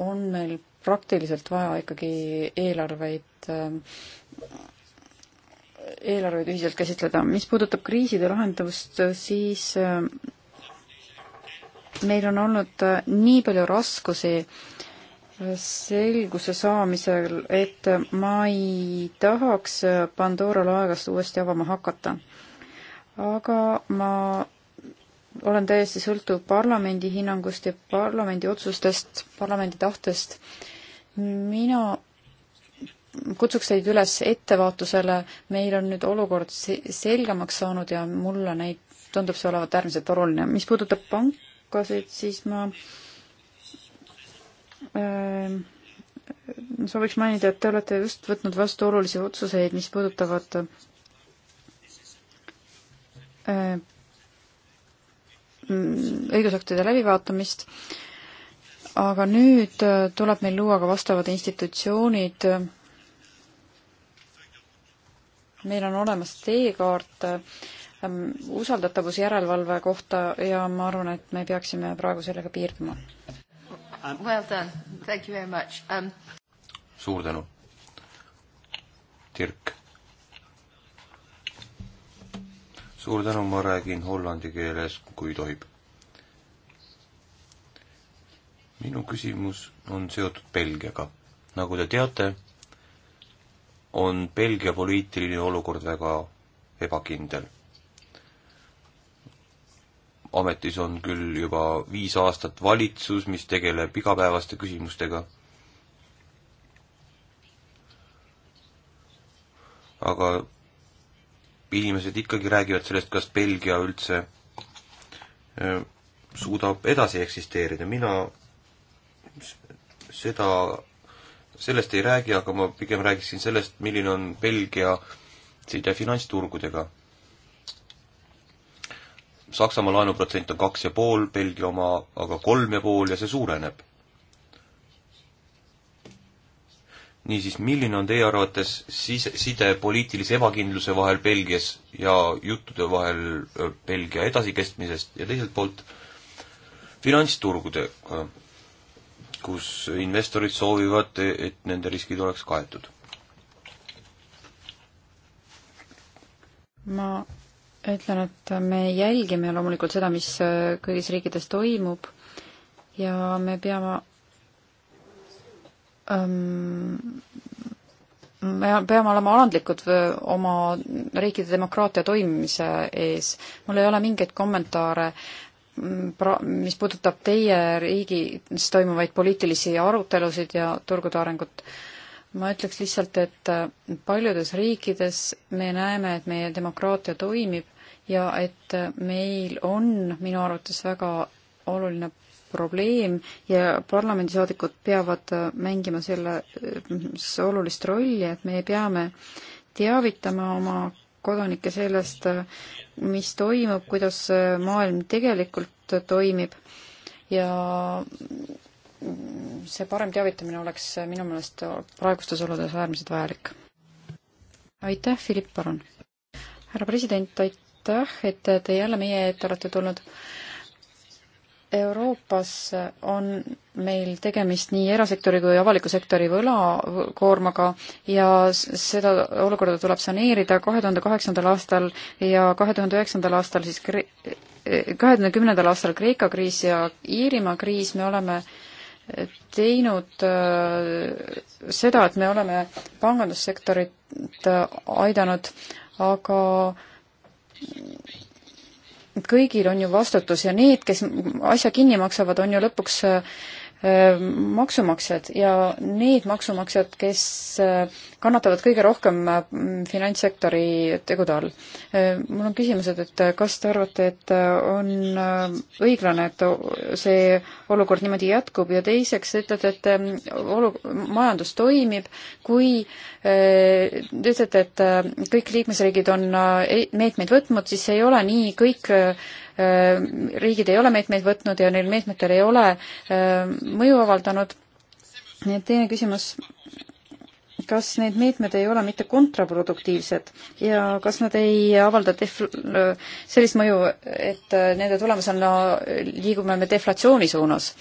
on meil praktiliselt vaja ikkagi eelarveid, eelarveid ühiselt käsitleda. mis puudutab kriiside lahendust, siis meil on olnud nii palju raskusi selguse saamisel, et ma ei tahaks Pandora laegast uuesti avama hakata aga ma olen täiesti sõltuv parlamendi hinnangust ja parlamendi otsustest, parlamendi tahtest. mina kutsuks teid üles ettevaatusele, meil on nüüd olukord selgemaks saanud ja mulle neid, tundub see olevat äärmiselt oluline. mis puudutab pankasid, siis ma äh, sooviks mainida, et te olete just võtnud vastu olulisi otsuseid, mis puudutavad äh, Äh, mm, õigusaktide läbivaatamist, aga nüüd äh, tuleb meil luua ka vastavad institutsioonid. meil on olemas teekaart ähm, usaldatavuse järelevalve kohta ja ma arvan, et me peaksime praegu sellega piirduma. Well done, thank you very much um.... suur tänu. Dirk suur tänu, ma räägin hollandi keeles, kui tohib. minu küsimus on seotud Belgiaga. nagu te teate, on Belgia poliitiline olukord väga ebakindel. ametis on küll juba viis aastat valitsus, mis tegeleb igapäevaste küsimustega, aga inimesed ikkagi räägivad sellest, kas Belgia üldse suudab edasi eksisteerida, mina seda, sellest ei räägi, aga ma pigem räägiksin sellest, milline on Belgia side finantsturgudega. Saksamaa laenuprotsent on kaks ja pool, Belgia oma aga kolm ja pool ja see suureneb niisiis, milline on teie arvates sis-, side poliitilise ebakindluse vahel Belgias ja juttude vahel Belgia edasikestmisest ja teiselt poolt finantsturgudega, kus investorid soovivad, et nende riskid oleks kaetud? ma ütlen, et me jälgime loomulikult seda, mis kõigis riikides toimub ja me peame me peame olema alandlikud oma riikide demokraatia toimimise ees. mul ei ole mingeid kommentaare pra-, mis puudutab teie riigis toimuvaid poliitilisi arutelusid ja turgude arengut, ma ütleks lihtsalt, et äh, paljudes riikides me näeme, et meie demokraatia toimib ja et äh, meil on minu arvates väga oluline probleem ja parlamendisaadikud peavad mängima selles olulist rolli, et me peame teavitama oma kodanikke sellest, mis toimub, kuidas maailm tegelikult toimib ja see parem teavitamine oleks minu meelest praegustes oludes äärmiselt vajalik. aitäh, Philipp, palun! härra president, aitäh, et te jälle meie ette olete tulnud Euroopas on meil tegemist nii erasektori kui avaliku sektori võlakoormaga ja seda olukorda tuleb saneerida kahe tuhande kaheksandal aastal ja kahe tuhande üheksandal aastal siis kahe tuhande kümnendal aastal Kreeka kriis ja Iirimaa kriis, me oleme teinud äh, seda, et me oleme pangandussektorit äh, aidanud, aga kõigil on ju vastutus ja need, kes asja kinni maksavad, on ju lõpuks äh, maksumaksjad ja need maksumaksjad, kes kannatavad kõige rohkem finantssektori tegude all. mul on küsimused, et kas te arvate, et on õiglane, et see olukord niimoodi jätkub ja teiseks ütlete, et olu-, majandus toimib, kui te ütlete, et kõik liikmesriigid on e-, meetmeid võtnud, siis ei ole nii, kõik Äh, riigid ei ole meetmeid võtnud ja neil meetmetel ei ole äh, mõju avaldanud. nii et teine küsimus, kas need meetmed ei ole mitte kontraproduktiivsed ja kas nad ei avalda def-, sellist mõju, et äh, nende tulemusena liigume me deflatsiooni suunas?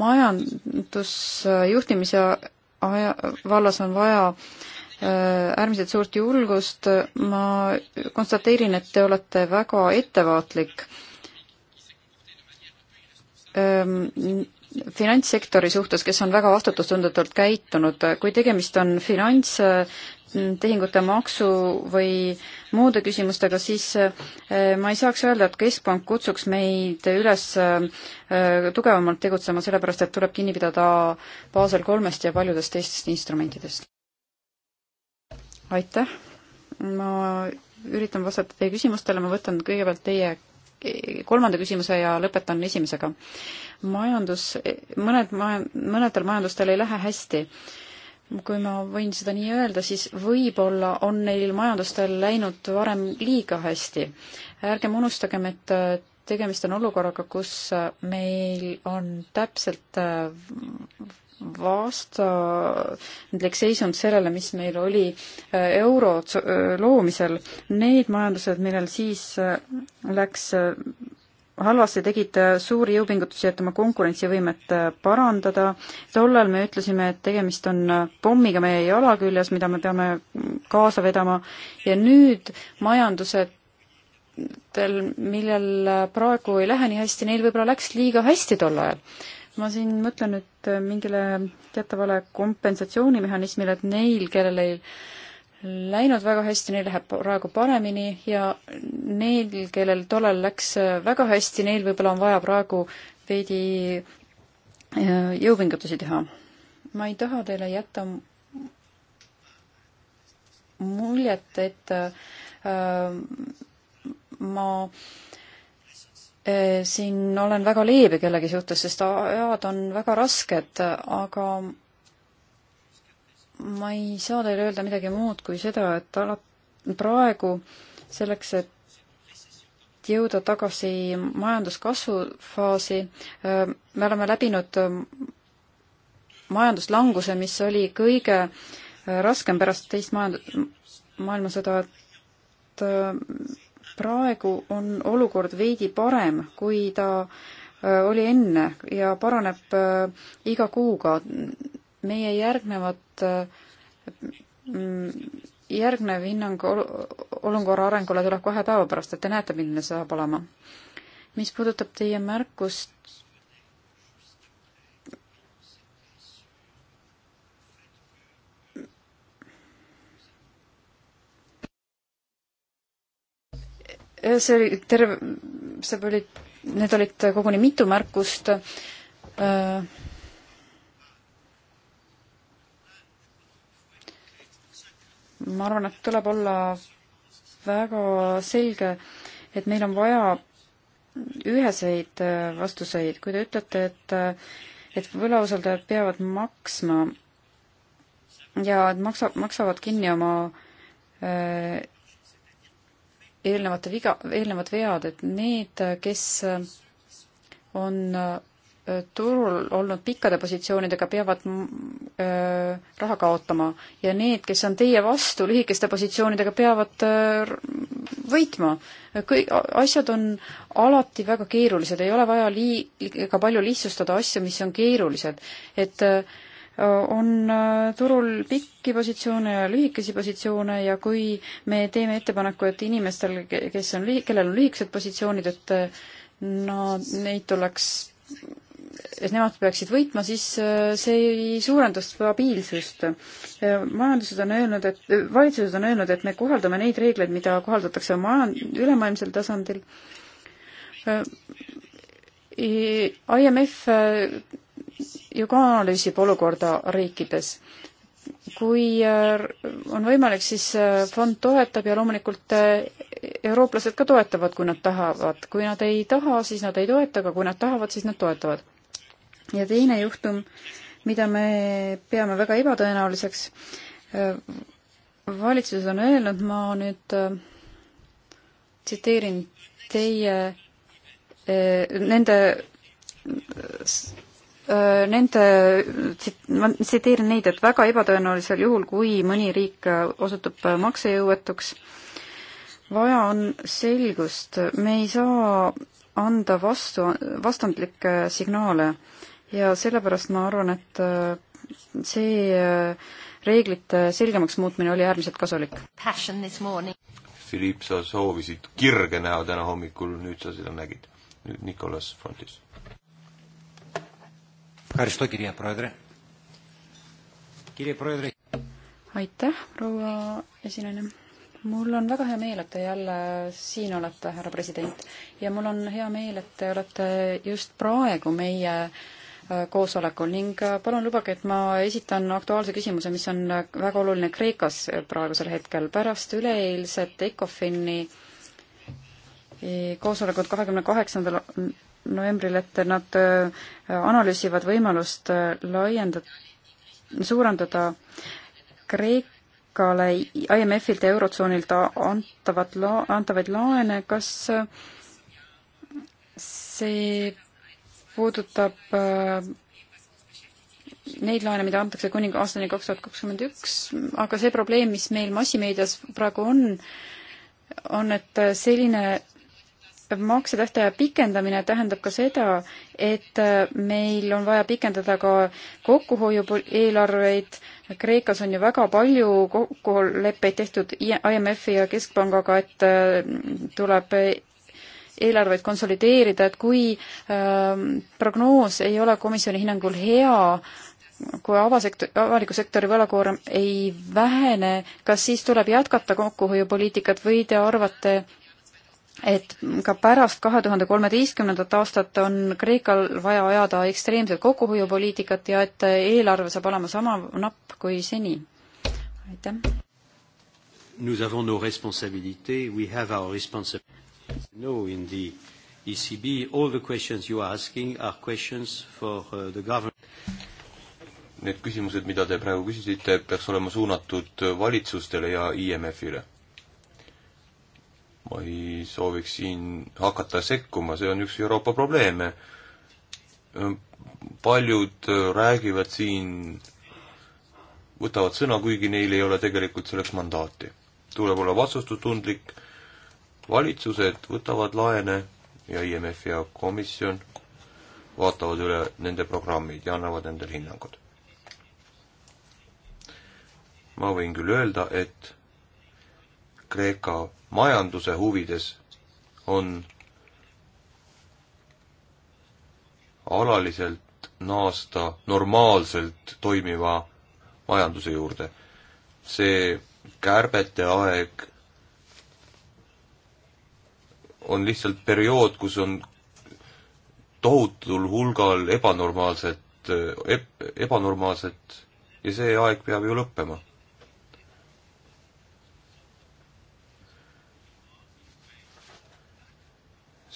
majandusjuhtimise aja, vallas on vaja äh, Äh, äärmiselt suurt julgust. ma konstateerin, et te olete väga ettevaatlik ähm, finantssektori suhtes, kes on väga vastutustundetult käitunud, kui tegemist on finantstehingute maksu või muude küsimustega, siis äh, ma ei saaks öelda, et Keskpank kutsuks meid üles äh, tugevamalt tegutsema, sellepärast et tuleb kinni pidada Basel kolmest ja paljudest teistest instrumentidest aitäh, ma üritan vastata teie küsimustele, ma võtan kõigepealt teie kolmanda küsimuse ja lõpetan esimesega. majandus, mõned maja, mõnedel majandustel ei lähe hästi. kui ma võin seda nii öelda, siis võib-olla on neil majandustel läinud varem liiga hästi. ärgem unustagem, et äh, tegemist on olukorraga, kus äh, meil on täpselt äh, vastandlik seisund sellele, mis meil oli äh, euro äh, loomisel. Need majandused, millel siis äh, läks halvasti, tegid suuri jõupingutusi, et oma konkurentsivõimet parandada. tollal me ütlesime, et tegemist on pommiga meie jala küljes, mida me peame mm, kaasa vedama ja nüüd majandused millel praegu ei lähe nii hästi, neil võib-olla läks liiga hästi tol ajal ma siin mõtlen nüüd äh, mingile teatavale kompensatsioonimehhanismile, et neil, kellel ei läinud väga hästi, neil läheb praegu paremini ja neil, kellel tollal läks äh, väga hästi, neil võib-olla on vaja praegu veidi äh, jõupingutusi teha. ma ei taha teile jätta muljet, et äh, ma äh, Äh, siin olen väga leebe kellegi suhtes, sest ajad on väga rasked, aga ma ei saa teile öelda midagi muud kui seda, et ala-, praegu selleks, et jõuda tagasi majanduskasvu faasi, äh, me oleme läbinud äh, majanduslanguse, mis oli kõige raskem pärast teist majand-, maailmasõda, et praegu on olukord veidi parem, kui ta oli enne ja paraneb iga kuuga. meie järgnevad, mm, järgnev hinnang olukorra arengule tuleb kahe päeva pärast, et te näete, milline see saab olema. mis puudutab teie märkust Äh, see oli terve, see oli, need olid koguni mitu märkust. Äh, ma arvan, et tuleb olla väga selge, et meil on vaja üheseid äh, vastuseid, kui te ütlete, et, et võlausaldajad peavad maksma ja et maksa, maksavad kinni oma äh, eelnevate viga, eelnevad vead, et need, kes on äh, turul olnud pikkade positsioonidega, peavad öö, mm, äh, raha kaotama ja need, kes on teie vastu lühikeste positsioonidega, peavad öö, äh, võitma. kõik asjad on alati väga keerulised, ei ole vaja liiga palju lihtsustada asju, mis on keerulised. et öö, on äh, turul pikki positsioone ja lühikesi positsioone ja kui me teeme ettepaneku, et inimestel, kes on, kellel on lühikesed positsioonid, et nad äh, no,, neid tuleks, et nemad peaksid võitma, siis äh, see ei suurenda stabiilsust. majandused on öelnud, et, valitsused on öelnud, et me kohaldame neid reegleid, mida kohaldatakse maja-, ülemaailmsel tasandil. IMF ju ka analüüsib olukorda riikides. kui äh, on võimalik, siis äh, fond toetab ja loomulikult äh, eurooplased ka toetavad, kui nad tahavad. kui nad ei taha, siis nad ei toeta, aga kui nad tahavad, siis nad toetavad. ja teine juhtum, mida me peame väga ebatõenäoliseks, valitsus on öelnud, ma nüüd tsiteerin teie, nende Nende, ma tsiteerin neid, et väga ebatõenäolisel juhul, kui mõni riik osutub maksejõuetuks, vaja on selgust, me ei saa anda vastu, vastandlikke signaale ja sellepärast ma arvan, et see reeglite selgemaks muutmine oli äärmiselt kasulik. Philipp, sa soovisid kirge näha täna hommikul, nüüd sa seda nägid. nüüd Nicolas Frontis aitäh, proua esineja. mul on väga hea meel, et te jälle siin olete, härra president, ja mul on hea meel, et te olete just praegu meie äh, koosolekul ning äh, palun lubage, et ma esitan aktuaalse küsimuse, mis on äh, väga oluline Kreekas praegusel hetkel. pärast üleeilset ECOFIN-i koosolekut kahekümne kaheksandal novembril, et nad äh, analüüsivad võimalust äh, laiendada, suurendada Kreekale IMF-ilt ja Eurotsoonilt antavat la-, antavaid laene, kas äh, see puudutab neid laene, mida antakse kuni aastani kaks tuhat kakskümmend üks, aga see probleem, mis meil massimeedias praegu on, on, et selline maksetähtaja pikendamine tähendab ka seda, et äh, meil on vaja pikendada ka kokkuhoiueelarveid. Kreekas on ju väga palju kokkuleppeid tehtud IMF-i ja Keskpangaga, et äh, tuleb eelarveid konsolideerida, et kui ähm, prognoos ei ole komisjoni hinnangul hea, kui avasekt-, avaliku sektori võlakoorem ei vähene, kas siis tuleb jätkata kokkuhoiupoliitikat või te arvate, et ka pärast kahe tuhande kolmeteistkümnendat aastat on Kreekal vaja ajada ekstreemset kokkuhoiupoliitikat ja et eelarve saab olema sama napp kui seni. aitäh. Nous avons nos responsabilités, we have our responsibilities. No, in the ECB, all the questions you are asking are questions for uh, the government. Need küsimused, mida te praegu küsisite, peaks olema suunatud valitsustele ja IMF-ile ma ei sooviks siin hakata sekkuma, see on üks Euroopa probleeme. paljud räägivad siin, võtavad sõna, kuigi neil ei ole tegelikult selleks mandaati. tuleb olla vastutustundlik, valitsused võtavad laene ja IMF ja komisjon vaatavad üle nende programmid ja annavad endale hinnangud. ma võin küll öelda, et Kreeka majanduse huvides on alaliselt naasta normaalselt toimiva majanduse juurde. see kärbete aeg on lihtsalt periood, kus on tohutul hulgal ebanormaalset eb,, ebanormaalset ja see aeg peab ju lõppema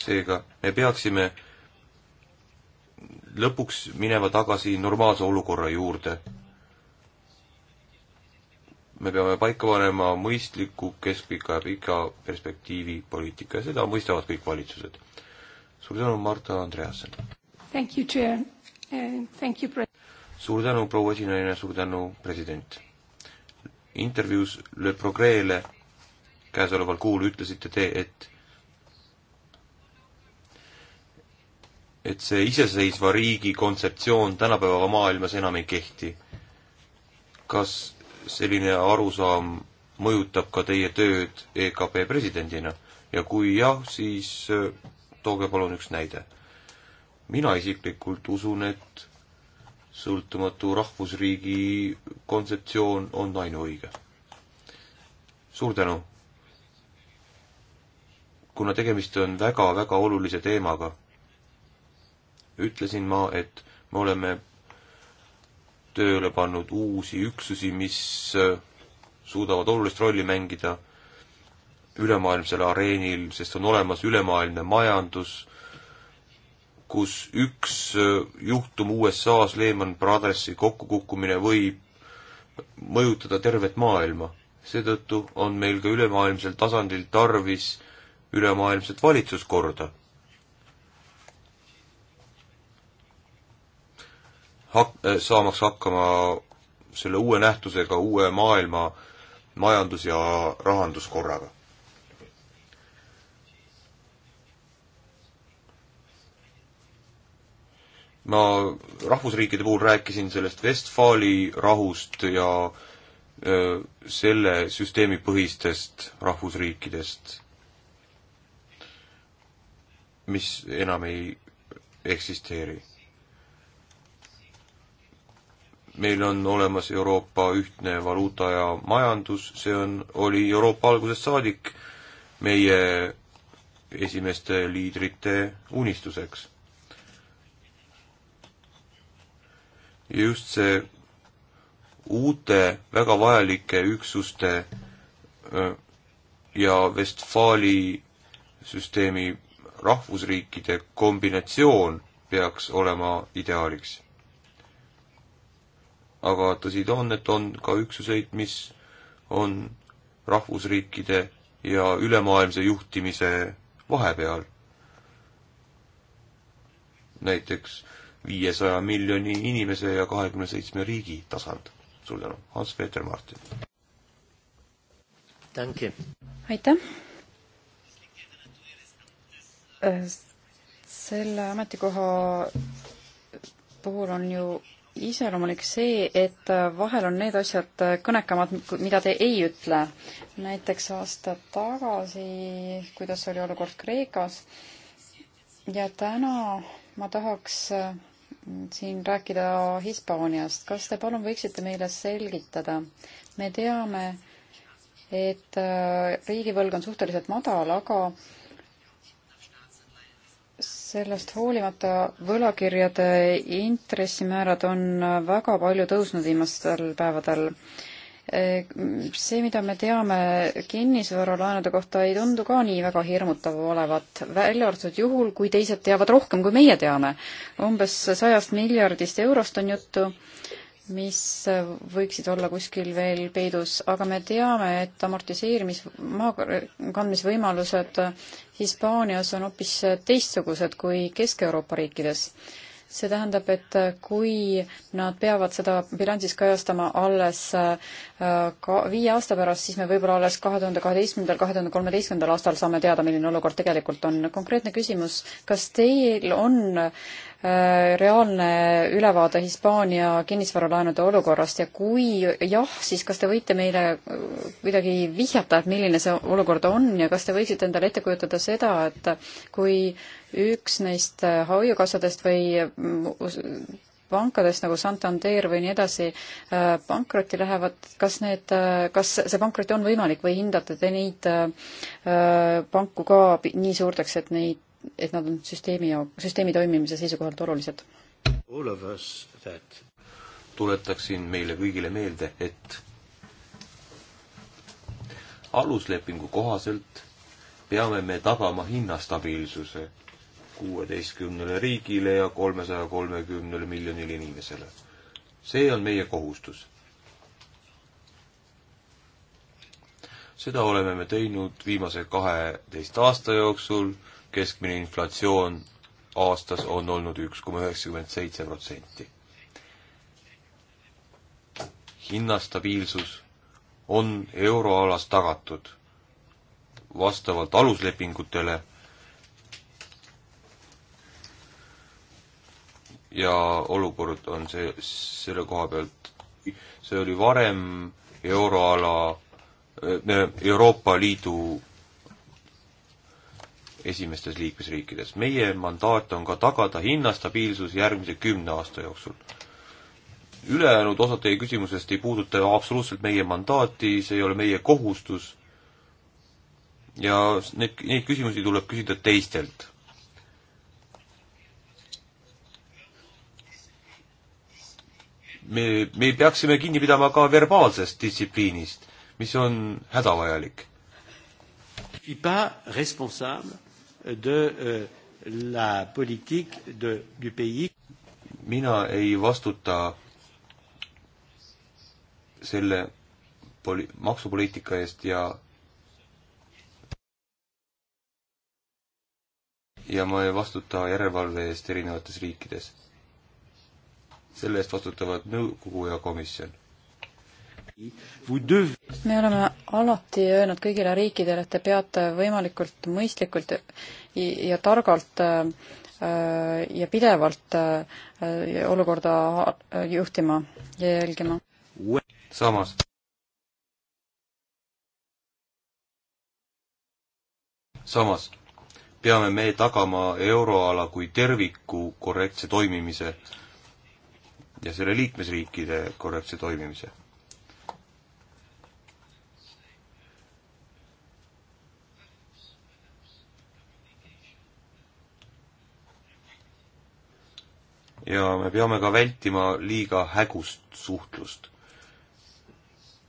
seega me peaksime lõpuks minema tagasi normaalse olukorra juurde. me peame paika panema mõistliku keskpika ja pika perspektiivi poliitika ja seda mõistavad kõik valitsused. suur tänu, Marta Andreasen! Uh, suur tänu, proua esinaine, suur tänu, president! intervjuus Le Progreele käesoleval kuul ütlesite te, et et see iseseisva riigi kontseptsioon tänapäeva maailmas enam ei kehti. kas selline arusaam mõjutab ka teie tööd EKP presidendina ja kui jah, siis äh, tooge palun üks näide. mina isiklikult usun, et sõltumatu rahvusriigi kontseptsioon on ainuõige. suur tänu! kuna tegemist on väga-väga olulise teemaga ütlesin ma, et me oleme tööle pannud uusi üksusi, mis äh, suudavad olulist rolli mängida ülemaailmsel areenil, sest on olemas ülemaailmne majandus, kus üks äh, juhtum USA-s, Lehman Brothersi kokkukukkumine võib mõjutada tervet maailma. seetõttu on meil ka ülemaailmsel tasandil tarvis ülemaailmset valitsuskorda hak-, äh, saamaks hakkama selle uue nähtusega, uue maailma majandus- ja rahanduskorraga. ma rahvusriikide puhul rääkisin sellest Westfali rahust ja öö, selle süsteemi põhistest rahvusriikidest, mis enam ei eksisteeri meil on olemas Euroopa ühtne valuuta ja majandus, see on, oli Euroopa algusest saadik meie esimeste liidrite unistuseks. ja just see uute väga vajalike üksuste ja Westfaali süsteemi rahvusriikide kombinatsioon peaks olema ideaaliks aga tõsi ta on, et on ka üksuseid, mis on rahvusriikide ja ülemaailmse juhtimise vahepeal. näiteks viiesaja miljoni inimese ja kahekümne seitsme riigi tasand. suur tänu, Hans-Peeter Martin. aitäh. Äh, selle ametikoha puhul on ju iseloomulik see, et vahel on need asjad kõnekamad, mida te ei ütle. näiteks aasta tagasi, kuidas oli olukord Kreekas ja täna ma tahaks mm, siin rääkida Hispaaniast. kas te palun võiksite meile selgitada? me teame, et äh, riigivõlg on suhteliselt madal, aga sellest hoolimata võlakirjade intressimäärad on väga palju tõusnud viimastel päevadel see, mida me teame kinnisvaralaenude kohta, ei tundu ka nii väga hirmutav olevat, välja arvatud juhul, kui teised teavad rohkem, kui meie teame. umbes sajast miljardist eurost on juttu mis võiksid olla kuskil veel peidus, aga me teame, et amortiseerimis, maakandmisvõimalused Hispaanias on hoopis teistsugused kui Kesk-Euroopa riikides. see tähendab, et kui nad peavad seda bilansis kajastama alles äh, ka viie aasta pärast, siis me võib-olla alles kahe tuhande kaheteistkümnendal, kahe tuhande kolmeteistkümnendal aastal saame teada, milline olukord tegelikult on. konkreetne küsimus, kas teil on äh, Äh, reaalne ülevaade Hispaania kinnisvaralaenude olukorrast ja kui jah, siis kas te võite meile äh, kuidagi vihjata, et milline see olukord on ja kas te võiksite endale ette kujutada seda, et kui üks neist hoiukassadest äh, või mm, pankadest nagu Santander või nii edasi pankrotti lähevad, kas need, kas see pankrot on võimalik või hindate te neid panku ka nii suurteks, et neid et nad on süsteemi ja süsteemi toimimise seisukohalt olulised. tuletaksin meile kõigile meelde, et aluslepingu kohaselt peame me tagama hinnastabiilsuse kuueteistkümnele riigile ja kolmesaja kolmekümnele miljonile inimesele. see on meie kohustus. seda oleme me teinud viimase kaheteist aasta jooksul keskmine inflatsioon aastas on olnud üks koma üheksakümmend seitse protsenti. hinnastabiilsus on euroalas tagatud vastavalt aluslepingutele ja olukord on see, selle koha pealt, see oli varem euroala, äh, Euroopa Liidu esimestes liikmesriikides. meie mandaat on ka tagada hinnastabiilsus järgmise kümne aasta jooksul. ülejäänud osad teie küsimusest ei puuduta absoluutselt meie mandaati, see ei ole meie kohustus ja need, neid küsimusi tuleb küsida teistelt. me, me peaksime kinni pidama ka verbaalsest distsipliinist, mis on hädavajalik de euh, la politique de, du pays. mina ei vastuta selle poli-, maksupoliitika eest ja ja ma ei vastuta järelevalve eest erinevates riikides. selle eest vastutavad nõukogu ja komisjon me oleme alati öelnud kõigile riikidele, et te peate võimalikult mõistlikult ja targalt äh, ja pidevalt äh, olukorda juhtima ja jälgima. samas samas peame me tagama euroala kui terviku korrektse toimimise ja selle liikmesriikide korrektse toimimise. ja me peame ka vältima liiga hägust suhtlust.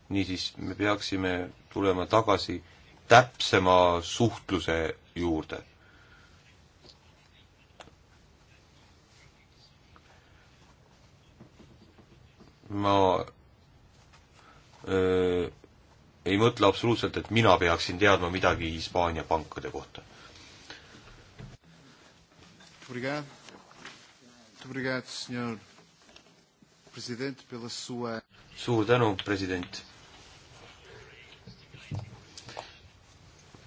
niisiis, me peaksime tulema tagasi täpsema suhtluse juurde. ma öö, ei mõtle absoluutselt, et mina peaksin teadma midagi Hispaania pankade kohta. Obrigado. Muito obrigado, senhor presidente, pela sua... suur tänu, president.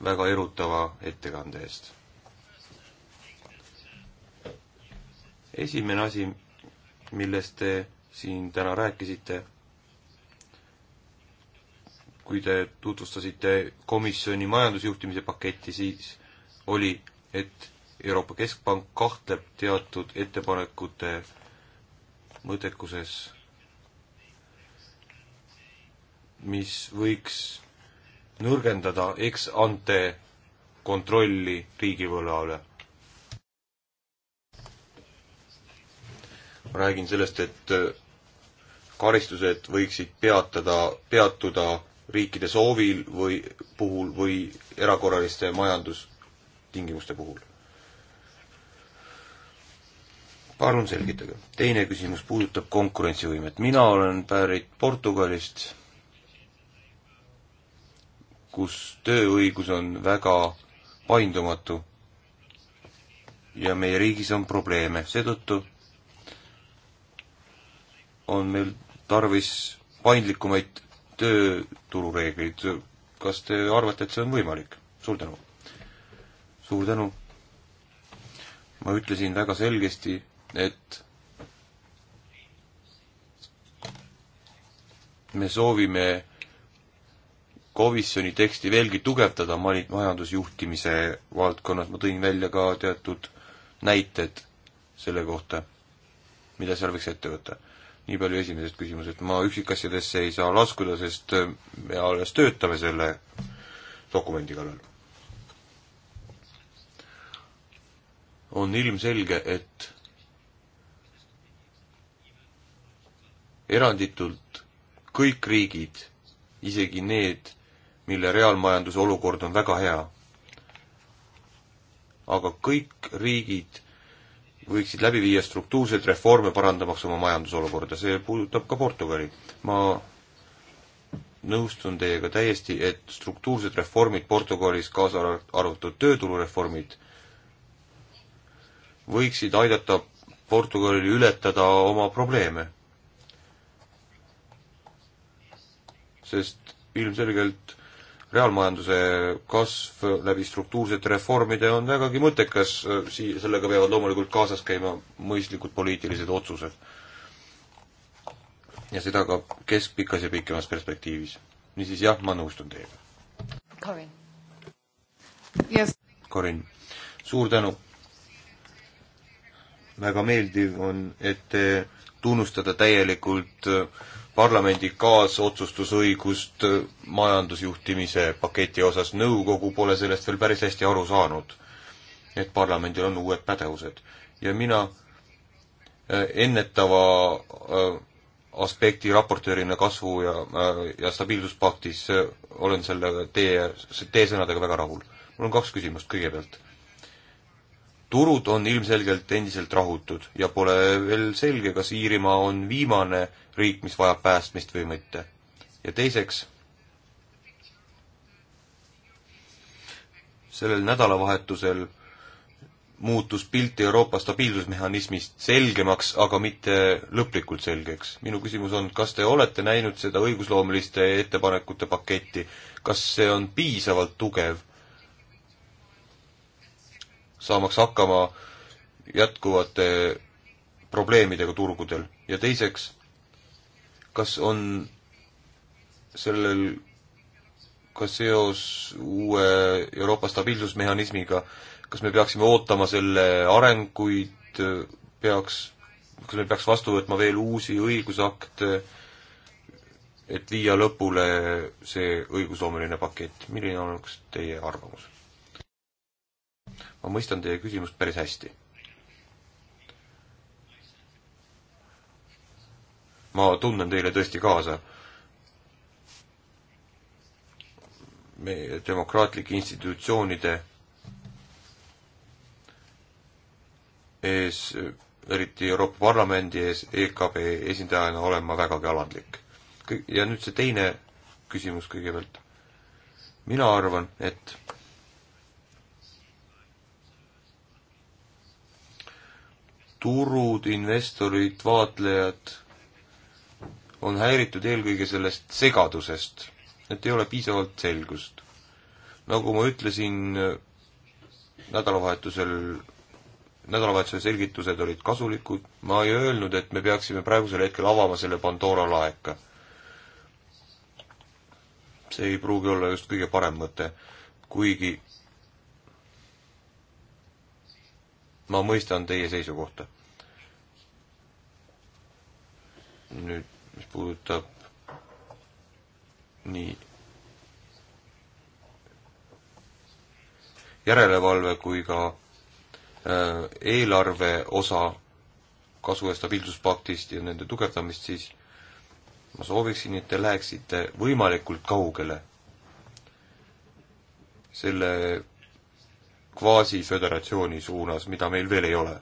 väga erutava ettekande eest. esimene asi, millest te siin täna rääkisite, kui te tutvustasite komisjoni majandusjuhtimise paketti, siis oli, et Euroopa Keskpank kahtleb teatud ettepanekute mõttekuses, mis võiks nõrgendada ex-ante kontrolli riigivõla üle. ma räägin sellest, et äh, karistused võiksid peatada, peatuda riikide soovil või puhul või erakorraliste majandustingimuste puhul. palun selgitage. teine küsimus puudutab konkurentsivõimet. mina olen pärit Portugalist, kus tööõigus on väga paindumatu ja meie riigis on probleeme, seetõttu on meil tarvis paindlikumaid tööturureegleid. kas te arvate, et see on võimalik? suur tänu! suur tänu! ma ütlesin väga selgesti, et me soovime komisjoni teksti veelgi tugevdada majandusjuhtimise valdkonnas, ma tõin välja ka teatud näited selle kohta, mida seal võiks ette võtta. nii palju esimesest küsimusest, ma üksikasjadesse ei saa laskuda, sest me alles töötame selle dokumendi kallal. on ilmselge, et eranditult kõik riigid, isegi need, mille reaalmajanduse olukord on väga hea. aga kõik riigid võiksid läbi viia struktuurseid reforme, parandamaks oma majandusolukorda, see puudutab ka Portugali. ma nõustun teiega täiesti, et struktuursed reformid Portugalis, kaasa arvatud tööturureformid, võiksid aidata Portugalil ületada oma probleeme sest ilmselgelt reaalmajanduse kasv läbi struktuursete reformide on vägagi mõttekas, sii-, sellega peavad loomulikult kaasas käima mõistlikud poliitilised otsused. ja seda ka keskpikas ja pikemas perspektiivis. niisiis jah, ma nõustun teiega. Karin yes.. Karin, suur tänu! väga meeldiv on, et te tunnustate täielikult äh, parlamendi kaasotsustusõigust majandusjuhtimise paketi osas, nõukogu pole sellest veel päris hästi aru saanud, et parlamendil on uued pädevused. ja mina äh, ennetava äh, aspekti raportöörina kasvu- ja, äh, ja stabiilsuspaktis olen selle teie, teie sõnadega väga rahul. mul on kaks küsimust kõigepealt turud on ilmselgelt endiselt rahutud ja pole veel selge, kas Iirimaa on viimane riik, mis vajab päästmist või mitte. ja teiseks, sellel nädalavahetusel muutus pilt Euroopa stabiilsusmehhanismist selgemaks, aga mitte lõplikult selgeks. minu küsimus on, kas te olete näinud seda õigusloomeliste ettepanekute paketti, kas see on piisavalt tugev saamaks hakkama jätkuvate probleemidega turgudel ja teiseks, kas on sellel ka seos uue Euroopa stabiilsusmehhanismiga, kas me peaksime ootama selle arenguid, peaks, kas me peaks vastu võtma veel uusi õigusakte, et viia lõpule see õigusloomeline pakett, milline oleks teie arvamus? ma mõistan teie küsimust päris hästi. ma tunnen teile tõesti kaasa. meie demokraatlike institutsioonide ees, eriti Euroopa Parlamendi ees, EKP esindajana olen ma vägagi alandlik. ja nüüd see teine küsimus kõigepealt. mina arvan, et turud, investorid, vaatlejad on häiritud eelkõige sellest segadusest, et ei ole piisavalt selgust. nagu ma ütlesin, nädalavahetusel, nädalavahetuse selgitused olid kasulikud, ma ei öelnud, et me peaksime praegusel hetkel avama selle Pandora laeka. see ei pruugi olla just kõige parem mõte, kuigi ma mõistan teie seisukohta. nüüd, mis puudutab nii järelevalve kui ka äh, eelarve osa kasu- ja stabiilsuspaktist ja nende tugevdamist, siis ma sooviksin, et te läheksite võimalikult kaugele selle kvaasiföderatsiooni suunas, mida meil veel ei ole.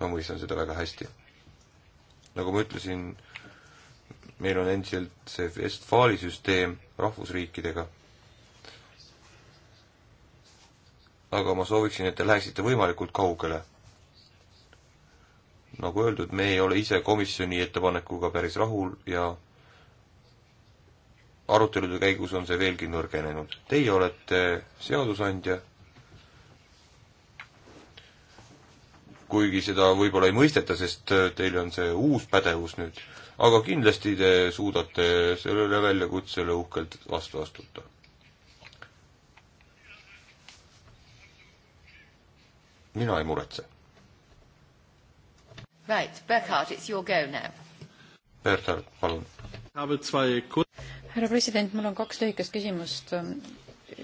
ma mõistan seda väga hästi. nagu ma ütlesin, meil on endiselt see Westfali süsteem rahvusriikidega. aga ma sooviksin, et te läheksite võimalikult kaugele. nagu öeldud, me ei ole ise komisjoni ettepanekuga päris rahul ja arutelude käigus on see veelgi nõrgenenud. Teie olete seadusandja kuigi seda võib-olla ei mõisteta, sest äh, teil on see uus pädevus nüüd. aga kindlasti te suudate sellele väljakutsele uhkelt vastu astuda. mina ei muretse. Right, Berghard, it's your go now. Berghard, palun. härra president, mul on kaks lühikest küsimust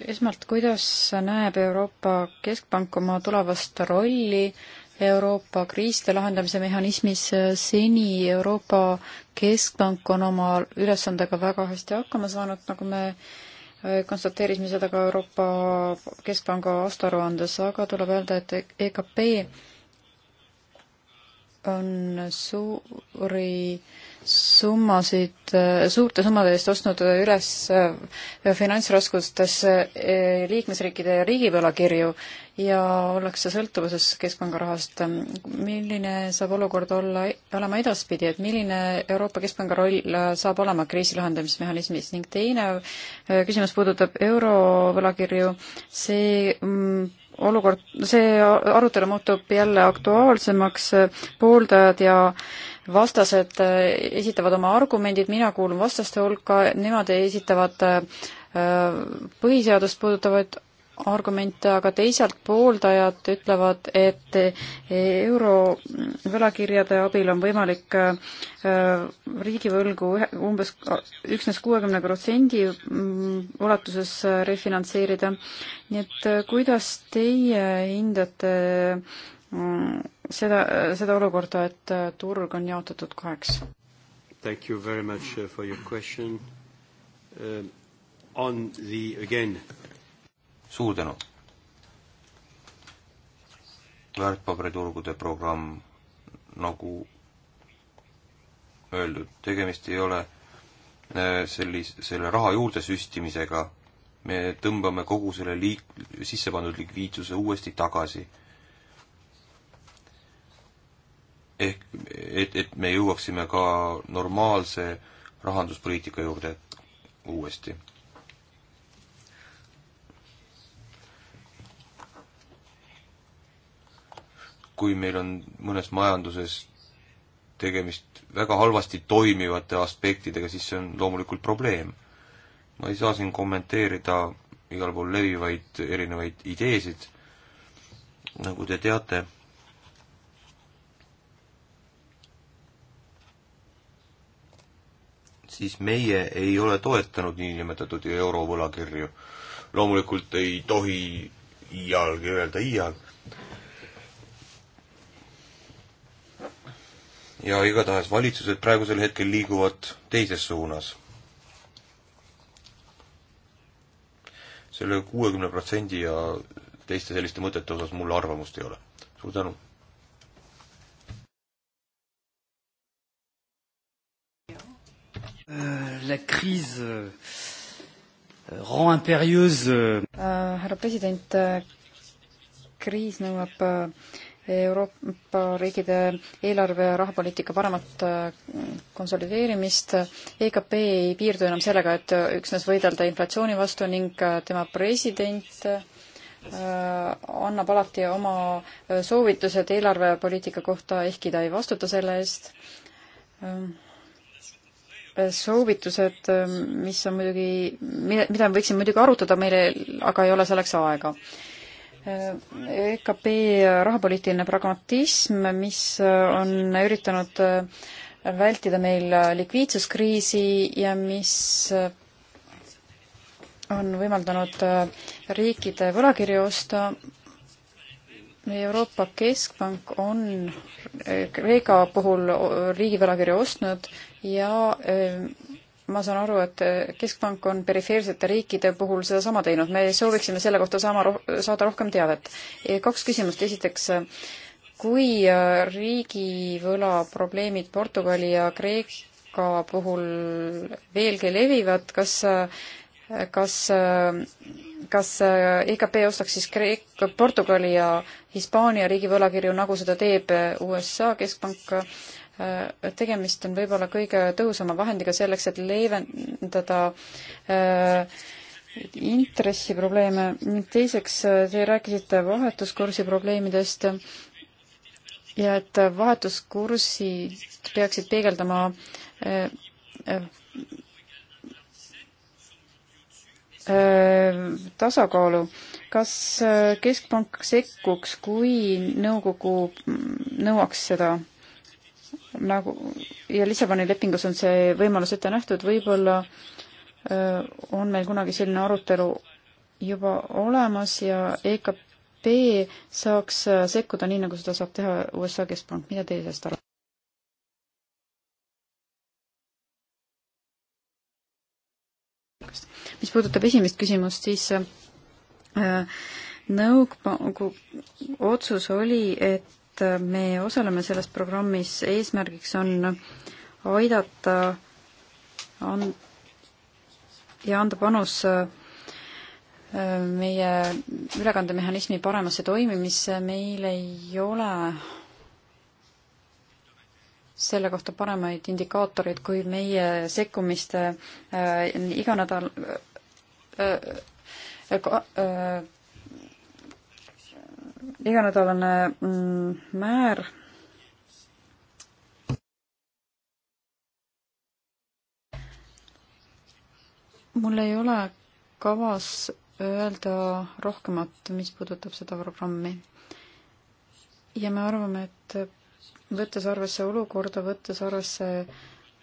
esmalt, kuidas näeb Euroopa Keskpank oma tulevast rolli Euroopa kriiside lahendamise mehhanismis seni Euroopa Keskpank on oma ülesandega väga hästi hakkama saanud, nagu me äh, konstateerisime seda ka Euroopa Keskpanga aastaaruandes, aga tuleb öelda, et EKP on suuri summasid, äh, suurte summade eest ostnud üles äh, finantsraskustesse liikmesriikide riigivõlakirju ja ollakse sõltuvuses keskpanga rahast. milline saab olukord olla, olema edaspidi, et milline Euroopa Keskpanga roll saab olema kriisi lahendamismehhanismis ning teine äh, küsimus puudutab eurovõlakirju, see mm, olukord, see arutelu muutub jälle aktuaalsemaks, pooldajad ja vastased äh, esitavad oma argumendid, mina kuulun vastaste hulka, nemad esitavad äh, põhiseadust puudutavaid argumente, aga teisalt pooldajad ütlevad, et euro võlakirjade abil on võimalik äh, riigivõlgu umbes üksnes kuuekümne protsendi mm, ulatuses äh, refinantseerida. nii et äh, kuidas teie hindate mm, seda, seda olukorda, et turg on jaotatud kaheks? Thank you very much uh, for your question uh,. On the, again suur tänu! väärtpaberiturgude programm, nagu öeldud, tegemist ei ole äh, sellis-, selle raha juurde süstimisega, me tõmbame kogu selle liik-, sisse pandud likviidsuse uuesti tagasi. ehk et, et me jõuaksime ka normaalse rahanduspoliitika juurde uuesti kui meil on mõnes majanduses tegemist väga halvasti toimivate aspektidega, siis see on loomulikult probleem. ma ei saa siin kommenteerida igal pool levivaid erinevaid ideesid, nagu te teate, siis meie ei ole toetanud niinimetatud eurovõlakirju. loomulikult ei tohi iialgi öelda iial, ja igatahes valitsused praegusel hetkel liiguvad teises suunas selle. selle kuuekümne protsendi ja teiste selliste mõtete osas mul arvamust ei ole. suur tänu! Euh, la crise euh, rend impérieuse. Euh, härra president, kriis nõuab Euroopa riikide eelarve ja rahapoliitika paremat äh, konsolideerimist. EKP ei piirdu enam sellega, et üksnes võidelda inflatsiooni vastu ning äh, tema president äh, annab alati oma soovitused eelarvepoliitika kohta, ehkki ta ei vastuta selle eest. soovitused, mis on muidugi, mida me võiksime muidugi arutada, meil aga ei ole selleks aega EKP rahapoliitiline pragmatism, mis on üritanud vältida meil likviidsuskriisi ja mis on võimaldanud riikide võlakirju osta. Euroopa Keskpank on Kreeka puhul riigi võlakirju ostnud ja ma saan aru, et Keskpank on perifeersete riikide puhul sedasama teinud, me sooviksime selle kohta saama roh-, saada rohkem teavet. kaks küsimust, esiteks, kui äh, riigivõla probleemid Portugali ja Kreeka puhul veelgi levivad, kas äh, kas, äh, kas EKP ostaks siis Kreek-, Portugali ja Hispaania riigivõlakirju, nagu seda teeb USA keskpank, Äh, tegemist on võib-olla kõige tõhusama vahendiga selleks, et leevendada äh, intressiprobleeme ning teiseks, äh, te rääkisite vahetuskursi probleemidest ja et vahetuskursid peaksid peegeldama tasakaalu. kas Keskpank sekkuks, kui nõukogu mm, nõuaks seda? nagu ja Lissaboni lepingus on see võimalus ette nähtud, võib-olla on meil kunagi selline arutelu juba olemas ja EKP saaks äh, sekkuda nii, nagu seda saab teha USA keskpank, mida teie sellest arvate? mis puudutab esimest küsimust, siis äh, nõukogu otsus oli, et et me osaleme selles programmis, eesmärgiks on aidata an-, ja anda panus äh, meie ülekandemehhanismi paremasse toimimisse, meil ei ole selle kohta paremaid indikaatoreid kui meie sekkumiste äh, iga nädal äh, äh, äh iganädalane mm, määr mul ei ole kavas öelda rohkemat, mis puudutab seda programmi. ja me arvame, et võttes arvesse olukorda, võttes arvesse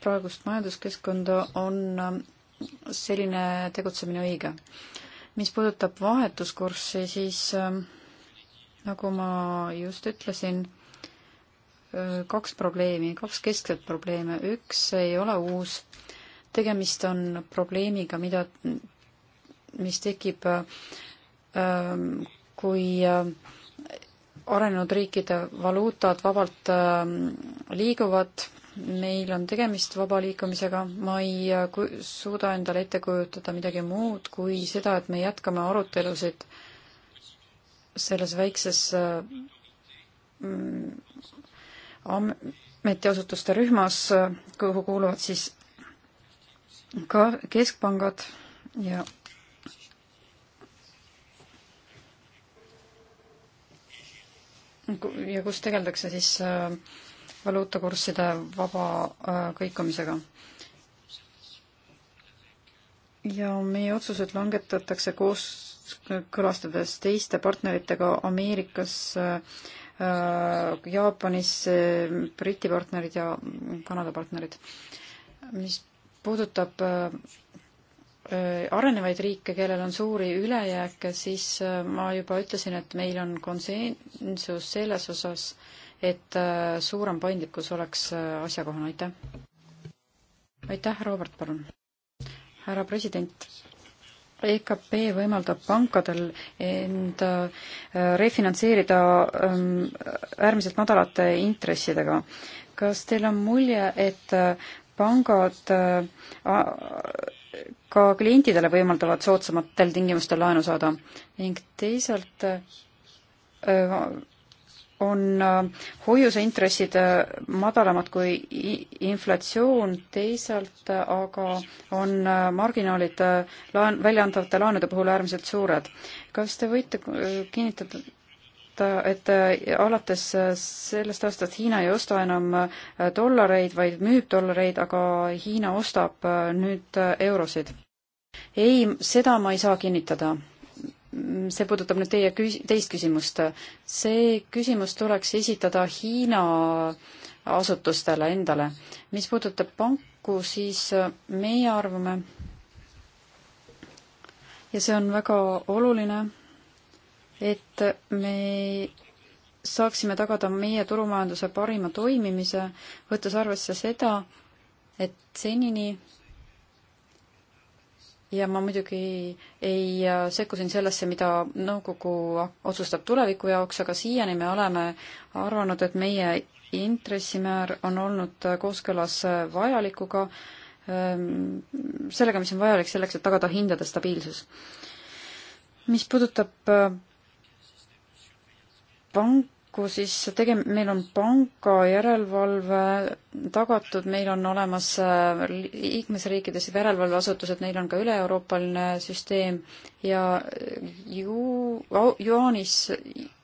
praegust majanduskeskkonda, on selline tegutsemine õige. mis puudutab vahetuskurssi, siis ähm, nagu ma just ütlesin, kaks probleemi, kaks keskset probleemi. üks ei ole uus, tegemist on probleemiga, mida, mis tekib, kui arenenud riikide valuutad vabalt liiguvad, meil on tegemist vaba liikumisega, ma ei suuda endale ette kujutada midagi muud kui seda, et me jätkame arutelusid äh, selles väikses äh, mm, ametiasutuste rühmas, äh, kuhu kuuluvad siis ka keskpangad ja ja kus tegeldakse siis äh, valuutakursside vaba kõikumisega. ja meie otsused langetatakse koos külastades teiste partneritega Ameerikas, äh, Jaapanis, Briti partnerid ja Kanada partnerid. mis puudutab äh, arenevaid riike, kellel on suuri ülejääke, siis äh, ma juba ütlesin, et meil on konsensus selles osas, et suurem paindlikkus oleks asjakohane, aitäh. aitäh, Robert, palun. härra president EKP võimaldab pankadel end äh, refinantseerida ähm, äärmiselt madalate intressidega. kas teil on mulje, et äh, pangad äh, ka klientidele võimaldavad soodsamatel tingimustel laenu saada ning teisalt on äh, hoiuseintresside äh, madalamad kui inflatsioon, teisalt äh, aga on marginaalid laen, väljaantavate laenude puhul äärmiselt suured. kas te võite kinnitada, et alates sellest aastast Hiina ei osta enam dollareid, vaid müüb dollareid, aga Hiina ostab nüüd eurosid? ei, seda ma ei saa kinnitada see puudutab nüüd teie küs-, teist küsimust. see küsimus tuleks esitada Hiina asutustele endale. mis puudutab panku, siis äh, meie arvame, ja see on väga oluline, et me saaksime tagada meie turumajanduse parima toimimise, võttes arvesse seda, et senini ja ma muidugi ei äh, sekku siin sellesse, mida nõukogu otsustab tuleviku jaoks, aga siiani me oleme arvanud, et meie intressimäär on olnud äh, kooskõlas äh, vajalikuga, ähm, sellega, mis on vajalik selleks, et tagada hindade stabiilsus. mis puudutab pank-, paraku siis tegem-, meil on pangajärelevalve tagatud, meil on olemas äh, liikmesriikides järelevalveasutused, neil on ka üle-euroopaline süsteem ja ju-, jaanis,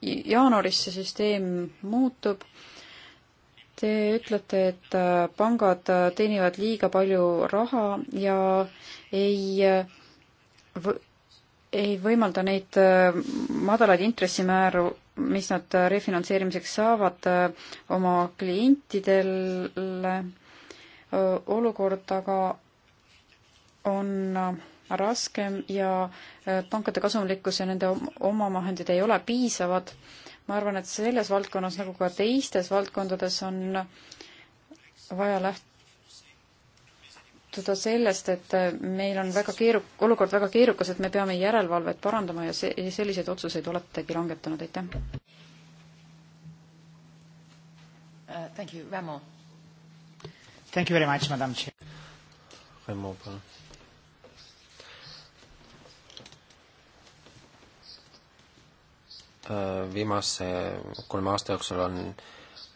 jaanuaris see süsteem muutub. Te ütlete, et äh, pangad äh, teenivad liiga palju raha ja ei ei võimalda neid madalaid intressimääru mis nad äh, refinantseerimiseks saavad äh, oma klientidele. Äh, olukord aga on raskem ja pankade kasumlikkus ja nende omavahendid ei ole piisavad. ma arvan, et selles valdkonnas nagu ka teistes valdkondades on vaja läht-, lähtuda sellest, et äh, meil on väga keeru-, olukord väga keerukas, et me peame järelevalvet parandama ja see, selliseid otsuseid oletegi langetanud, aitäh uh,! Thank you, Ramo. Thank you very much, madam chair. Ramo, palun. Uh, viimase kolme aasta jooksul on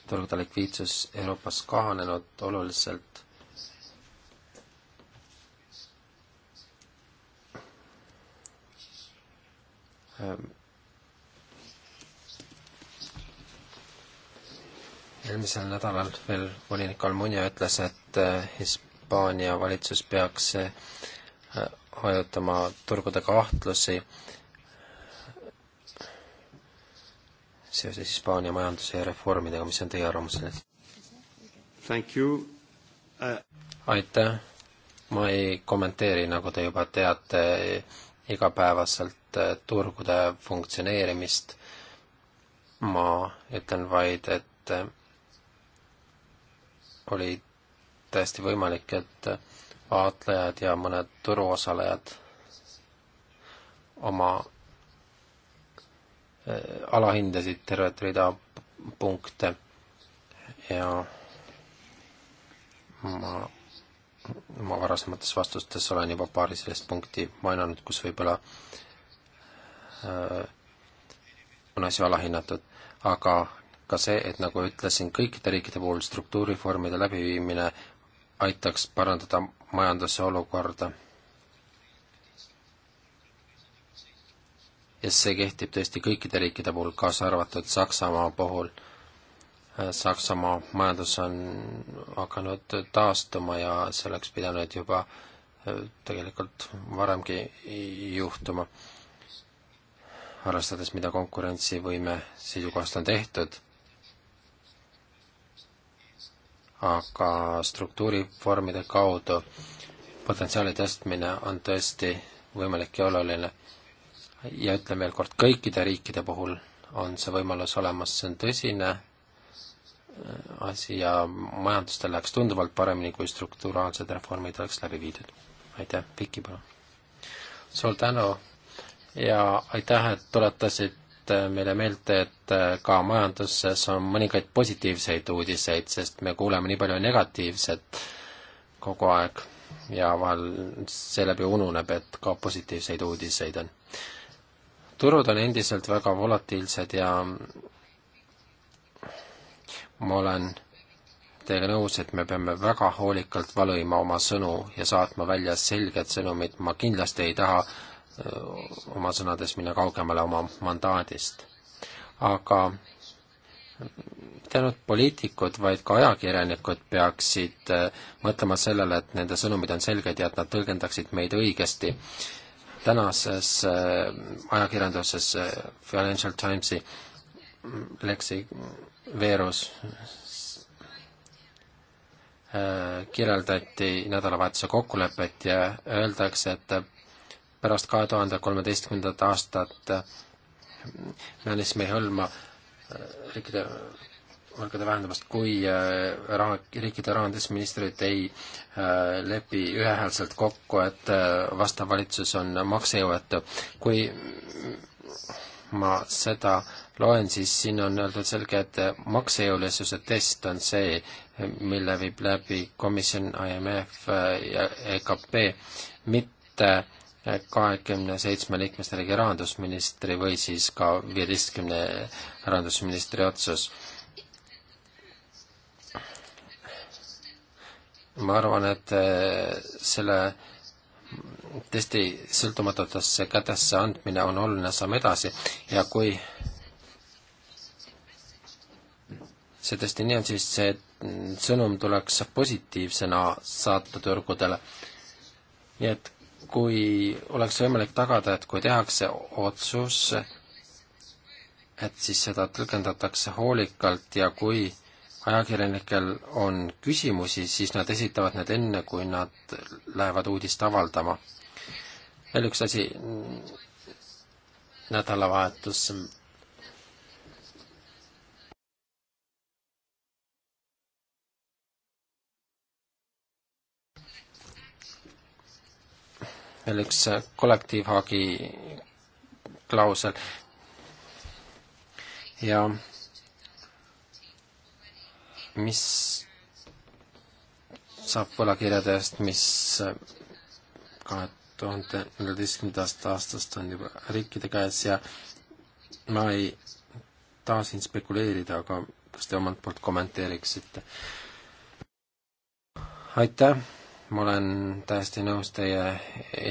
turgude likviidsus Euroopas kahanenud oluliselt Ähm. eelmisel nädalal veel volinik Almunia ütles, et äh, Hispaania valitsus peaks äh, hajutama turgude kahtlusi äh, seoses Hispaania majanduse ja reformidega, mis on teie arvamus selles? Thank you uh.... aitäh, ma ei kommenteeri, nagu te juba teate, igapäevaselt äh, turgude funktsioneerimist. ma ütlen vaid, et äh, oli täiesti võimalik, et äh, vaatlejad ja mõned turuosalejad oma alahindasid tervet rida punkte ja ma oma varasemates vastustes olen juba paari sellist punkti mainanud, kus võib-olla äh, on asju alahinnatud, aga ka see, et nagu ütlesin, kõikide riikide puhul struktuuriformide läbiviimine aitaks parandada majanduse olukorda. ja see kehtib tõesti kõikide riikide puhul, kaasa arvatud Saksamaa puhul Saksamaa majandus on hakanud taastuma ja see oleks pidanud juba äh, tegelikult varemgi juhtuma, arvestades, mida konkurentsivõime seisukohast on tehtud. aga struktuuriformide kaudu potentsiaali tõstmine on tõesti võimalik ja oluline. ja ütlen veel kord, kõikide riikide puhul on see võimalus olemas, see on tõsine asi ja majandustel läheks tunduvalt paremini, kui strukturaalsed reformid oleks läbi viidud. aitäh, Viki, palun! suur tänu ja aitäh, et tuletasite meile meelde, et äh, ka majanduses on mõningaid positiivseid uudiseid, sest me kuuleme nii palju negatiivset kogu aeg ja vahel seeläbi ununeb, et ka positiivseid uudiseid on. turud on endiselt väga volatiilsed ja ma olen teiega nõus, et me peame väga hoolikalt valima oma sõnu ja saatma välja selged sõnumid, ma kindlasti ei taha äh, oma sõnades minna kaugemale oma mandaadist. aga mitte ainult poliitikud, vaid ka ajakirjanikud peaksid äh, mõtlema sellele, et nende sõnumid on selged ja et nad tõlgendaksid meid õigesti. tänases äh, ajakirjanduses Financial Timesi mm, Lexi veerus kirjeldati nädalavahetuse kokkulepet ja öeldakse, et pärast kahe tuhande kolmeteistkümnendat aastat mehhanism ei hõlma riikide hulkade vähendamist, kui äh, raha, riikide rahandusministrid ei äh, lepi ühehäälselt kokku, et äh, vastav valitsus on maksejõuetu. kui ma seda äh, loen, siis siin on öeldud selge, et maksejõulisuse test on see, mille viib läbi komisjon, IMF ja EKP, mitte kahekümne seitsme liikmesriigi rahandusministri või siis ka viieteistkümne rahandusministri otsus. ma arvan, et eh, selle testi sõltumatutesse kätesse andmine on oluline samm edasi ja kui see tõesti nii on, siis see sõnum tuleks positiivsena saata turgudele. nii et kui oleks võimalik tagada, et kui tehakse otsus, et siis seda tõlgendatakse hoolikalt ja kui ajakirjanikel on küsimusi, siis nad esitavad need enne, kui nad lähevad uudist avaldama. veel üks asi, nädalavahetus veel üks äh, kollektiivhagi klausel ja mis saab võlakirjadest, mis äh, kahe tuhande neljateistkümnendast aastast on juba riikide käes ja ma ei taha siin spekuleerida, aga kas te omalt poolt kommenteeriksite? aitäh! ma olen täiesti nõus teie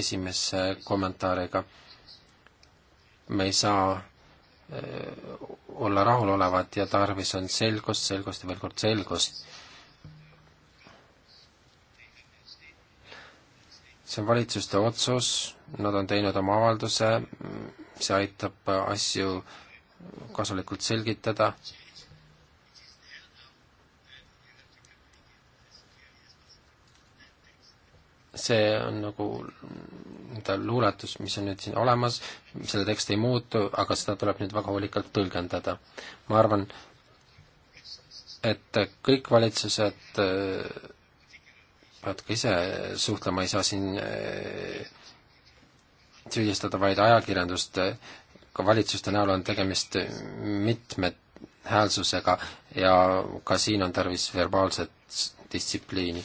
esimese kommentaariga. me ei saa eh, olla rahulolevad ja tarvis on selgust, selgust ja veel kord selgust. see on valitsuste otsus, nad on teinud oma avalduse, see aitab asju kasulikult selgitada see on nagu nii-öelda luuletus, mis on nüüd siin olemas, selle tekst ei muutu, aga seda tuleb nüüd väga hoolikalt tõlgendada. ma arvan, et kõik valitsused äh, peavad ka ise suhtlema, ei saa siin äh, süüdistada vaid ajakirjandust, ka valitsuste näol on tegemist mitmehäälsusega ja ka siin on tarvis verbaalset distsipliini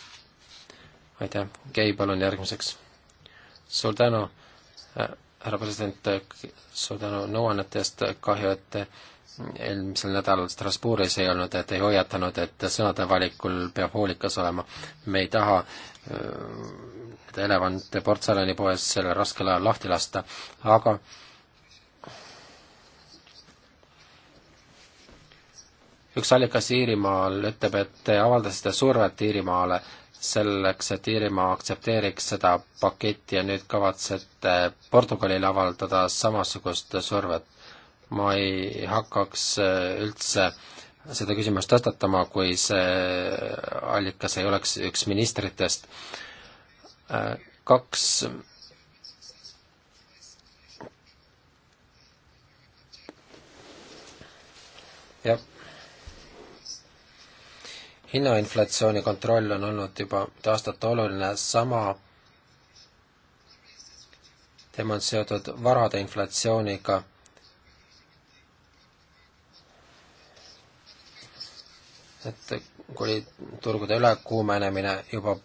aitäh, Kei, palun järgmiseks. suur tänu, äh, härra president, suur tänu nõuannete eest, kahju, et eelmisel nädalal Strasbourgis ei olnud, et ei hoiatanud, et sõnade valikul peab hoolikas olema. me ei taha äh, elevante portselanipoes sellel raskel ajal lahti lasta, aga üks allikas Iirimaal ütleb, et te avaldasite survet Iirimaale selleks, et Iirimaa aktsepteeriks seda paketti ja nüüd kavatsete Portugalile avaldada samasugust survet. ma ei hakkaks äh, üldse seda küsimust tõstatama, kui see allikas ei oleks üks ministritest. Äh, kaks hinnainflatsiooni kontroll on olnud juba mitu aastat oluline, sama teema on seotud varade inflatsiooniga. et kui oli turgude ülekuumenemine juba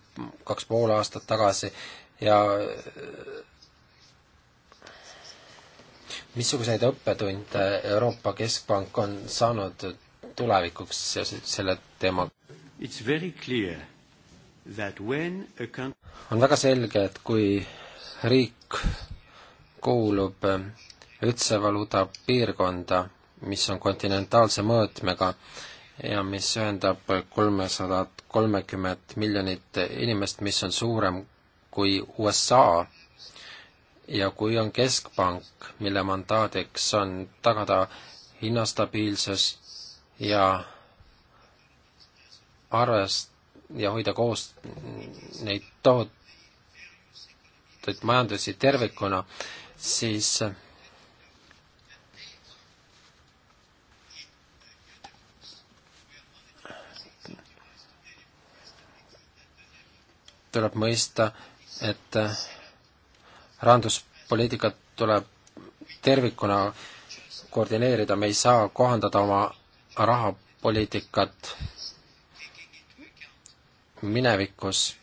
kaks pool aastat tagasi ja missuguseid õppetunde Euroopa Keskpank on saanud tulevikuks seoses selle teemaga? on väga selge, et kui riik kuulub äh, üldsevaluuta piirkonda, mis on kontinentaalse mõõtmega ja mis ühendab kolmesadat kolmekümmet miljonit inimest, mis on suurem kui USA ja kui on keskpank, mille mandaadiks on tagada hinnastabiilsus ja arvest- ja hoida koos neid tohutuid majandusi tervikuna, siis tuleb mõista, et rahanduspoliitikat tuleb tervikuna koordineerida, me ei saa kohandada oma rahapoliitikat minevikus,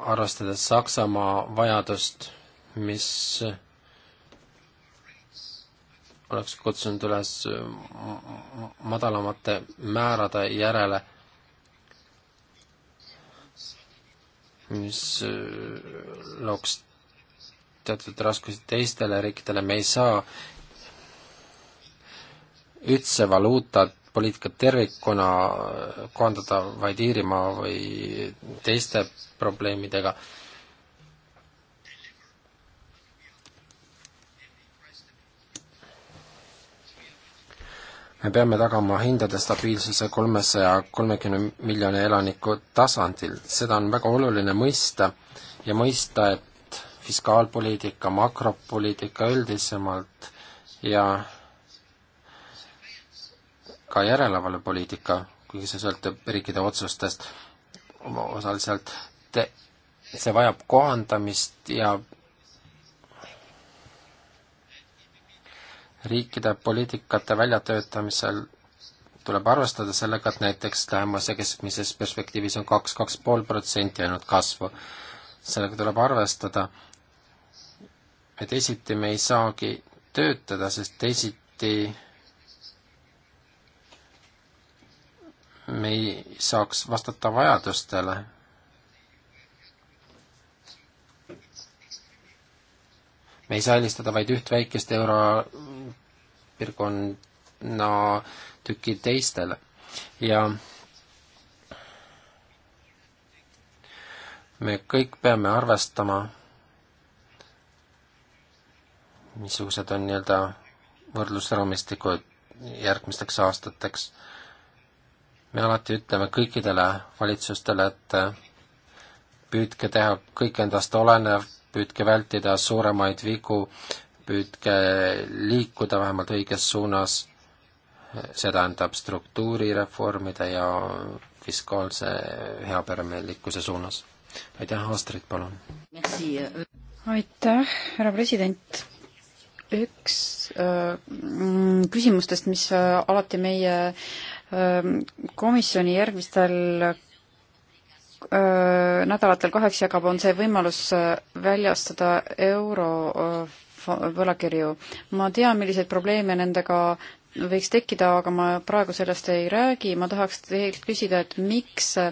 arvestades Saksamaa vajadust, mis oleks kutsunud üles madalamate määrade järele, mis looks teatud raskusi teistele riikidele, me ei saa ühtse valuuta poliitikat tervikuna kohandada vaid Iirimaa või teiste probleemidega. me peame tagama hindade stabiilsuse kolmesaja kolmekümne miljoni elaniku tasandil, seda on väga oluline mõista ja mõista, et fiskaalpoliitika, makropoliitika üldisemalt ja ka järelevalvepoliitika, kuigi see sõltub riikide otsustest osaliselt, see vajab kohandamist ja riikide poliitikate väljatöötamisel tuleb arvestada sellega, et näiteks lähemas ja keskmises perspektiivis on kaks, kaks pool protsenti ainult kasvu. sellega tuleb arvestada, et esiti me ei saagi töötada, sest teisiti me ei saaks vastata vajadustele. me ei saa eelistada vaid üht väikest europiirkonna tükki teistele ja me kõik peame arvestama, missugused on nii-öelda võrdlusraamistikud järgmisteks aastateks me alati ütleme kõikidele valitsustele, et äh, püüdke teha kõik endast olenev, püüdke vältida suuremaid vigu, püüdke liikuda vähemalt õiges suunas, see tähendab struktuurireformide ja fiskaalse heaperemelikkuse suunas. aitäh, Astrid, palun! aitäh, härra president! üks öö, äh, mm, küsimustest, mis äh, alati meie öö, komisjoni järgmistel nädalatel kaheks jagab, on see võimalus äh, väljastada euro võlakirju. ma tean, milliseid probleeme nendega võiks tekkida, aga ma praegu sellest ei räägi, ma tahaks teilt küsida, et miks äh,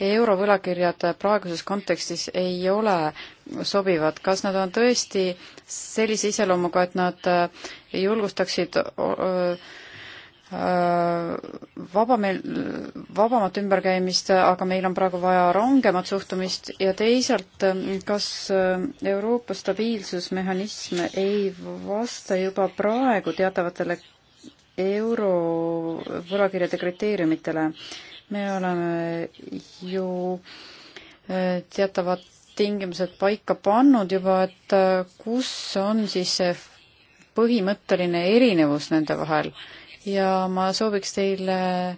eurovõlakirjad praeguses kontekstis ei ole sobivad, kas nad on tõesti sellise iseloomuga, et nad äh, julgustaksid öö, Äh, vabameel, vabamat ümberkäimist, aga meil on praegu vaja rangemat suhtumist ja teisalt, ähm, kas äh, Euroopa stabiilsusmehhanism ei vasta juba praegu teatavatele euro võlakirjade kriteeriumitele? me oleme ju äh, teatavad tingimused paika pannud juba, et kus on siis see põhimõtteline erinevus nende vahel ja ma sooviks teile äh,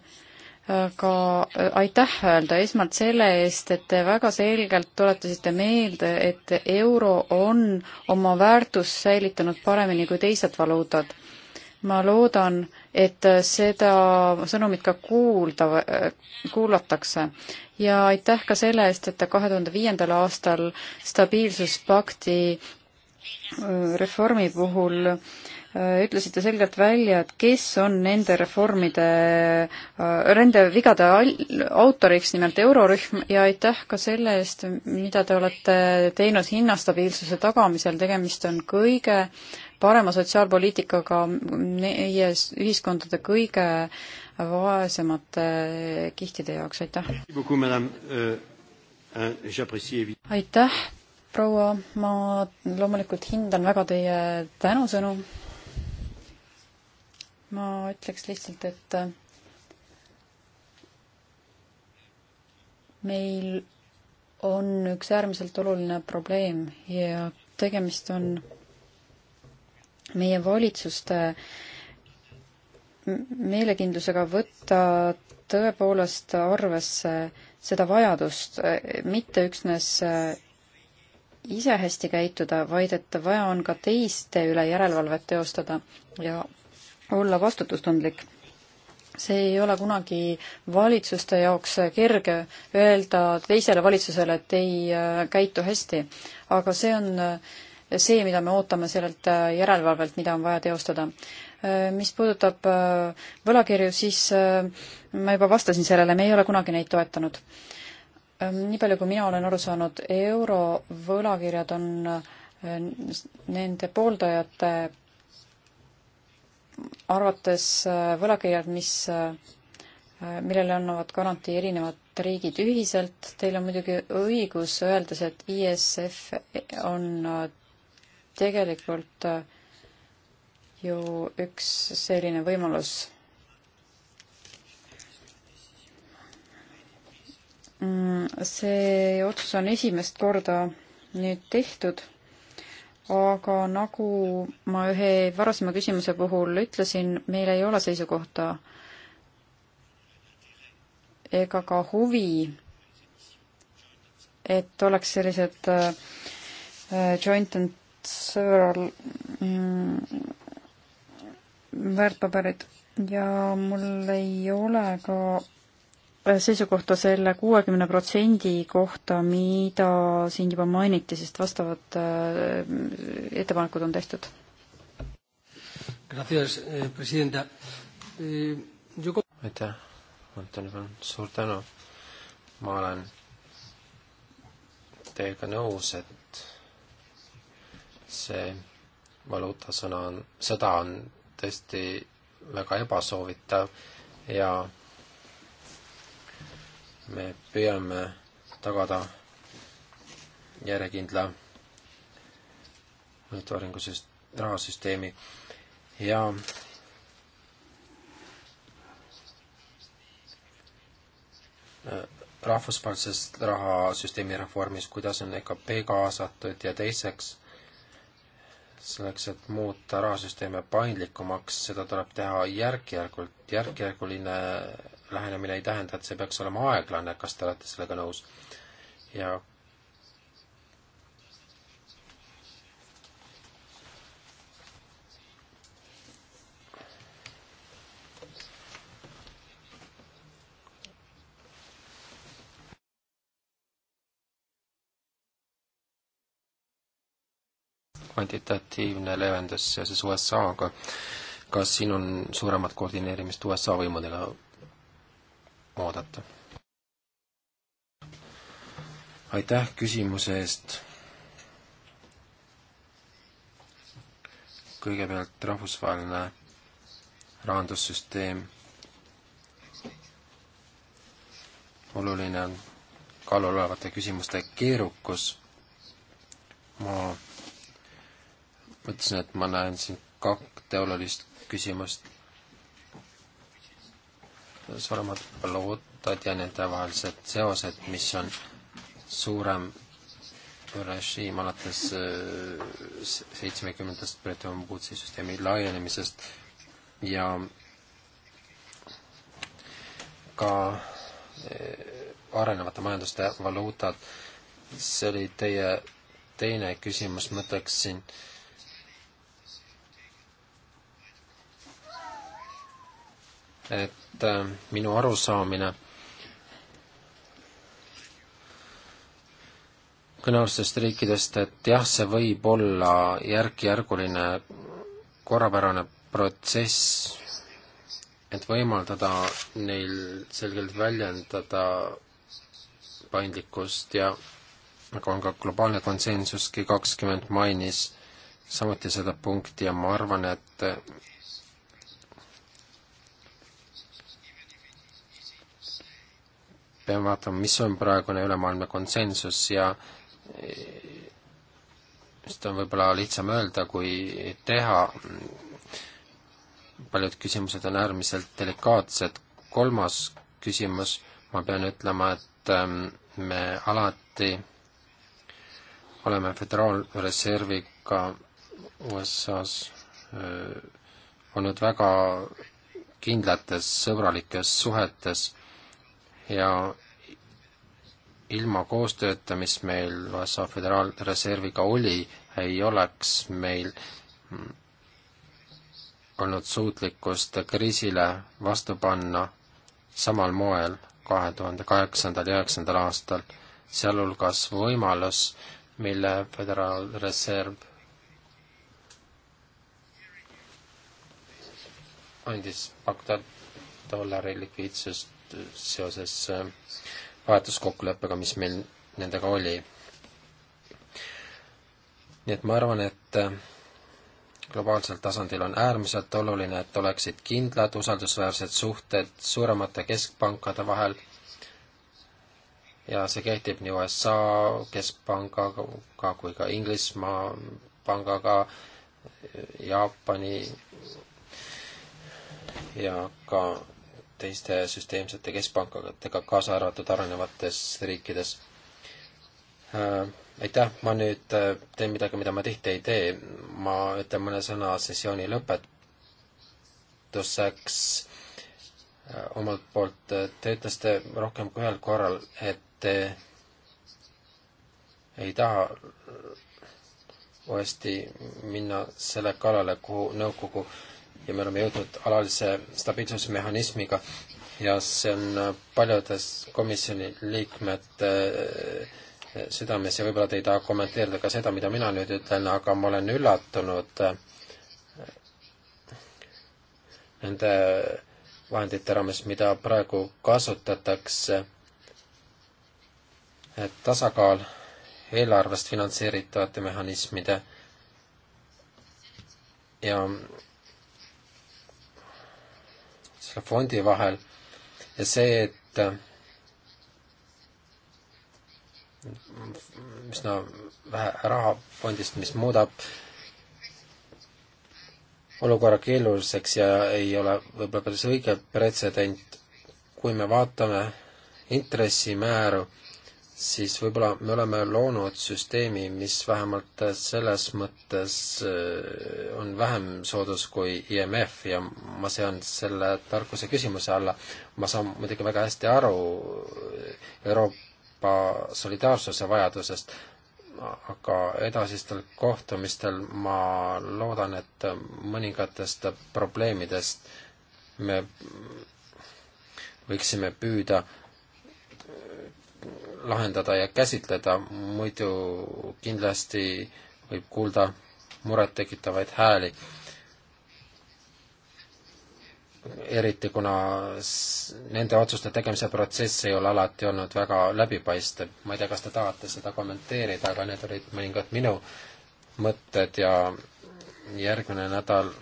ka äh, aitäh öelda esmalt selle eest, et te väga selgelt tuletasite meelde, et euro on oma väärtust säilitanud paremini kui teised valuutad. ma loodan, et seda sõnumit ka kuulda, äh, kuulatakse. ja aitäh ka selle eest, et te kahe tuhande viiendal aastal stabiilsuspakti reformi puhul äh, Äh, ütlesite selgelt välja, et kes on nende reformide, äh, nende vigade autoriks, nimelt eurorühm, ja aitäh ka selle eest, mida te olete teinud hinnastabiilsuse tagamisel, tegemist on kõige parema sotsiaalpoliitikaga meie ühiskondade kõige vaesemate kihtide jaoks, aitäh! Euh, euh, aitäh, proua, ma loomulikult hindan väga teie tänusõnu ma ütleks lihtsalt, et äh, meil on üks äärmiselt oluline probleem ja tegemist on meie valitsuste meelekindlusega võtta tõepoolest arvesse seda vajadust, äh, mitte üksnes äh, ise hästi käituda, vaid et vaja on ka teiste üle järelevalvet teostada ja olla vastutustundlik. see ei ole kunagi valitsuste jaoks kerge öelda teisele valitsusele, et ei äh, käitu hästi, aga see on äh, see, mida me ootame sellelt äh, järelevalvelt, mida on vaja teostada. mis puudutab võlakirju, siis ma juba vastasin sellele, me ei ole kunagi neid toetanud. nii palju, kui mina olen aru saanud, eurovõlakirjad on nende pooldajate arvates äh, võlakirjad, mis, äh, äh, millele annavad garantii erinevad riigid ühiselt. Teil on muidugi õigus öeldes, et ISF on tegelikult ju üks selline võimalus mm, see otsus on esimest korda nüüd tehtud aga nagu ma ühe varasema küsimuse puhul ütlesin, meil ei ole seisukohta ega ka huvi, et oleks sellised äh, joint and several mm, väärtpaberid ja mul ei ole ka seisukohta selle kuuekümne protsendi kohta, mida siin juba mainiti, sest vastavad äh, ettepanekud on tehtud. Eh, eh, aitäh, Anton, suur tänu. ma olen teiega nõus, et see valuutasõna on, sõda on tõesti väga ebasoovitav ja me püüame tagada järjekindla monitooringu rahasüsteemi ja rahvusvahelisest rahasüsteemi reformis, kuidas on EKP kaasatud ja teiseks, selleks, et muuta rahasüsteeme paindlikumaks, seda tuleb teha järk-järgult, järk-järguline lähenemine ei tähenda, et see peaks olema aeglane, kas te olete sellega nõus? ja kvantitatiivne leevendus seoses USA-ga, kas siin on suuremat koordineerimist USA võimudega oodata. aitäh küsimuse eest. kõigepealt rahvusvaheline rahandussüsteem. oluline on kaalul olevate küsimuste keerukus. ma mõtlesin, et ma näen siin kahte olulist küsimust suuremad valuutad ja nende vahelised seosed, mis on suurem režiim alates äh, seitsmekümnendast Bretton Woodsi süsteemi laienemisest ja ka äh, arenevate majanduste valuutad, see oli teie teine küsimus, ma ütleksin äh, et äh, minu arusaamine kõnealustest riikidest, et jah, see võib olla järk-järguline korrapärane protsess, et võimaldada neil selgelt väljendada paindlikkust ja nagu on ka globaalne konsensus, G kakskümmend mainis samuti seda punkti ja ma arvan, et peame vaatama, mis on praegune ülemaailmne konsensus ja seda on võib-olla lihtsam öelda kui teha, paljud küsimused on äärmiselt delikaatsed, kolmas küsimus, ma pean ütlema, et ähm, me alati oleme Föderaalreserviga USA-s äh, olnud väga kindlates sõbralikes suhetes ja ilma koostööta, mis meil USA Föderaalreserviga oli, ei oleks meil olnud suutlikkust kriisile vastu panna samal moel kahe tuhande kaheksandal ja üheksandal aastal, sealhulgas võimalus, mille Föderaalreserv andis pakkuda dollari likviidsust seoses äh, vahetuskokkuleppega, mis meil nendega oli. nii et ma arvan, et äh, globaalsel tasandil on äärmiselt oluline, et oleksid kindlad usaldusväärsed suhted suuremate keskpankade vahel ja see kehtib nii USA keskpangaga kui ka Inglismaa pangaga, Jaapani ja ka teiste süsteemsete keskpankadega, kaasa arvatud arenevates riikides. Äh, aitäh, ma nüüd äh, teen midagi, mida ma tihti ei tee, ma ütlen mõne sõna sessiooni lõpetuseks äh, omalt poolt, te ütlesite rohkem kui ühel korral, et te ei taha uuesti minna selle kallale, kuhu nõukogu ja me oleme jõudnud alalise stabiilsusmehhanismiga ja see on paljudes komisjoni liikmete eh, südames ja võib-olla te ei taha kommenteerida ka seda, mida mina nüüd ütlen, aga ma olen üllatunud eh, nende vahendite raames, mida praegu kasutatakse, et tasakaal eelarvest finantseeritavate mehhanismide ja fondi vahel ja see, et äh, üsna vähe raha fondist, mis muudab olukorra keeruliseks ja ei ole võib-olla päris õige pretsedent, kui me vaatame intressimääru siis võib-olla me oleme loonud süsteemi, mis vähemalt selles mõttes äh, on vähem soodus kui IMF ja ma sean selle tarkuse küsimuse alla. ma saan muidugi väga hästi aru äh, Euroopa solidaarsuse vajadusest, aga edasistel kohtumistel ma loodan, et mõningatest probleemidest me võiksime püüda äh, lahendada ja käsitleda, muidu kindlasti võib kuulda murettekitavaid hääli. eriti kuna nende otsuste tegemise protsess ei ole alati olnud väga läbipaistev. ma ei tea, kas te tahate seda kommenteerida, aga need olid mõningad minu mõtted ja järgmine nädal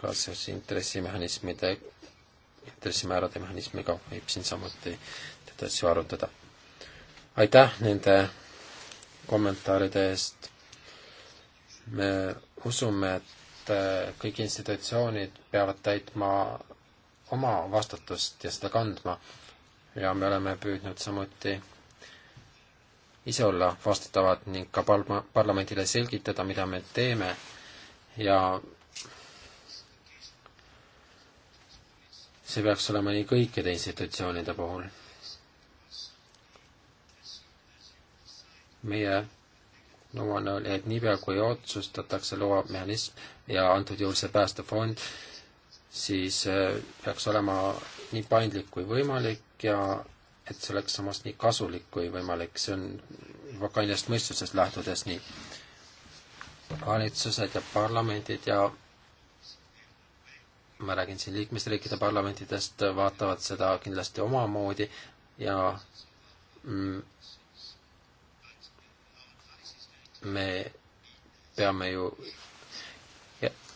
plaasis intressimehhanismide intressimäärade mehhanismiga võib siin samuti teatud asju arutada. aitäh nende kommentaaride eest, me usume, et äh, kõik institutsioonid peavad täitma oma vastutust ja seda kandma ja me oleme püüdnud samuti ise olla vastutavad ning ka parla-, parlamendile selgitada, mida me teeme ja see peaks olema nii kõikide institutsioonide puhul. meie nõuanne oli, et niipea kui otsustatakse luua mehhanism ja antud juhul see päästefond, siis äh, peaks olema nii paindlik kui võimalik ja et see oleks samas nii kasulik kui võimalik, see on juba kainest mõistusest lähtudes nii. valitsused ja parlamendid ja ma räägin siin liikmesriikide parlamentidest, vaatavad seda kindlasti omamoodi ja mm, me peame ju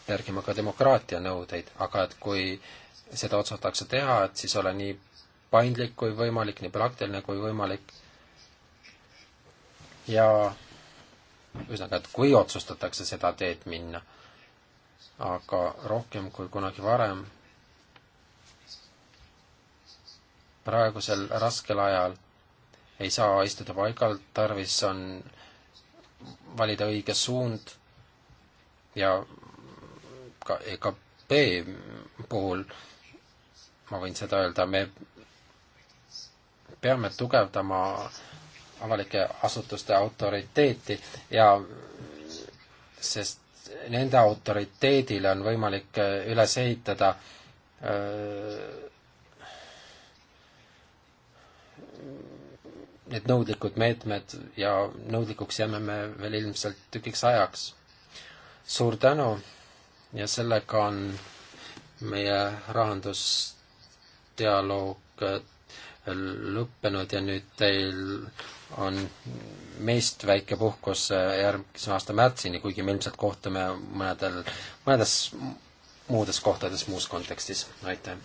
järgima ka demokraatia nõudeid, aga et kui seda otsustatakse teha, et siis ole nii paindlik kui võimalik, nii praktiline kui võimalik. ja ühesõnaga, et kui otsustatakse seda teed minna aga rohkem kui kunagi varem praegusel raskel ajal ei saa istuda paigalt, tarvis on valida õige suund ja ka EKP puhul ma võin seda öelda, me peame tugevdama avalike asutuste autoriteeti ja sest nende autoriteedile on võimalik äh, üles ehitada äh, need nõudlikud meetmed ja nõudlikuks jääme me veel ilmselt tükiks ajaks. suur tänu ja sellega on meie rahandusdialoog lõppenud ja nüüd teil on meist väike puhkus järgmise aasta märtsini, kuigi me ilmselt kohtume mõnedel, mõnedes muudes kohtades muus kontekstis, aitäh!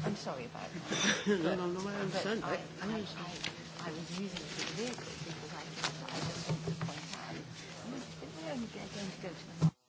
I'm sorry about that. no, no, no, I understand. I, I, I, I was using the vehicle because I, I just want to point out, I don't go to the